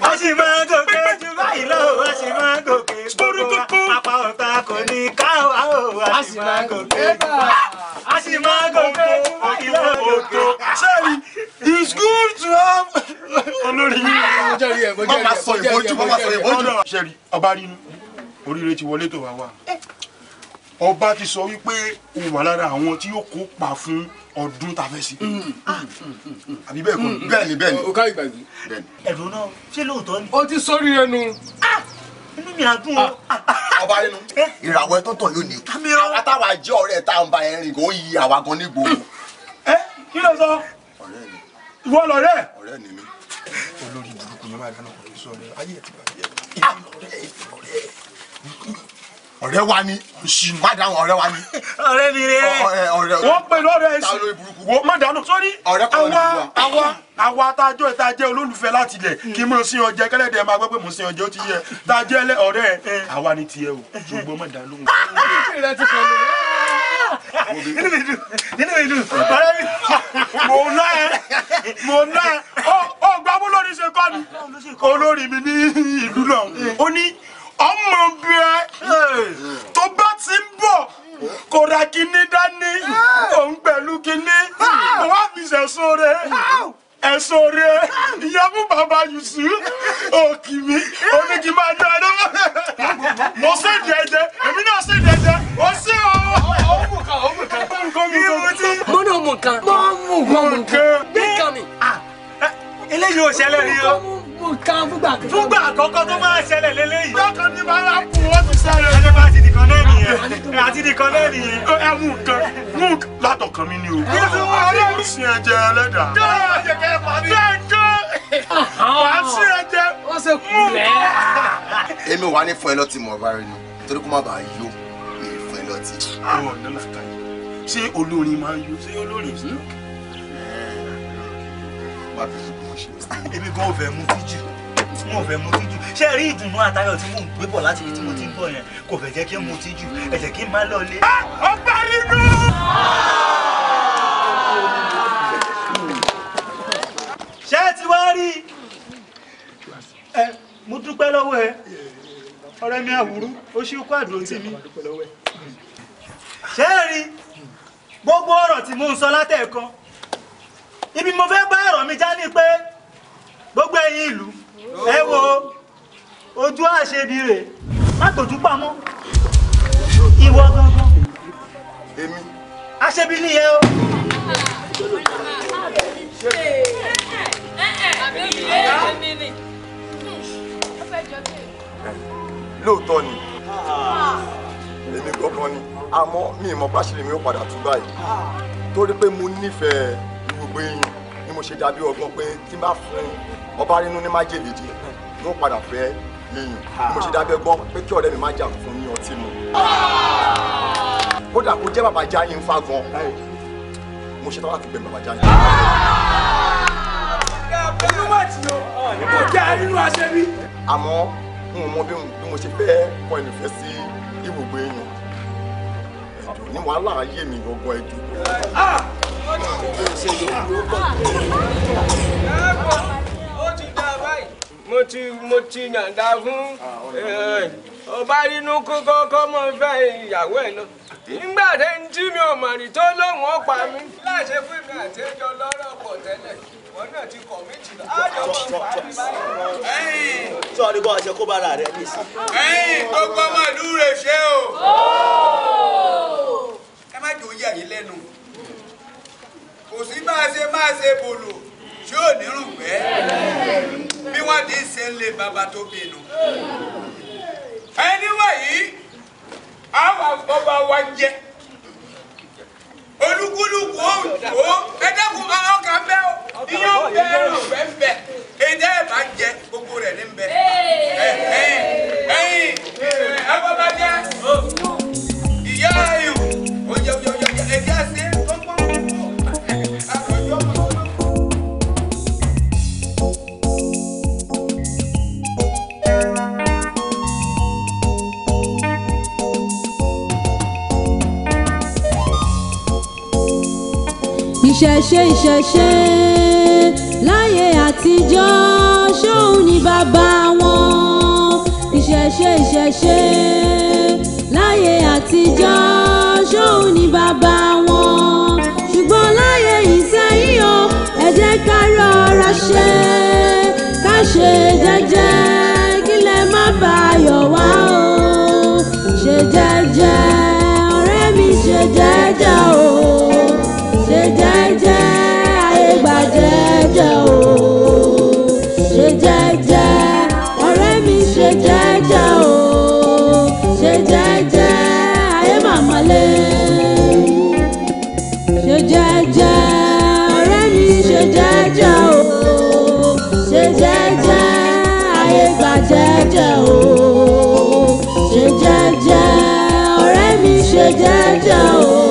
a sì máa gòkè jù báyìí lọ a sì máa gòkè gbogbo apá ọ̀tá kò ní ká wa o a sì máa gòkè a sì máa gòkè jù báyìí lọ gòkè. sorry it's good to have. olórí yìí ọmọ sọ ìbọjú ọmọ sọ ìbọjú. sẹ́rí ọba rí inú oríire ti wọlé tó wá wá ọba ti sọ wípé òun wà lára àwọn tí yóò kópa fún ọdún tá a fẹ́ sí. Mm, mm, mm, àbí bẹ́ẹ̀ kọ́ bẹ́ẹ̀ ni bẹ́ẹ̀ ni. o ká ìgbàgbé. ẹ̀dùn náà ṣé lóòótọ́ ni. o ti sórí ẹnu. Ah, inú mi á dùn o. Ah, ọba nínú eh? ìràwọ̀ ẹ̀tọ́ tọ̀ lónìí. àtàwọn àjẹ́ ọ̀rẹ́ tá à ń ba ẹ̀rín kò yí àwa gan ní gbòòrò. ẹ eh, kí ló sọ. ọ̀rẹ́ mi. ìwọ lọ̀rẹ́. ọ̀rẹ́ mi mi. olórí burúkú ni ọ̀rẹ́ wa ni ṣì má dáhùn ọ̀rẹ́ wa ni. ọ̀rẹ́ mi rẹ wọ́n pẹ̀lú ọ̀rẹ́ ẹ̀sìn wo má dáhùn sórí àwa àwa àwa tá a jọ tá a jẹ́ olólùfẹ́ láti ilẹ̀ hmm. kí mo sin ọjẹ́ kẹ́lẹ́dẹ̀ máa gbọ́ pé mo sin ọjẹ́ ó ti yẹ tá a jẹ́ ọ̀rẹ́ ẹ̀ àwa ni tiẹ̀ o ṣùgbọ́n má dáhùn lóhùn nínú mi dùn nínú mi dùn ọ̀rẹ́ mi mò ń ná ẹ mò ń ná ẹ ó gbàgbọ́ lórí ṣe kọ́ ni olórí mi ní ìlú náà ó ní ọmọ bíẹ tó bá ti ń bọ̀ kò ra kíní dání òun pẹ̀lú kíní wá fi ṣẹ̀sọ́ rẹ ẹ̀sọ́ rẹ ìyá fún bàbá yusuf òkì mi omi kì í máa dán ẹ̀dá mo ṣe dẹ́dẹ́ èmi náà ṣe dẹ́dẹ́ ó ṣe o. mo náà mú nǹkan. mo mú nǹkan. nǹkan mi. Ah, eléyìí ò ṣẹlẹ̀ rí o mo kan fúgbà àkọ́kọ́. fúgbà àkọ́kọ́ tó máa ṣẹlẹ̀ lélẹ́yìí. lọ́kàn ní máa rà kù ó ẹ bá ti di náà nìyẹn àti di náà nìyẹn. ẹ mú nǹkan mú nǹkan látọ̀ kan mi ni o. kí ló ti wọ́n rí. mo sin ẹ̀jẹ̀ ẹlẹ́dàá. dáhùn ẹ̀jẹ̀ kẹ́ ẹ̀ bẹ́ẹ̀ gan. wàá sin ẹ̀jẹ̀ mú nǹkan. èmi wà ní fún ẹ lọ́tì mọ̀ báyìí ni torí kó má bàa yó fún ẹ lọ́tì. Ah. ṣé olórin máa yó ṣé olórin sí? mo ṣe. èmi gan ò fẹ́ mu tíjù wọn ò fẹ́ mu tíjù ṣé rí ìdùnnú àtayọ̀ tí mò ń gbé bọ̀ láti ibi tí mo ti ń bọ̀ yẹn kò fẹ́ jẹ́ kí n mu tíjù ẹ jẹ́ kí n má lọ lé. Ah! ọgbà nínú. ṣé ẹ ti wá rí ẹ mo dúpẹ́ lọ́wọ́ ẹ ọ̀rẹ́ mi àwùrú ó ṣí kó àdótì mi ṣé ẹ rí gbogbo ọ̀rọ̀ tí mò ń sọ látẹ̀ẹ̀kan ibi mo fẹ́ bá ọ̀rọ̀ mi já ní pé gbogbo ẹ̀yin ìlú ẹ wo ojú àṣebi rè má tòjú pamọ́ ìwọ gangan èmi àṣebi nìyẹn o. lóòótọ́ ni èmi gangan ni àmọ́ mi ìmọ̀ bá ṣe lèmi ó padà tún báyìí torí pé mo nífẹ̀ẹ́ gbìn ni mo ṣe dàbí ọgbọ́n pé tí n bá fún ọba rínú ní májèlé jẹ n ó padà fẹ́ yìnyín ni mo ṣe dàbí ọgbọ́n pé kí ọ̀rẹ́ mi má jà fún ní ọtí mu. kódà kó jẹ́ bàbá yín fa gan mo ṣe tán láti gbẹ bàbá yín. inú má ti yọ kó jẹ́ nínú aṣẹ bí. àmọ́ n ò mọ bí mo ṣe fẹ́ kọ́ ìnìfẹ́ sí ibùgbé yìnyín ẹ̀dùn ní wàhálà ayé mi gbọ̀ngàn ẹ̀dùn mo ti mo ti yàǹda fún eh, ọba kókó kọ́mọ fẹ́ ìyàwó ẹ̀ lọ nígbà tẹ ń tí mi ò mọ̀rì tó lóhùn ó pa láṣẹ fún mi àti ẹjọ́ lọ́rọ̀ pọ̀ wọn náà ti kọ̀ mí jù lọ. àjọpọ̀ pàdé báyìí. sọ́ọ́ni bọ́ ọ̀ṣẹ́ kó bára rẹ̀ ní ìsìn. gbogbo ọmọ ìlú rẹ̀ ṣe o. ẹ má jòyè àyè lẹ́nu kò sí bá a ṣe máa ṣe bòlò tí ò ní rùn pẹ́ bí wọ́n ti ṣe ń lé bàbá tó bínú. ẹni wọ̀nyí àwọn àgbọ̀bà wa jẹ olúkúlùkù ó ẹ̀dẹ́kun ọkàn bẹ́ẹ̀ o ìyẹn ò bẹ́ẹ̀ rọ̀ bẹ́ẹ̀ bẹ́ẹ̀ èdè ẹ̀ bá jẹ gbogbo rẹ̀ ní bẹ́ẹ̀ ẹ̀yìn ẹ̀yìn ẹ̀kọ́ bá jẹ́ ìyá ayò. ìṣẹ̀ṣe ìṣẹ̀ṣe láyé àtijọ́ ṣóun ni bàbá wọn ìṣẹ̀ṣe ìṣẹ̀ṣe láyé àtijọ́ ṣóun ni bàbá wọn ṣùgbọ́n láyé ìsẹ́yìn o ẹ jẹ́ ká rọra ṣe ká ṣe jẹ́jẹ́ kí lẹ má bàa yọ̀ wá o ṣe jẹ́jẹ́ ọ̀rẹ́ mi ṣe jẹ́jẹ́ o jẹ́jẹ́ o ṣe jẹ́jẹ́ ọ̀rẹ́ mi ṣe jẹ́jẹ́ o ṣe jẹ́jẹ́ ayé màmọ́lé ṣe jẹ́jẹ́ ọ̀rẹ́ mi ṣe jẹ́jẹ́ o ṣe jẹ́jẹ́ ayé gbà jẹ́jẹ́ jẹ́jẹ́ ọ̀rẹ́ mi ṣe jẹ́jẹ́ o.